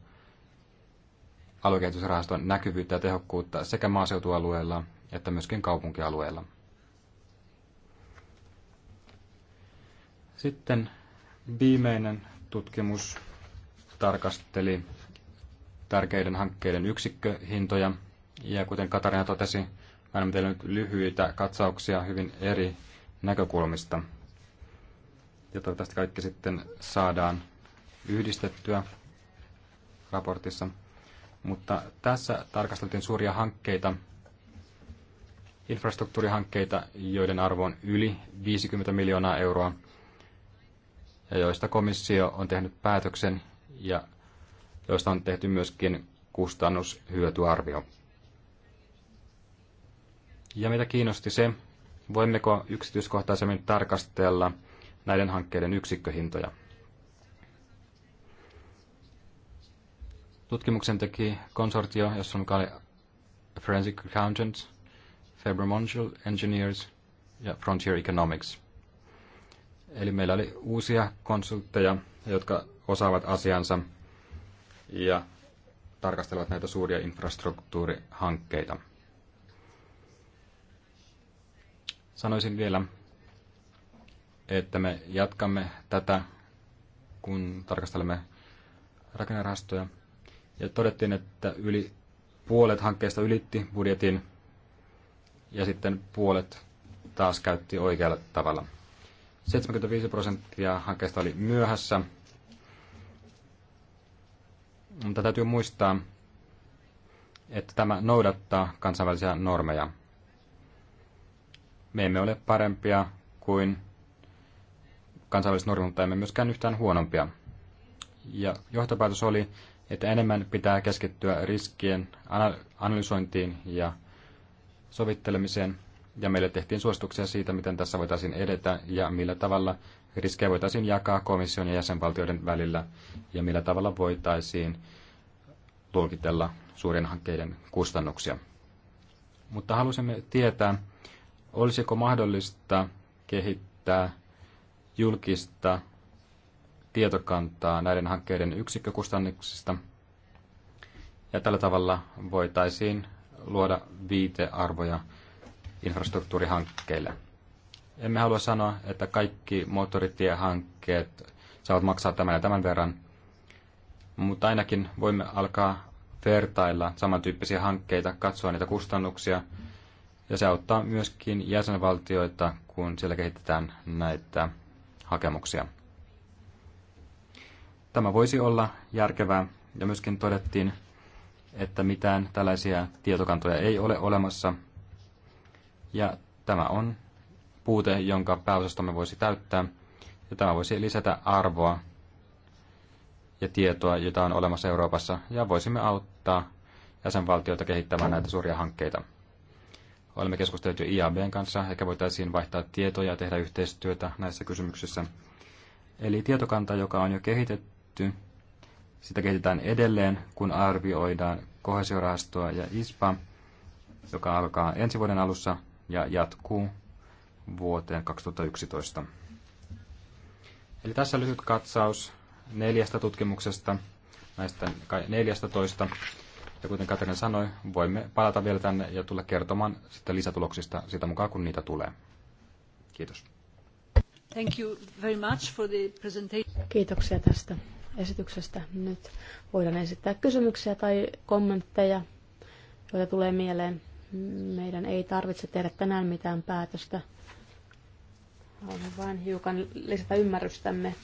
aluekehitysrahaston näkyvyyttä ja tehokkuutta sekä maaseutualueella että myöskin kaupunkialueella. Sitten viimeinen tutkimus tarkasteli tärkeiden hankkeiden yksikköhintoja. Ja kuten Katarina totesi, mä olen tehnyt lyhyitä katsauksia hyvin eri näkökulmista. Ja toivottavasti kaikki sitten saadaan yhdistettyä raportissa. Mutta tässä tarkasteltiin suuria hankkeita, infrastruktuurihankkeita, joiden arvo on yli 50 miljoonaa euroa, ja joista komissio on tehnyt päätöksen, ja joista on tehty myöskin kustannushyötyarvio. Ja mitä kiinnosti se, voimmeko yksityiskohtaisemmin tarkastella näiden hankkeiden yksikköhintoja. Tutkimuksen teki konsortio, jossa on kai Forensic Accountants, Faber-Monschel Engineers ja Frontier Economics. Eli meillä oli uusia konsultteja, jotka osaavat asiansa ja tarkastelevat näitä suuria infrastruktuurihankkeita. Sanoisin vielä, että me jatkamme tätä, kun tarkastelemme rakennerahastoja. Ja todettiin, että yli puolet hankkeista ylitti budjetin ja sitten puolet taas käytti oikealla tavalla. 75 prosenttia hankkeista oli myöhässä mutta täytyy muistaa, että tämä noudattaa kansainvälisiä normeja. Me emme ole parempia kuin kansainväliset normit, mutta emme myöskään yhtään huonompia. Ja johtopäätös oli, että enemmän pitää keskittyä riskien analysointiin ja sovittelemiseen. Ja meille tehtiin suosituksia siitä, miten tässä voitaisiin edetä ja millä tavalla riskejä voitaisiin jakaa komission ja jäsenvaltioiden välillä ja millä tavalla voitaisiin luokitella suurien hankkeiden kustannuksia. Mutta halusimme tietää, olisiko mahdollista kehittää julkista tietokantaa näiden hankkeiden yksikkökustannuksista. Ja tällä tavalla voitaisiin luoda viitearvoja infrastruktuurihankkeille emme halua sanoa, että kaikki moottoritiehankkeet saavat maksaa tämän ja tämän verran, mutta ainakin voimme alkaa vertailla samantyyppisiä hankkeita, katsoa niitä kustannuksia, ja se auttaa myöskin jäsenvaltioita, kun siellä kehitetään näitä hakemuksia. Tämä voisi olla järkevää, ja myöskin todettiin, että mitään tällaisia tietokantoja ei ole olemassa, ja tämä on puute, jonka pääosastomme voisi täyttää, ja tämä voisi lisätä arvoa ja tietoa, jota on olemassa Euroopassa, ja voisimme auttaa jäsenvaltioita kehittämään näitä suuria hankkeita. Olemme keskustelleet jo IABn kanssa, ehkä voitaisiin vaihtaa tietoja ja tehdä yhteistyötä näissä kysymyksissä. Eli tietokanta, joka on jo kehitetty, sitä kehitetään edelleen, kun arvioidaan kohesiorahastoa ja ISPA, joka alkaa ensi vuoden alussa ja jatkuu vuoteen 2011. Eli tässä lyhyt katsaus neljästä tutkimuksesta, näistä 14. Ja kuten Katrin sanoi, voimme palata vielä tänne ja tulla kertomaan sitten lisätuloksista sitä mukaan, kun niitä tulee. Kiitos. Thank you very much for the presentation. Kiitoksia tästä esityksestä. Nyt voidaan esittää kysymyksiä tai kommentteja, joita tulee mieleen. Meidän ei tarvitse tehdä tänään mitään päätöstä Haluan vain hiukan lisätä ymmärrystämme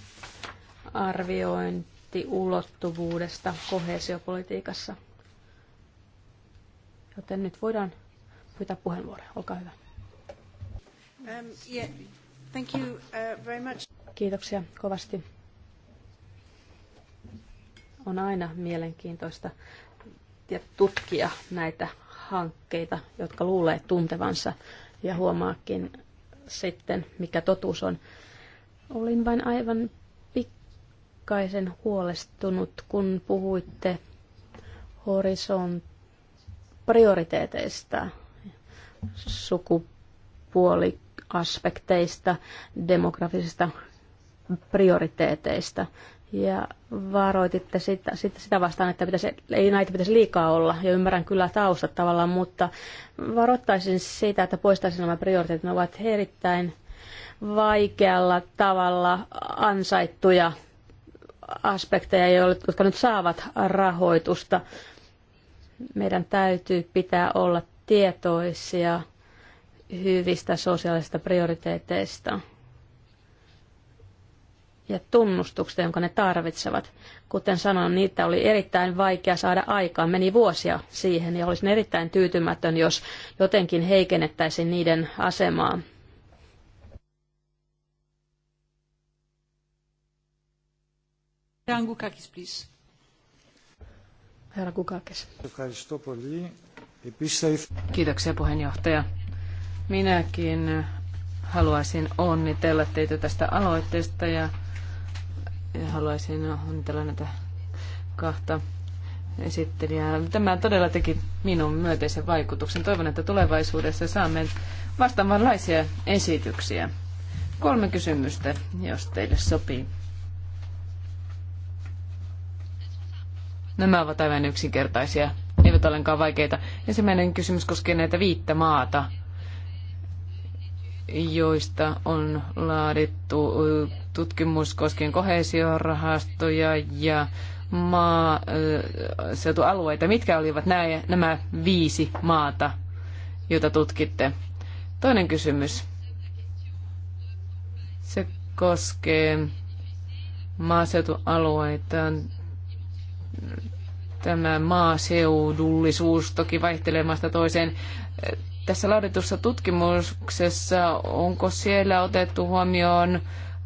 arviointiulottuvuudesta kohesiopolitiikassa. Joten nyt voidaan pyytää puheenvuoroja. Olkaa hyvä. Um, yeah. Thank you, uh, very much. Kiitoksia kovasti. On aina mielenkiintoista tutkia näitä hankkeita, jotka luulee tuntevansa ja huomaakin, sitten, mikä totuus on. Olin vain aivan pikkaisen huolestunut, kun puhuitte horisont prioriteeteista, sukupuoliaspekteista, demografisista prioriteeteista ja varoititte sitä, sitä, sitä vastaan, että pitäisi, ei näitä pitäisi liikaa olla, ja ymmärrän kyllä taustat tavallaan, mutta varoittaisin siitä, että poistaisin nämä prioriteetit, ne ovat erittäin vaikealla tavalla ansaittuja aspekteja, jotka nyt saavat rahoitusta. Meidän täytyy pitää olla tietoisia hyvistä sosiaalisista prioriteeteista ja tunnustuksesta, jonka ne tarvitsevat. Kuten sanoin, niitä oli erittäin vaikea saada aikaan. Meni vuosia siihen ja olisin erittäin tyytymätön, jos jotenkin heikennettäisiin niiden asemaa. Herra Kukakis, Kiitoksia puheenjohtaja. Minäkin haluaisin onnitella teitä tästä aloitteesta ja haluaisin onnitella näitä kahta esittelijää. Tämä todella teki minun myönteisen vaikutuksen. Toivon, että tulevaisuudessa saamme vastaavanlaisia esityksiä. Kolme kysymystä, jos teille sopii. Nämä ovat aivan yksinkertaisia, eivät ollenkaan vaikeita. Ensimmäinen kysymys koskee näitä viittä maata joista on laadittu tutkimus koskien kohesiorahastoja ja maaseutualueita. Mitkä olivat nämä, nämä viisi maata, joita tutkitte? Toinen kysymys. Se koskee maaseutualueita. Tämä maaseudullisuus toki vaihtelee maasta toiseen tässä laaditussa tutkimuksessa, onko siellä otettu huomioon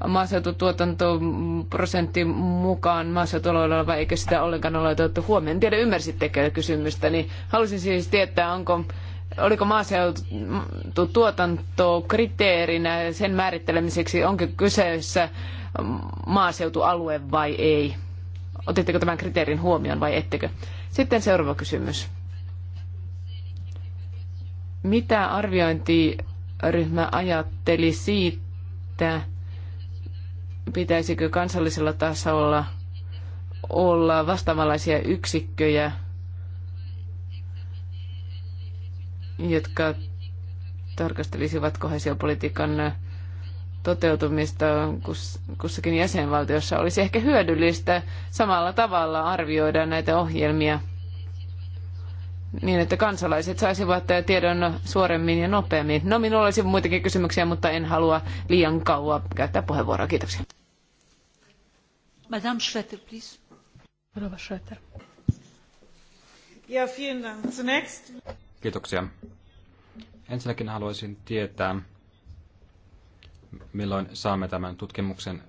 maaseututuotantoprosentti mukaan maaseutualueella vai eikö sitä ollenkaan ole otettu huomioon? En tiedä, ymmärsittekö kysymystä, niin halusin siis tietää, onko oliko maaseututuotanto kriteerinä sen määrittelemiseksi, onko kyseessä maaseutualue vai ei? Otitteko tämän kriteerin huomioon vai ettekö? Sitten seuraava kysymys. Mitä arviointiryhmä ajatteli siitä, pitäisikö kansallisella tasolla olla vastaavanlaisia yksikköjä, jotka tarkastelisivat kohesiopolitiikan toteutumista kussakin jäsenvaltiossa olisi ehkä hyödyllistä samalla tavalla arvioida näitä ohjelmia – niin, että kansalaiset saisivat tiedon suoremmin ja nopeammin. No, minulla olisi muitakin kysymyksiä, mutta en halua liian kauan käyttää puheenvuoroa. Kiitoksia. Madame Schletter, please. Rova Ja, vielen Dank. Zunächst. Kiitoksia. Ensinnäkin haluaisin tietää, milloin saamme tämän tutkimuksen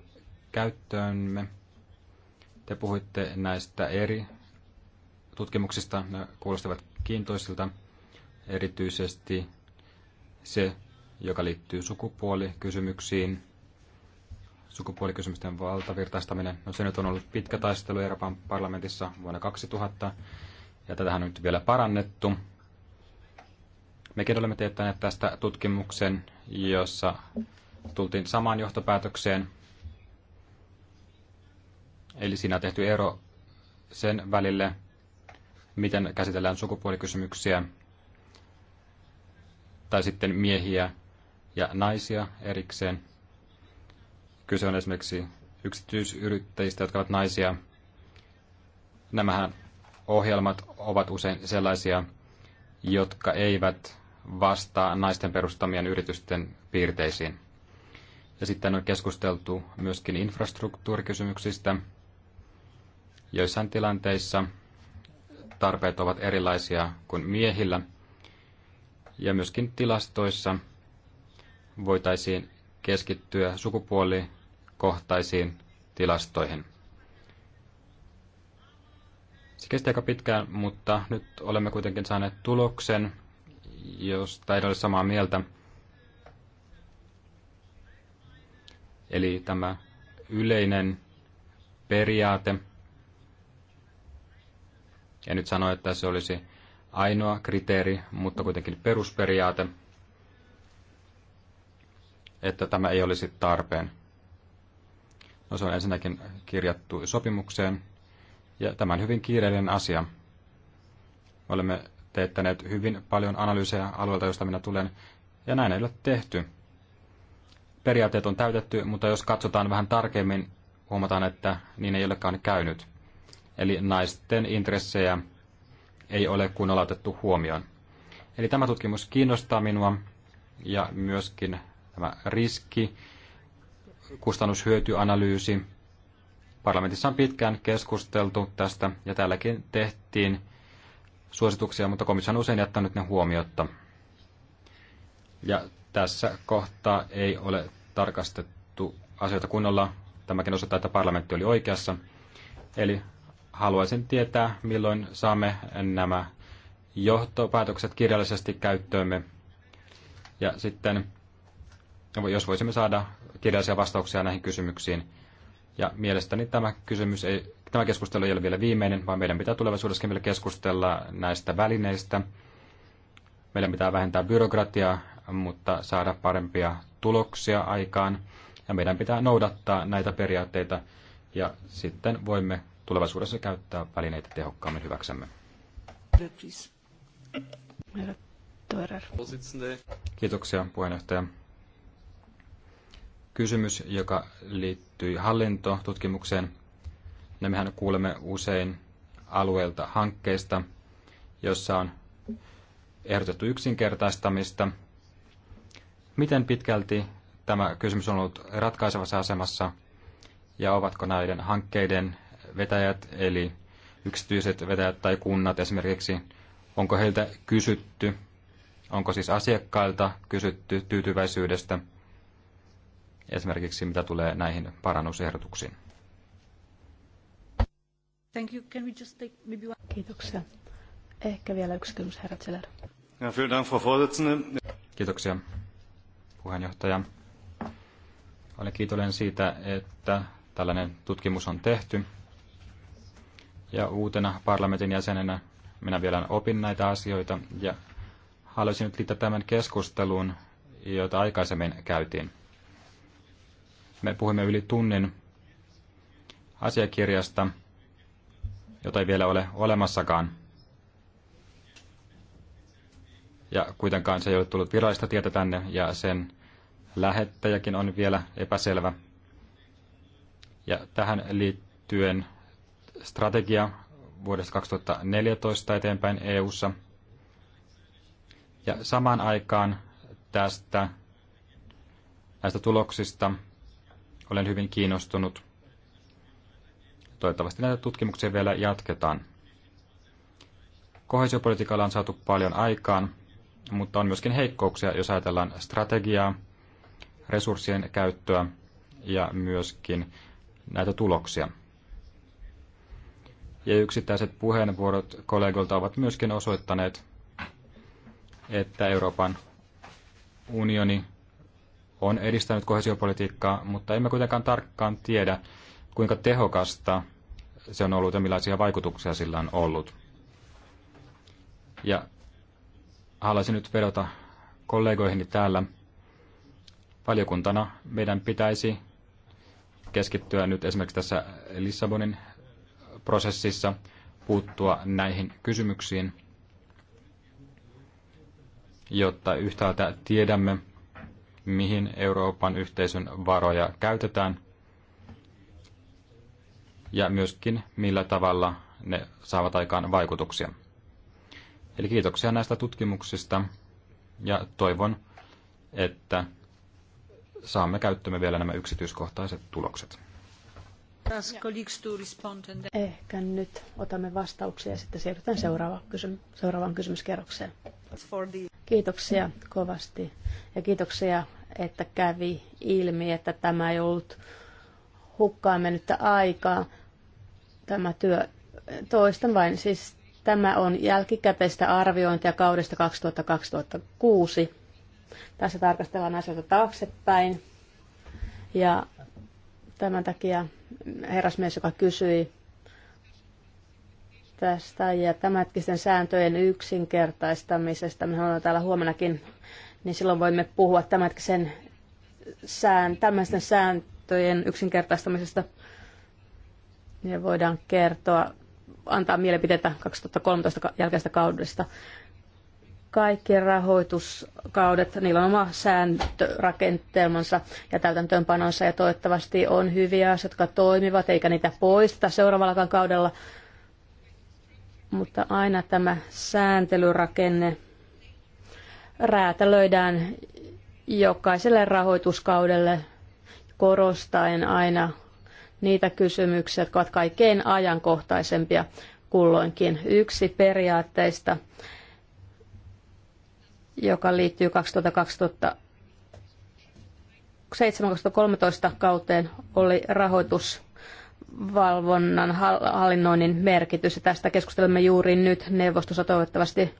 käyttöömme. Te puhuitte näistä eri tutkimuksista, ne kuulostavat mielenkiintoisilta, erityisesti se, joka liittyy sukupuolikysymyksiin, sukupuolikysymysten valtavirtaistaminen. No se nyt on ollut pitkä taistelu Euroopan parlamentissa vuonna 2000, ja tätä on nyt vielä parannettu. Mekin olemme teettäneet tästä tutkimuksen, jossa tultiin samaan johtopäätökseen. Eli siinä on tehty ero sen välille, miten käsitellään sukupuolikysymyksiä, tai sitten miehiä ja naisia erikseen. Kyse on esimerkiksi yksityisyrittäjistä, jotka ovat naisia. Nämähän ohjelmat ovat usein sellaisia, jotka eivät vastaa naisten perustamien yritysten piirteisiin. Ja sitten on keskusteltu myöskin infrastruktuurikysymyksistä. Joissain tilanteissa tarpeet ovat erilaisia kuin miehillä. Ja myöskin tilastoissa voitaisiin keskittyä sukupuolikohtaisiin tilastoihin. Se kesti aika pitkään, mutta nyt olemme kuitenkin saaneet tuloksen, josta ei ole samaa mieltä. Eli tämä yleinen periaate – en nyt sano, että se olisi ainoa kriteeri, mutta kuitenkin perusperiaate, että tämä ei olisi tarpeen. No se on ensinnäkin kirjattu sopimukseen, ja tämä on hyvin kiireellinen asia. Olemme teettäneet hyvin paljon analyysejä alueelta, josta minä tulen, ja näin ei ole tehty. Periaatteet on täytetty, mutta jos katsotaan vähän tarkemmin, huomataan, että niin ei olekaan käynyt. Eli naisten intressejä ei ole kunnolla otettu huomioon. Eli tämä tutkimus kiinnostaa minua ja myöskin tämä riski, kustannushyötyanalyysi. Parlamentissa on pitkään keskusteltu tästä ja täälläkin tehtiin suosituksia, mutta komissio on usein jättänyt ne huomiotta. Ja tässä kohtaa ei ole tarkastettu asioita kunnolla. Tämäkin osoittaa, että parlamentti oli oikeassa. Eli haluaisin tietää, milloin saamme nämä johtopäätökset kirjallisesti käyttöömme. Ja sitten, jos voisimme saada kirjallisia vastauksia näihin kysymyksiin. Ja mielestäni tämä, kysymys ei, tämä keskustelu ei ole vielä viimeinen, vaan meidän pitää tulevaisuudessakin vielä keskustella näistä välineistä. Meidän pitää vähentää byrokratiaa, mutta saada parempia tuloksia aikaan. Ja meidän pitää noudattaa näitä periaatteita. Ja sitten voimme tulevaisuudessa käyttää välineitä tehokkaammin hyväksemme. Kiitoksia puheenjohtaja. Kysymys, joka liittyy hallintotutkimukseen. Ja no, mehän kuulemme usein alueelta hankkeista, jossa on ehdotettu yksinkertaistamista. Miten pitkälti tämä kysymys on ollut ratkaisevassa asemassa ja ovatko näiden hankkeiden vetäjät, eli yksityiset vetäjät tai kunnat esimerkiksi, onko heiltä kysytty, onko siis asiakkailta kysytty tyytyväisyydestä, esimerkiksi mitä tulee näihin parannusehdotuksiin. Thank you. Can we just take maybe one... Kiitoksia. Ehkä vielä yksi kysymys, herra Zeller. Ja, Dank, Frau Kiitoksia, puheenjohtaja. Olen kiitollinen siitä, että tällainen tutkimus on tehty ja uutena parlamentin jäsenenä minä vielä opin näitä asioita ja haluaisin nyt liittää tämän keskusteluun, jota aikaisemmin käytiin. Me puhuimme yli tunnin asiakirjasta, jota ei vielä ole olemassakaan. Ja kuitenkaan se ei ole tullut virallista tietä tänne ja sen lähettäjäkin on vielä epäselvä. Ja tähän liittyen strategia vuodesta 2014 eteenpäin EU:ssa. Ja samaan aikaan tästä näistä tuloksista olen hyvin kiinnostunut. Toivottavasti näitä tutkimuksia vielä jatketaan. Kohesiopolitiikalla on saatu paljon aikaan, mutta on myöskin heikkouksia, jos ajatellaan strategiaa, resurssien käyttöä ja myöskin näitä tuloksia ja yksittäiset puheenvuorot kollegoilta ovat myöskin osoittaneet, että Euroopan unioni on edistänyt kohesiopolitiikkaa, mutta emme kuitenkaan tarkkaan tiedä, kuinka tehokasta se on ollut ja millaisia vaikutuksia sillä on ollut. Ja haluaisin nyt vedota kollegoihini täällä. Valiokuntana meidän pitäisi keskittyä nyt esimerkiksi tässä Lissabonin prosessissa puuttua näihin kysymyksiin, jotta yhtäältä tiedämme, mihin Euroopan yhteisön varoja käytetään ja myöskin millä tavalla ne saavat aikaan vaikutuksia. Eli kiitoksia näistä tutkimuksista ja toivon, että saamme käyttöömme vielä nämä yksityiskohtaiset tulokset. Ehkä nyt otamme vastauksia ja sitten siirrytään seuraavaan kysymyskerrokseen. Kiitoksia kovasti ja kiitoksia, että kävi ilmi, että tämä ei ollut hukkaan mennyttä aikaa. Tämä työ, toistan vain, siis tämä on jälkikäteistä arviointia kaudesta 2000-2006. Tässä tarkastellaan asioita taaksepäin ja tämän takia herrasmies, joka kysyi tästä ja tämänhetkisten sääntöjen yksinkertaistamisesta. Me ollaan täällä huomenakin, niin silloin voimme puhua tämänhetkisen sään, tämmöisten sääntöjen yksinkertaistamisesta. Ja voidaan kertoa, antaa mielipiteitä 2013 jälkeistä kaudesta. Kaikki rahoituskaudet, niillä on oma sääntörakentelmansa ja täytäntöönpanonsa ja toivottavasti on hyviä asioita, jotka toimivat, eikä niitä poisteta seuraavallakaan kaudella. Mutta aina tämä sääntelyrakenne räätälöidään jokaiselle rahoituskaudelle korostaen aina niitä kysymyksiä, jotka ovat kaikkein ajankohtaisempia kulloinkin. Yksi periaatteista joka liittyy 2007-2013 kauteen, oli rahoitus valvonnan hallinnoinnin merkitys. Ja tästä keskustelemme juuri nyt neuvostossa. Toivottavasti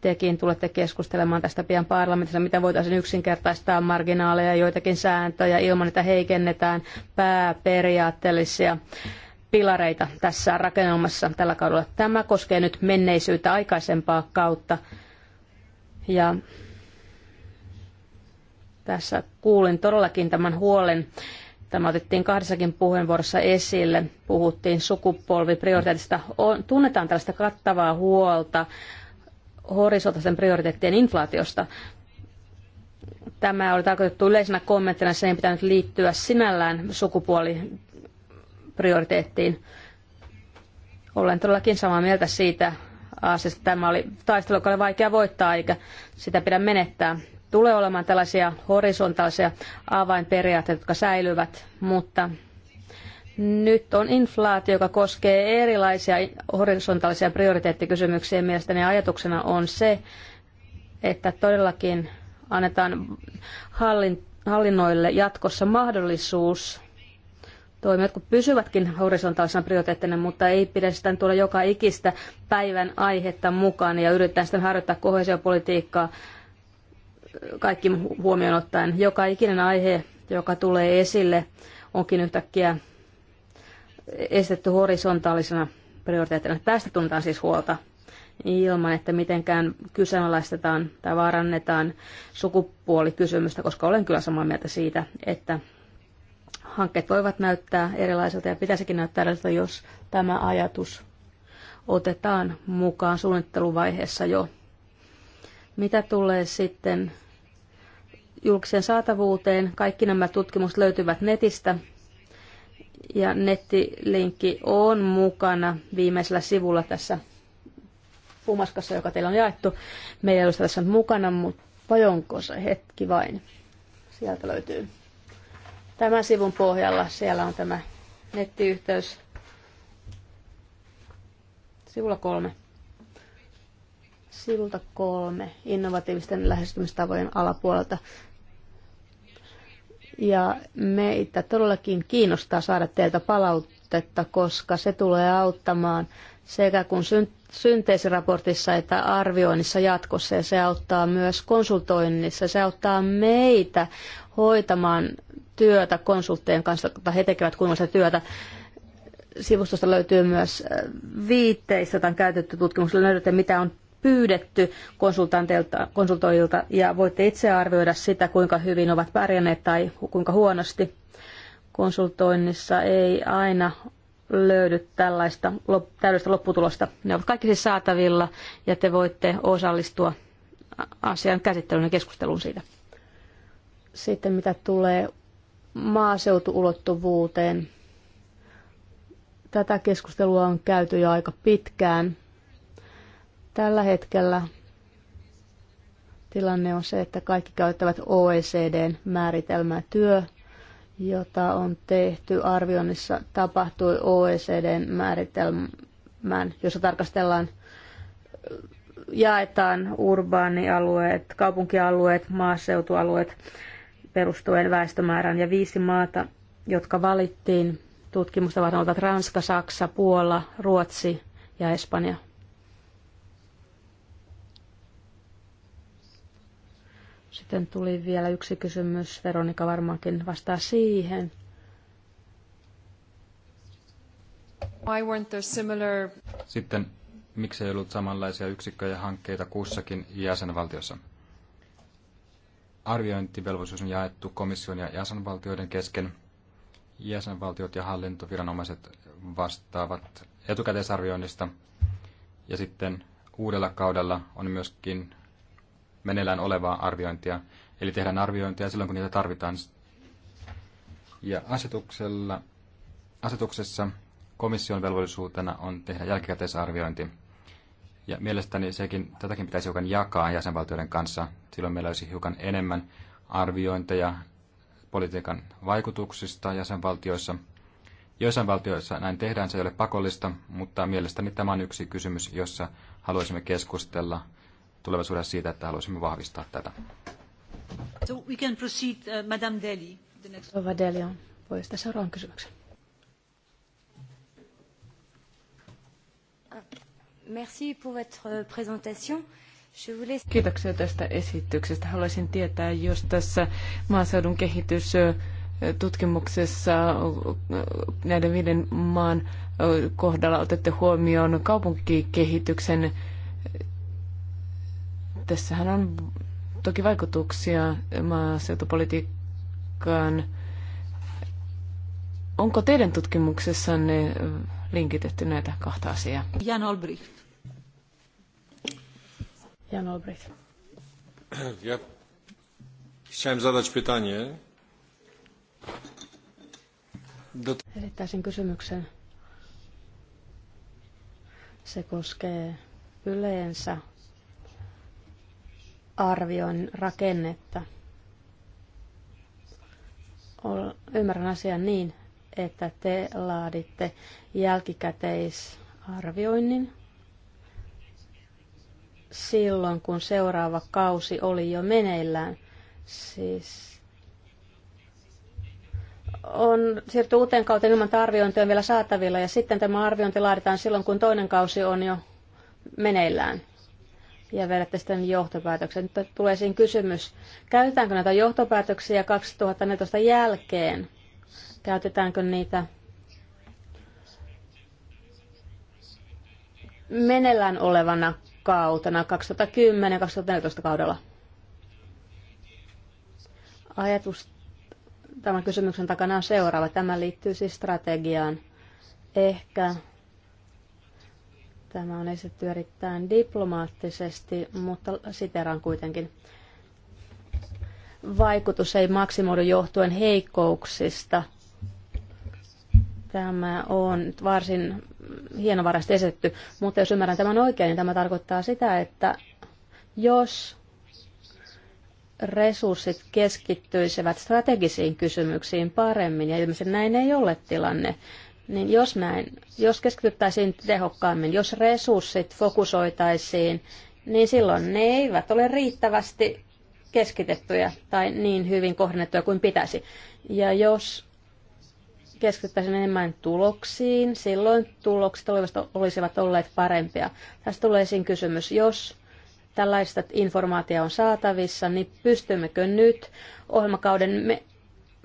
tekin tulette keskustelemaan tästä pian parlamentissa, mitä voitaisiin yksinkertaistaa marginaaleja, joitakin sääntöjä ilman, että heikennetään pääperiaatteellisia pilareita tässä rakennelmassa tällä kaudella. Tämä koskee nyt menneisyyttä aikaisempaa kautta ja tässä kuulin todellakin tämän huolen. Tämä otettiin kahdessakin puheenvuorossa esille. Puhuttiin sukupolviprioriteetista. On, tunnetaan tällaista kattavaa huolta horisontaisten prioriteettien inflaatiosta. Tämä oli tarkoitettu yleisenä kommenttina, se ei pitänyt liittyä sinällään sukupuoliprioriteettiin. Olen todellakin samaa mieltä siitä, Aasiassa. Tämä oli taistelu, joka oli vaikea voittaa, eikä sitä pidä menettää. Tulee olemaan tällaisia horisontaalisia avainperiaatteita, jotka säilyvät, mutta nyt on inflaatio, joka koskee erilaisia horisontaalisia prioriteettikysymyksiä. Mielestäni ajatuksena on se, että todellakin annetaan hallin, hallinnoille jatkossa mahdollisuus toimia, kun pysyvätkin horisontaalisena prioriteettina, mutta ei pidä sitä tuolla joka ikistä päivän aihetta mukaan ja yritetään sitten harjoittaa kohesiopolitiikkaa kaikki huomioon ottaen. Joka ikinen aihe, joka tulee esille, onkin yhtäkkiä estetty horisontaalisena prioriteettina. Tästä tunnetaan siis huolta ilman, että mitenkään kyseenalaistetaan tai vaarannetaan sukupuolikysymystä, koska olen kyllä samaa mieltä siitä, että hankkeet voivat näyttää erilaisilta ja pitäisikin näyttää erilaisilta, jos tämä ajatus otetaan mukaan suunnitteluvaiheessa jo. Mitä tulee sitten julkiseen saatavuuteen, kaikki nämä tutkimukset löytyvät netistä ja nettilinkki on mukana viimeisellä sivulla tässä pumaskassa, joka teillä on jaettu. Meillä ei ole tässä mukana, mutta vai onko se hetki vain? Sieltä löytyy. Tämän sivun pohjalla siellä on tämä nettiyhteys. Sivulla kolme. Sivulta kolme innovatiivisten lähestymistavojen alapuolelta. Ja meitä todellakin kiinnostaa saada teiltä palautetta, koska se tulee auttamaan sekä kun synteesiraportissa että arvioinnissa jatkossa. Ja se auttaa myös konsultoinnissa. Se auttaa meitä hoitamaan työtä konsulttien kanssa, tai he tekevät kunnollista työtä. Sivustosta löytyy myös äh, viitteistä, joita on käytetty tutkimuksella, löydätte mitä on pyydetty konsultanteilta, konsultoijilta ja voitte itse arvioida sitä, kuinka hyvin ovat pärjänneet tai kuinka huonosti. Konsultoinnissa ei aina löydy tällaista täydellistä lopputulosta. Ne ovat kaikki siis saatavilla ja te voitte osallistua asian käsittelyyn ja keskusteluun siitä. Sitten mitä tulee maaseutuulottuvuuteen. Tätä keskustelua on käyty jo aika pitkään. Tällä hetkellä tilanne on se, että kaikki käyttävät OECDn määritelmää työ, jota on tehty arvioinnissa, tapahtui OECDn määritelmään, jossa tarkastellaan jaetaan urbaanialueet, kaupunkialueet, maaseutualueet perustuen väestömäärään ja viisi maata, jotka valittiin tutkimusta varten, olivat Ranska, Saksa, Puola, Ruotsi ja Espanja. Sitten tuli vielä yksi kysymys. Veronika varmaankin vastaa siihen. Why weren't there similar... Sitten miksei ollut samanlaisia yksikköjä hankkeita kussakin jäsenvaltiossa? arviointivelvollisuus on jaettu komission ja jäsenvaltioiden kesken. Jäsenvaltiot ja hallintoviranomaiset vastaavat etukäteisarvioinnista. Ja sitten uudella kaudella on myöskin meneillään olevaa arviointia. Eli tehdään arviointia silloin, kun niitä tarvitaan. Ja asetuksella, asetuksessa komission velvollisuutena on tehdä jälkikäteisarviointi. Ja mielestäni sekin, tätäkin pitäisi hiukan jakaa jäsenvaltioiden kanssa. Silloin meillä olisi hiukan enemmän arviointeja politiikan vaikutuksista jäsenvaltioissa. Joissain valtioissa näin tehdään, se ei ole pakollista, mutta mielestäni tämä on yksi kysymys, jossa haluaisimme keskustella tulevaisuudessa siitä, että haluaisimme vahvistaa tätä. So we can proceed, uh, Madame Deli. The next... Deli on poista seuraavan kysymyksen. Euh, Kiitoksia tästä esityksestä. Haluaisin tietää, jos tässä maaseudun kehitystutkimuksessa näiden viiden maan kohdalla otette huomioon kaupunkikehityksen. Tässähän on toki vaikutuksia maaseutupolitiikkaan. Onko teidän tutkimuksessanne linkitetty näitä kahta asiaa. Jan Olbricht. Jan Olbricht. Ja chciałem zadać pytanie. Do... Esittäisin kysymyksen. Se koskee yleensä arvion rakennetta. Ymmärrän asian niin, että te laaditte jälkikäteisarvioinnin silloin, kun seuraava kausi oli jo meneillään. Siis on siirtynyt uuteen kauteen ilman, että arviointi on vielä saatavilla ja sitten tämä arviointi laaditaan silloin, kun toinen kausi on jo meneillään ja vedätte sitten johtopäätöksen. Nyt tulee siinä kysymys, käytetäänkö näitä johtopäätöksiä 2014 jälkeen Käytetäänkö niitä? menellään olevana kautena 2010-2014 kaudella. Ajatus tämän kysymyksen takana on seuraava. Tämä liittyy siis strategiaan. Ehkä tämä on esitetty erittäin diplomaattisesti, mutta siteraan kuitenkin. Vaikutus ei maksimoidu johtuen heikkouksista – Tämä on varsin hienovaraisesti esitetty, mutta jos ymmärrän tämän oikein, niin tämä tarkoittaa sitä, että jos resurssit keskittyisivät strategisiin kysymyksiin paremmin, ja ilmeisesti näin ei ole tilanne, niin jos, näin, jos keskityttäisiin tehokkaammin, jos resurssit fokusoitaisiin, niin silloin ne eivät ole riittävästi keskitettyjä tai niin hyvin kohdennettuja kuin pitäisi. Ja jos keskittäisiin enemmän tuloksiin, silloin tulokset olisivat olleet parempia. Tässä tulee esiin kysymys, jos tällaista informaatiota on saatavissa, niin pystymmekö nyt ohjelmakauden me-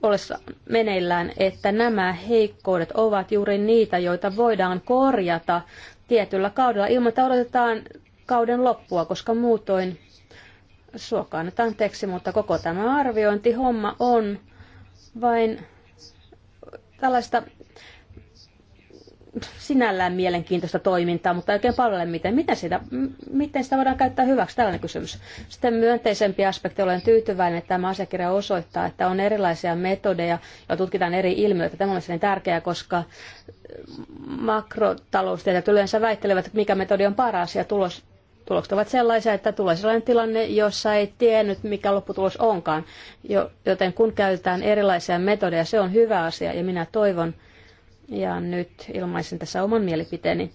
ollessa meneillään, että nämä heikkoudet ovat juuri niitä, joita voidaan korjata tietyllä kaudella ilman, että odotetaan kauden loppua, koska muutoin suokaan nyt anteeksi, mutta koko tämä arviointihomma on vain tällaista sinällään mielenkiintoista toimintaa, mutta oikein palvele miten. Miten sitä, miten sitä voidaan käyttää hyväksi? Tällainen kysymys. Sitten myönteisempi aspekti, olen tyytyväinen, että tämä asiakirja osoittaa, että on erilaisia metodeja ja tutkitaan eri ilmiöitä. Tämä on niin tärkeää, koska makrotaloustieteilijät yleensä väittelevät, että mikä metodi on paras ja tulos Tulokset ovat sellaisia, että tulee sellainen tilanne, jossa ei tiennyt, mikä lopputulos onkaan. Joten kun käytetään erilaisia metodeja, se on hyvä asia ja minä toivon, ja nyt ilmaisen tässä oman mielipiteeni,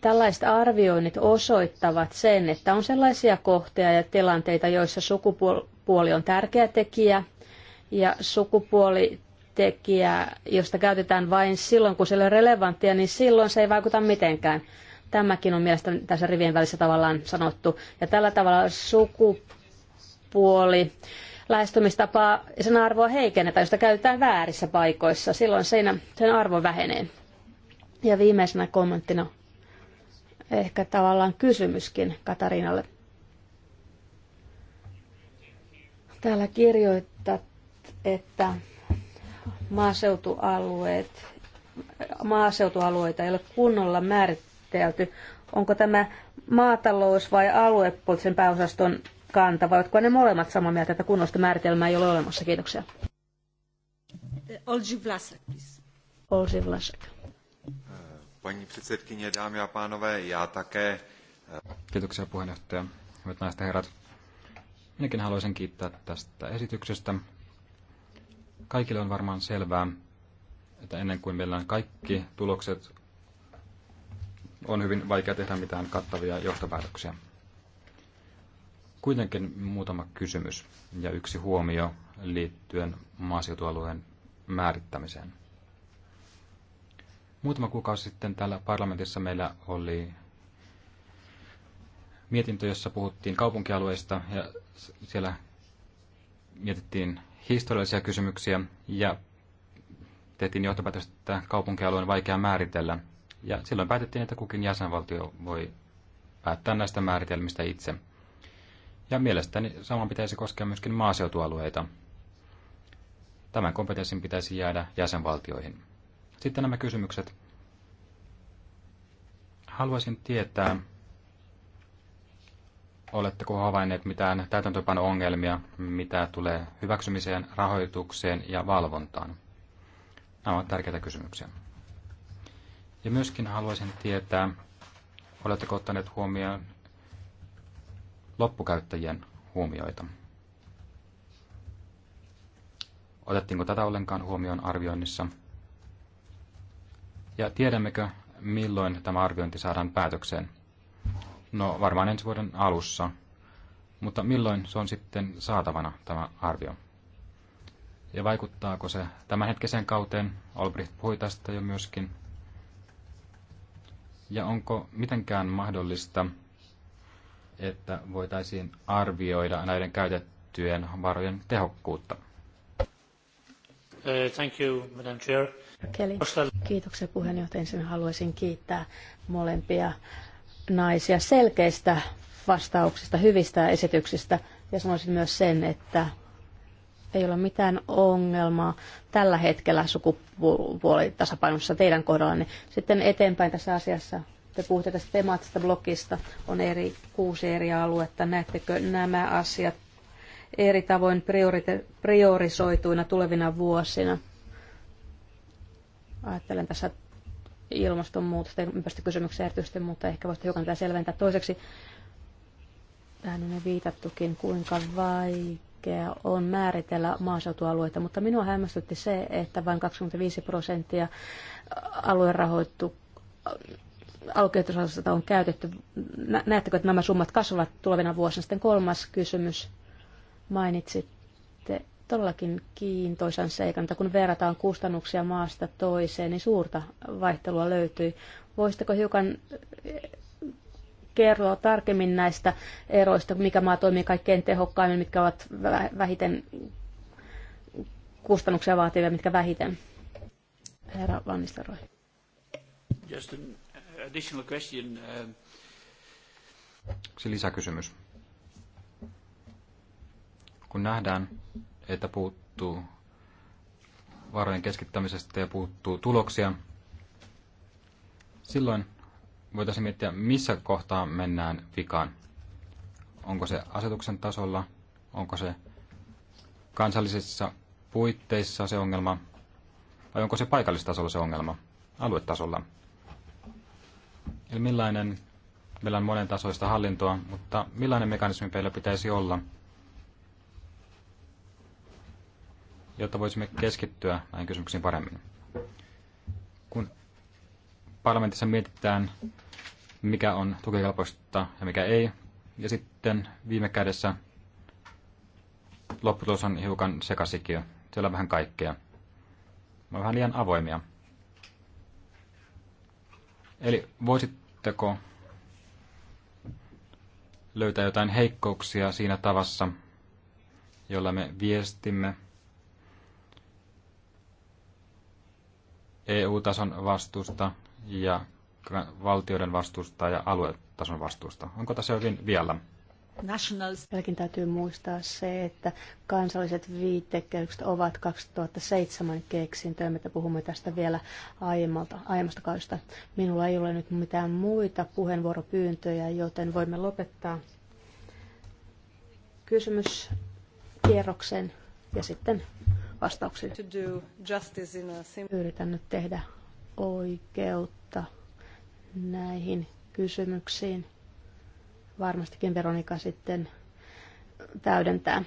tällaiset arvioinnit osoittavat sen, että on sellaisia kohtia ja tilanteita, joissa sukupuoli on tärkeä tekijä ja sukupuoli tekijä, josta käytetään vain silloin, kun se on relevanttia, niin silloin se ei vaikuta mitenkään. Tämäkin on mielestäni tässä rivien välissä tavallaan sanottu. Ja tällä tavalla sukupuoli lähestymistapaa ja sen arvoa heikennetään, josta käytetään väärissä paikoissa. Silloin siinä, sen arvo vähenee. Ja viimeisenä kommenttina ehkä tavallaan kysymyskin Katariinalle. Täällä kirjoittaa, että maaseutualueet, maaseutualueita ei ole kunnolla määrit, käsitelty. Onko tämä maatalous- vai aluepoliittisen pääosaston kanta, vai oletko ne molemmat samaa mieltä, että kunnosta määritelmää ei ole olemassa? Kiitoksia. Olži Vlasak, Olži Vlasak. Äh, Pani předsedkyně, dámy a pánové, já také. Äh, Kiitoksia puheenjohtaja. Hyvät naiset herrat. Minäkin haluaisin kiittää tästä esityksestä. Kaikille on varmaan selvää, että ennen kuin meillä on kaikki tulokset on hyvin vaikea tehdä mitään kattavia johtopäätöksiä. Kuitenkin muutama kysymys ja yksi huomio liittyen maaseutualueen määrittämiseen. Muutama kuukausi sitten täällä parlamentissa meillä oli mietintö, jossa puhuttiin kaupunkialueista ja siellä mietittiin historiallisia kysymyksiä ja tehtiin johtopäätöstä että kaupunkialue on vaikea määritellä ja silloin päätettiin, että kukin jäsenvaltio voi päättää näistä määritelmistä itse. Ja mielestäni sama pitäisi koskea myöskin maaseutualueita. Tämän kompetenssin pitäisi jäädä jäsenvaltioihin. Sitten nämä kysymykset. Haluaisin tietää, oletteko havainneet mitään täytäntöpano-ongelmia, mitä tulee hyväksymiseen, rahoitukseen ja valvontaan? Nämä ovat tärkeitä kysymyksiä. Ja myöskin haluaisin tietää, oletteko ottaneet huomioon loppukäyttäjien huomioita? Otettiinko tätä ollenkaan huomioon arvioinnissa? Ja tiedämmekö, milloin tämä arviointi saadaan päätökseen? No varmaan ensi vuoden alussa, mutta milloin se on sitten saatavana tämä arvio? Ja vaikuttaako se tämänhetkiseen kauteen? Albrecht puhui tästä jo myöskin. Ja onko mitenkään mahdollista, että voitaisiin arvioida näiden käytettyjen varojen tehokkuutta? Uh, thank you, Madam Chair. Keli. Kiitoksia puheenjohtaja. Ensin haluaisin kiittää molempia naisia selkeistä vastauksista, hyvistä esityksistä ja sanoisin myös sen, että ei ole mitään ongelmaa tällä hetkellä sukupuolitasapainossa teidän kohdallanne. Sitten eteenpäin tässä asiassa, te puhutte tästä temaattisesta blokista, on eri, kuusi eri aluetta. Näettekö nämä asiat eri tavoin priorite- priorisoituina tulevina vuosina? Ajattelen tässä ilmastonmuutosta ja ympäristökysymyksiä erityisesti, mutta ehkä voisitte hiukan tätä selventää. Toiseksi, tähän on viitattukin, kuinka vai vaikea on määritellä maaseutualueita, mutta minua hämmästytti se, että vain 25 prosenttia alueen rahoittu alueen on käytetty. Näettekö, että nämä summat kasvavat tulevina vuosina? Sitten kolmas kysymys. Mainitsitte todellakin kiintoisan seikan, että kun verrataan kustannuksia maasta toiseen, niin suurta vaihtelua löytyy. Voisitteko hiukan kertoa tarkemmin näistä eroista, mikä maa toimii kaikkein tehokkaimmin, mitkä ovat vähiten kustannuksia vaativia, mitkä vähiten? Herra Van Nistelrooy. Just an additional question. Um, Se lisäkysymys. Kun nähdään, että puuttuu varojen keskittämisestä ja puuttuu tuloksia, silloin voitaisiin miettiä, missä kohtaa mennään vikaan. Onko se asetuksen tasolla, onko se kansallisissa puitteissa se ongelma, vai onko se paikallistasolla se ongelma, aluetasolla. Eli millainen, meillä on monen tasoista hallintoa, mutta millainen mekanismi meillä pitäisi olla, jotta voisimme keskittyä näihin kysymyksiin paremmin parlamentissa mietitään, mikä on tukikelpoista ja mikä ei. Ja sitten viime kädessä lopputulos on hiukan sekasikio. Siellä on vähän kaikkea. Mä vähän liian avoimia. Eli voisitteko löytää jotain heikkouksia siinä tavassa, jolla me viestimme EU-tason vastuusta ja valtioiden vastuusta ja aluetason vastuusta. Onko tässä jokin vielä? Nationals. Vieläkin täytyy muistaa se, että kansalliset viitekehykset ovat 2007 keksintöä, me puhumme tästä vielä aiemmalta, aiemmasta kaudesta. Minulla ei ole nyt mitään muita puheenvuoropyyntöjä, joten voimme lopettaa kysymyskierroksen ja sitten vastauksia. Yritän nyt tehdä oikeutta näihin kysymyksiin. Varmastikin Veronika sitten täydentää.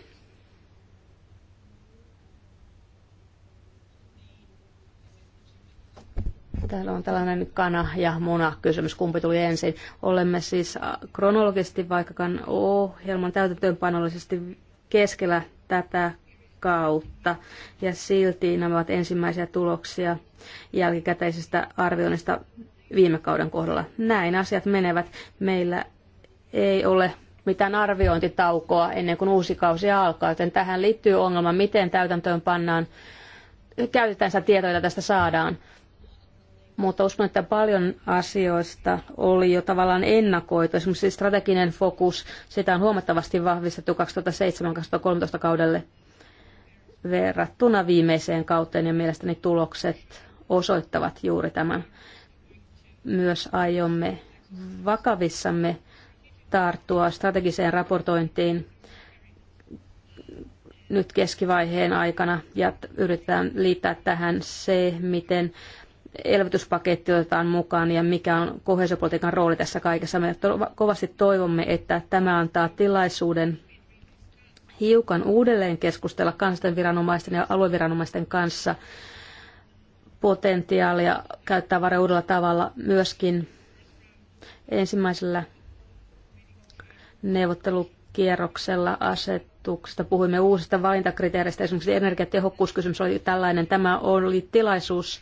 Täällä on tällainen kana- ja muna-kysymys, kumpi tuli ensin. Olemme siis kronologisesti, vaikkakaan ohjelman täytäntöönpanollisesti keskellä tätä kautta. Ja silti nämä ovat ensimmäisiä tuloksia jälkikäteisestä arvioinnista viime kauden kohdalla. Näin asiat menevät. Meillä ei ole mitään arviointitaukoa ennen kuin uusi kausi alkaa, joten tähän liittyy ongelma, miten täytäntöön pannaan, käytetään sitä tietoja, joita tästä saadaan. Mutta uskon, että paljon asioista oli jo tavallaan ennakoitu. Esimerkiksi strateginen fokus, sitä on huomattavasti vahvistettu 2007-2013 kaudelle verrattuna viimeiseen kauteen ja mielestäni tulokset osoittavat juuri tämän. Myös aiomme vakavissamme tarttua strategiseen raportointiin nyt keskivaiheen aikana ja yritetään liittää tähän se, miten elvytyspaketti otetaan mukaan ja mikä on kohesiopolitiikan rooli tässä kaikessa. Me kovasti toivomme, että tämä antaa tilaisuuden hiukan uudelleen keskustella kansallisten viranomaisten ja alueviranomaisten kanssa potentiaalia käyttää varoja uudella tavalla myöskin ensimmäisellä neuvottelukierroksella asetuksesta. Puhuimme uusista valintakriteereistä, esimerkiksi energiatehokkuuskysymys oli tällainen. Tämä oli tilaisuus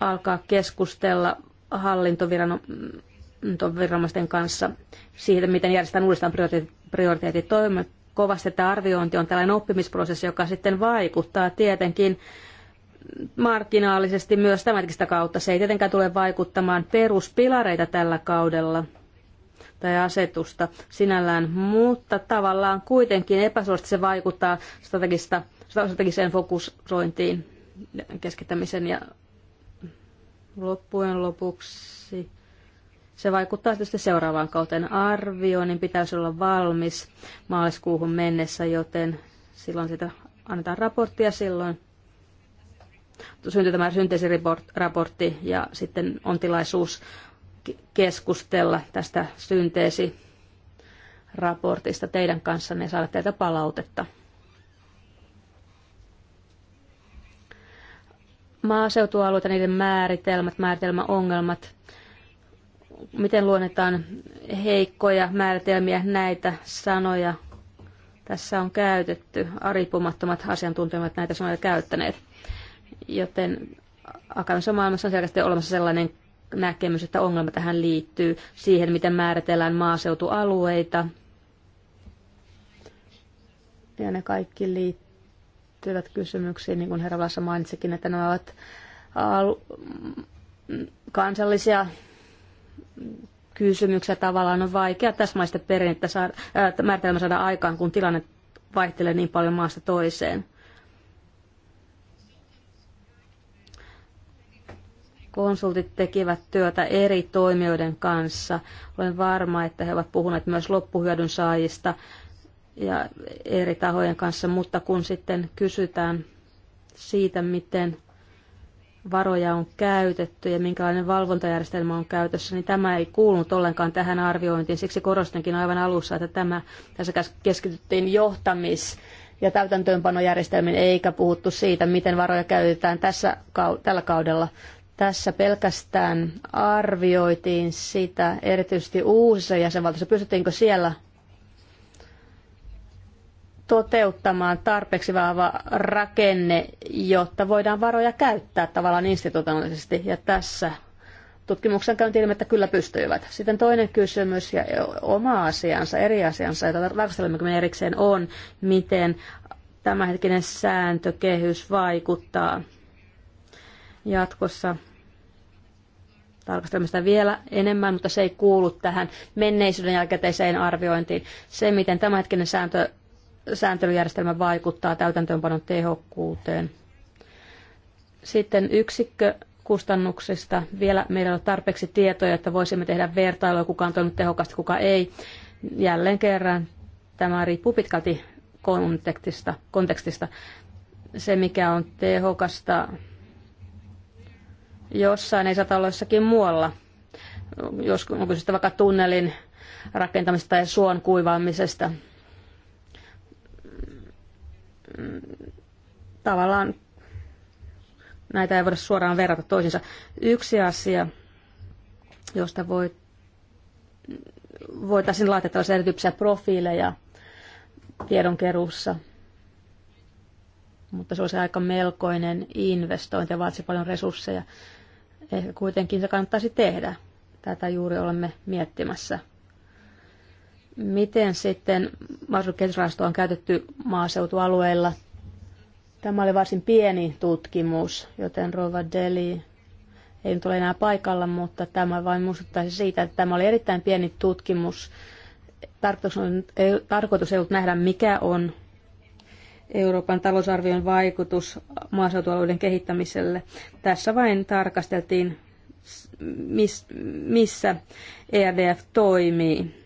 alkaa keskustella hallintoviranomaisten kanssa siitä, miten järjestetään uudestaan prioriteetit. Toimme kovasti, että arviointi on tällainen oppimisprosessi, joka sitten vaikuttaa tietenkin markkinaalisesti myös tämänkin kautta. Se ei tietenkään tule vaikuttamaan peruspilareita tällä kaudella tai asetusta sinällään, mutta tavallaan kuitenkin epäsuorasti se vaikuttaa strategista, strategiseen fokusointiin, keskittämisen ja loppujen lopuksi se vaikuttaa tietysti seuraavaan kauteen arvioon, niin pitäisi olla valmis maaliskuuhun mennessä, joten silloin sitä annetaan raporttia silloin. Syntyy tämä synteesiraportti ja sitten on tilaisuus keskustella tästä synteesiraportista teidän kanssanne ja saada teiltä palautetta. maaseutualueita, niiden määritelmät, määritelmäongelmat miten luonnetaan heikkoja määritelmiä näitä sanoja. Tässä on käytetty, aripumattomat asiantuntijat näitä sanoja käyttäneet. Joten akademisessa maailmassa on selkeästi olemassa sellainen näkemys, että ongelma tähän liittyy siihen, miten määritellään maaseutualueita. Ja ne kaikki liittyvät kysymyksiin, niin kuin herra Vlassa mainitsikin, että ne ovat kansallisia kysymyksiä tavallaan on vaikea täsmäistä perinnettä saada, ää, määritelmä saada aikaan, kun tilanne vaihtelee niin paljon maasta toiseen. Konsultit tekivät työtä eri toimijoiden kanssa. Olen varma, että he ovat puhuneet myös loppuhyödyn saajista ja eri tahojen kanssa, mutta kun sitten kysytään siitä, miten varoja on käytetty ja minkälainen valvontajärjestelmä on käytössä, niin tämä ei kuulunut ollenkaan tähän arviointiin. Siksi korostinkin aivan alussa, että tämä, tässä keskityttiin johtamis- ja täytäntöönpanojärjestelmiin, eikä puhuttu siitä, miten varoja käytetään tässä, tällä kaudella. Tässä pelkästään arvioitiin sitä, erityisesti uusissa jäsenvaltioissa, pystyttiinkö siellä toteuttamaan tarpeeksi vahva rakenne, jotta voidaan varoja käyttää tavallaan institutionaalisesti. Ja tässä tutkimuksen käynti ilmi, että kyllä pystyivät. Sitten toinen kysymys ja oma asiansa, eri asiansa, jota tarkastelemme me erikseen, on, miten tämänhetkinen sääntökehys vaikuttaa jatkossa tarkastelemme sitä vielä enemmän, mutta se ei kuulu tähän menneisyyden jälkeiseen arviointiin. Se, miten tämänhetkinen sääntö sääntelyjärjestelmä vaikuttaa täytäntöönpanon tehokkuuteen. Sitten yksikkö kustannuksista. Vielä meillä on tarpeeksi tietoja, että voisimme tehdä vertailua, kuka on toiminut tehokkaasti, kuka ei. Jälleen kerran tämä riippuu pitkälti kontekstista. kontekstista. Se, mikä on tehokasta jossain, ei saata olla jossakin muualla. Jos, on sitten vaikka tunnelin rakentamista tai suon kuivaamisesta. Mm, tavallaan näitä ei voida suoraan verrata toisiinsa. Yksi asia, josta voi, voitaisiin laittaa tällaisia erityyppisiä profiileja tiedonkeruussa, mutta se olisi aika melkoinen investointi ja vaatisi paljon resursseja. Ehkä kuitenkin se kannattaisi tehdä. Tätä juuri olemme miettimässä. Miten sitten maaseutukehitysrahastoa on käytetty maaseutualueilla? Tämä oli varsin pieni tutkimus, joten Rova Deli ei nyt ole enää paikalla, mutta tämä vain muistuttaisi siitä, että tämä oli erittäin pieni tutkimus. Tarkoitus, on, ei, tarkoitus ei ollut nähdä, mikä on Euroopan talousarvion vaikutus maaseutualueiden kehittämiselle. Tässä vain tarkasteltiin, miss, missä EDF toimii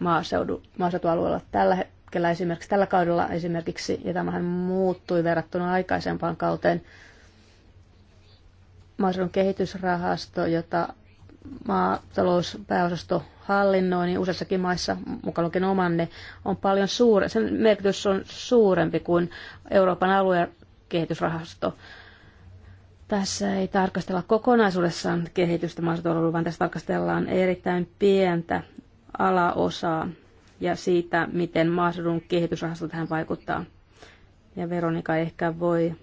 maaseudu, maaseutualueella tällä hetkellä esimerkiksi tällä kaudella esimerkiksi, ja tämähän muuttui verrattuna aikaisempaan kauteen. Maaseudun kehitysrahasto, jota maatalouspääosasto hallinnoi, niin useissakin maissa, mukaan lukien omanne, on paljon suurempi sen merkitys on suurempi kuin Euroopan alueen kehitysrahasto. Tässä ei tarkastella kokonaisuudessaan kehitystä maaseutualueella, vaan tässä tarkastellaan erittäin pientä alaosaa ja siitä, miten maaseudun kehitysrahasto tähän vaikuttaa. Ja Veronika ehkä voi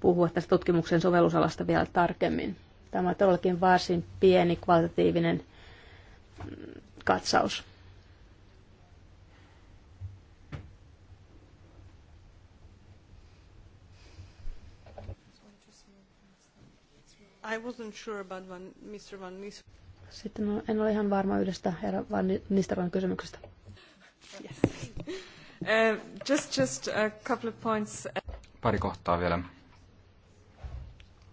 puhua tästä tutkimuksen sovellusalasta vielä tarkemmin. Tämä on todellakin varsin pieni kvalitatiivinen mm, katsaus. I wasn't sure about Van, Mr. Van Nistelrooy. Sitten en ole ihan varma yhdestä herra Van Nisteron kysymyksestä. Yes. Uh, just, just a couple of points. Pari kohtaa vielä.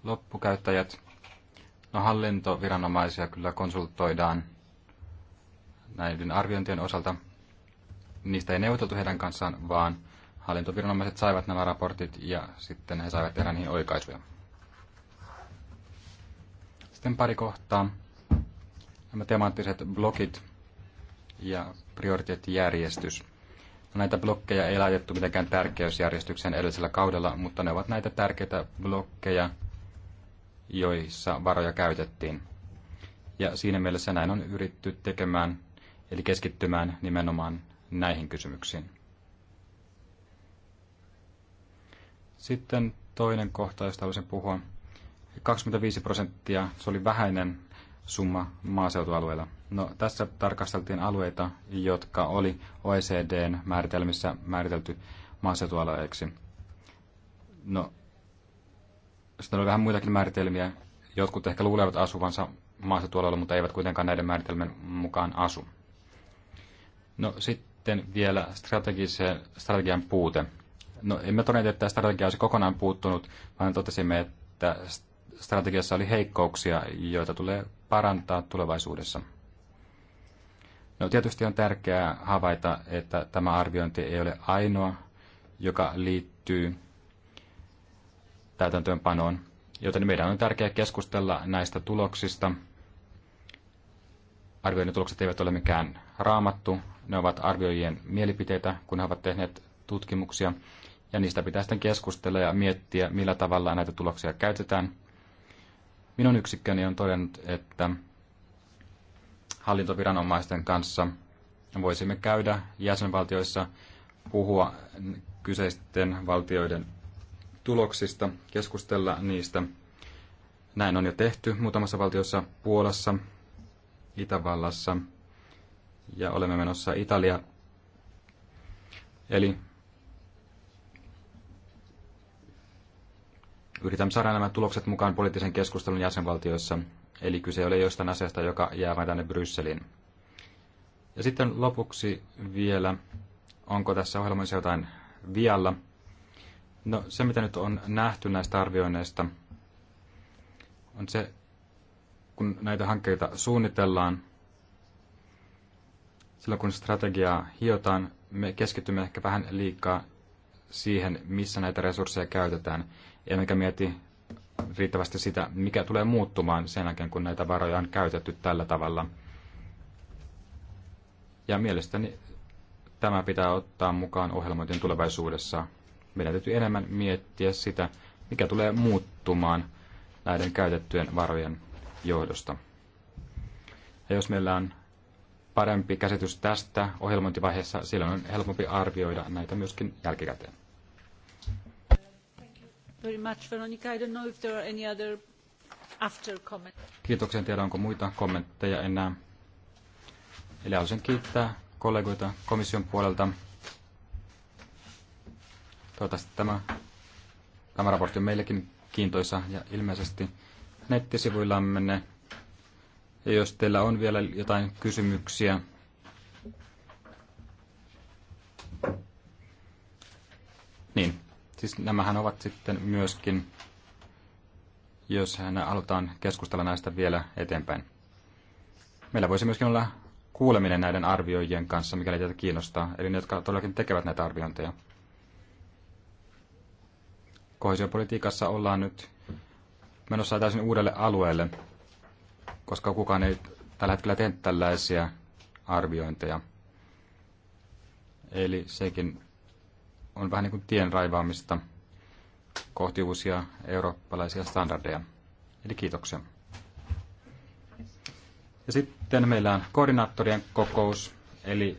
Loppukäyttäjät. No hallintoviranomaisia kyllä konsultoidaan näiden arviointien osalta. Niistä ei neuvoteltu heidän kanssaan, vaan hallintoviranomaiset saivat nämä raportit ja sitten he saivat tehdä niihin oikaisuja. Sitten pari kohtaa nämä temaattiset blokit ja prioriteettijärjestys. Näitä blokkeja ei laitettu mitenkään tärkeysjärjestykseen edellisellä kaudella, mutta ne ovat näitä tärkeitä blokkeja, joissa varoja käytettiin. Ja siinä mielessä näin on yritetty tekemään, eli keskittymään nimenomaan näihin kysymyksiin. Sitten toinen kohta, josta haluaisin puhua. 25 prosenttia, se oli vähäinen summa maaseutualueilla. No, tässä tarkasteltiin alueita, jotka oli OECDn määritelmissä määritelty maaseutualueeksi. No, sitten oli vähän muitakin määritelmiä. Jotkut ehkä luulevat asuvansa maaseutualueella, mutta eivät kuitenkaan näiden määritelmien mukaan asu. No sitten vielä strategisen, strategian puute. No emme todenneet, että strategia olisi kokonaan puuttunut, vaan totesimme, että strategiassa oli heikkouksia, joita tulee parantaa tulevaisuudessa. No, tietysti on tärkeää havaita, että tämä arviointi ei ole ainoa, joka liittyy täytäntöönpanoon, joten meidän on tärkeää keskustella näistä tuloksista. Arvioinnin tulokset eivät ole mikään raamattu, ne ovat arvioijien mielipiteitä, kun he ovat tehneet tutkimuksia, ja niistä pitää sitten keskustella ja miettiä, millä tavalla näitä tuloksia käytetään – Minun yksikköni on todennut, että hallintoviranomaisten kanssa voisimme käydä jäsenvaltioissa puhua kyseisten valtioiden tuloksista, keskustella niistä. Näin on jo tehty muutamassa valtiossa Puolassa, Itävallassa ja olemme menossa Italia. Eli yritämme saada nämä tulokset mukaan poliittisen keskustelun jäsenvaltioissa, eli kyse oli jostain asiasta, joka jää vain tänne Brysseliin. Ja sitten lopuksi vielä, onko tässä ohjelmassa jotain vialla? No se, mitä nyt on nähty näistä arvioinneista, on se, kun näitä hankkeita suunnitellaan, silloin kun strategiaa hiotaan, me keskitymme ehkä vähän liikaa siihen, missä näitä resursseja käytetään emmekä mieti riittävästi sitä, mikä tulee muuttumaan sen jälkeen, kun näitä varoja on käytetty tällä tavalla. Ja mielestäni tämä pitää ottaa mukaan ohjelmointien tulevaisuudessa. Meidän täytyy enemmän miettiä sitä, mikä tulee muuttumaan näiden käytettyjen varojen johdosta. Ja jos meillä on parempi käsitys tästä ohjelmointivaiheessa, silloin on helpompi arvioida näitä myöskin jälkikäteen very En tiedä, onko muita kommentteja enää. Eli haluaisin kiittää kollegoita komission puolelta. Toivottavasti tämä, tämä raportti on meillekin kiintoisa ja ilmeisesti nettisivuillamme ne. Ja jos teillä on vielä jotain kysymyksiä, niin siis nämähän ovat sitten myöskin, jos hän halutaan keskustella näistä vielä eteenpäin. Meillä voisi myöskin olla kuuleminen näiden arvioijien kanssa, mikäli tätä kiinnostaa, eli ne, jotka todellakin tekevät näitä arviointeja. Kohesiopolitiikassa ollaan nyt menossa täysin uudelle alueelle, koska kukaan ei tällä hetkellä tee tällaisia arviointeja. Eli sekin on vähän niin kuin tien raivaamista kohti uusia eurooppalaisia standardeja. Eli kiitoksia. Ja sitten meillä on koordinaattorien kokous, eli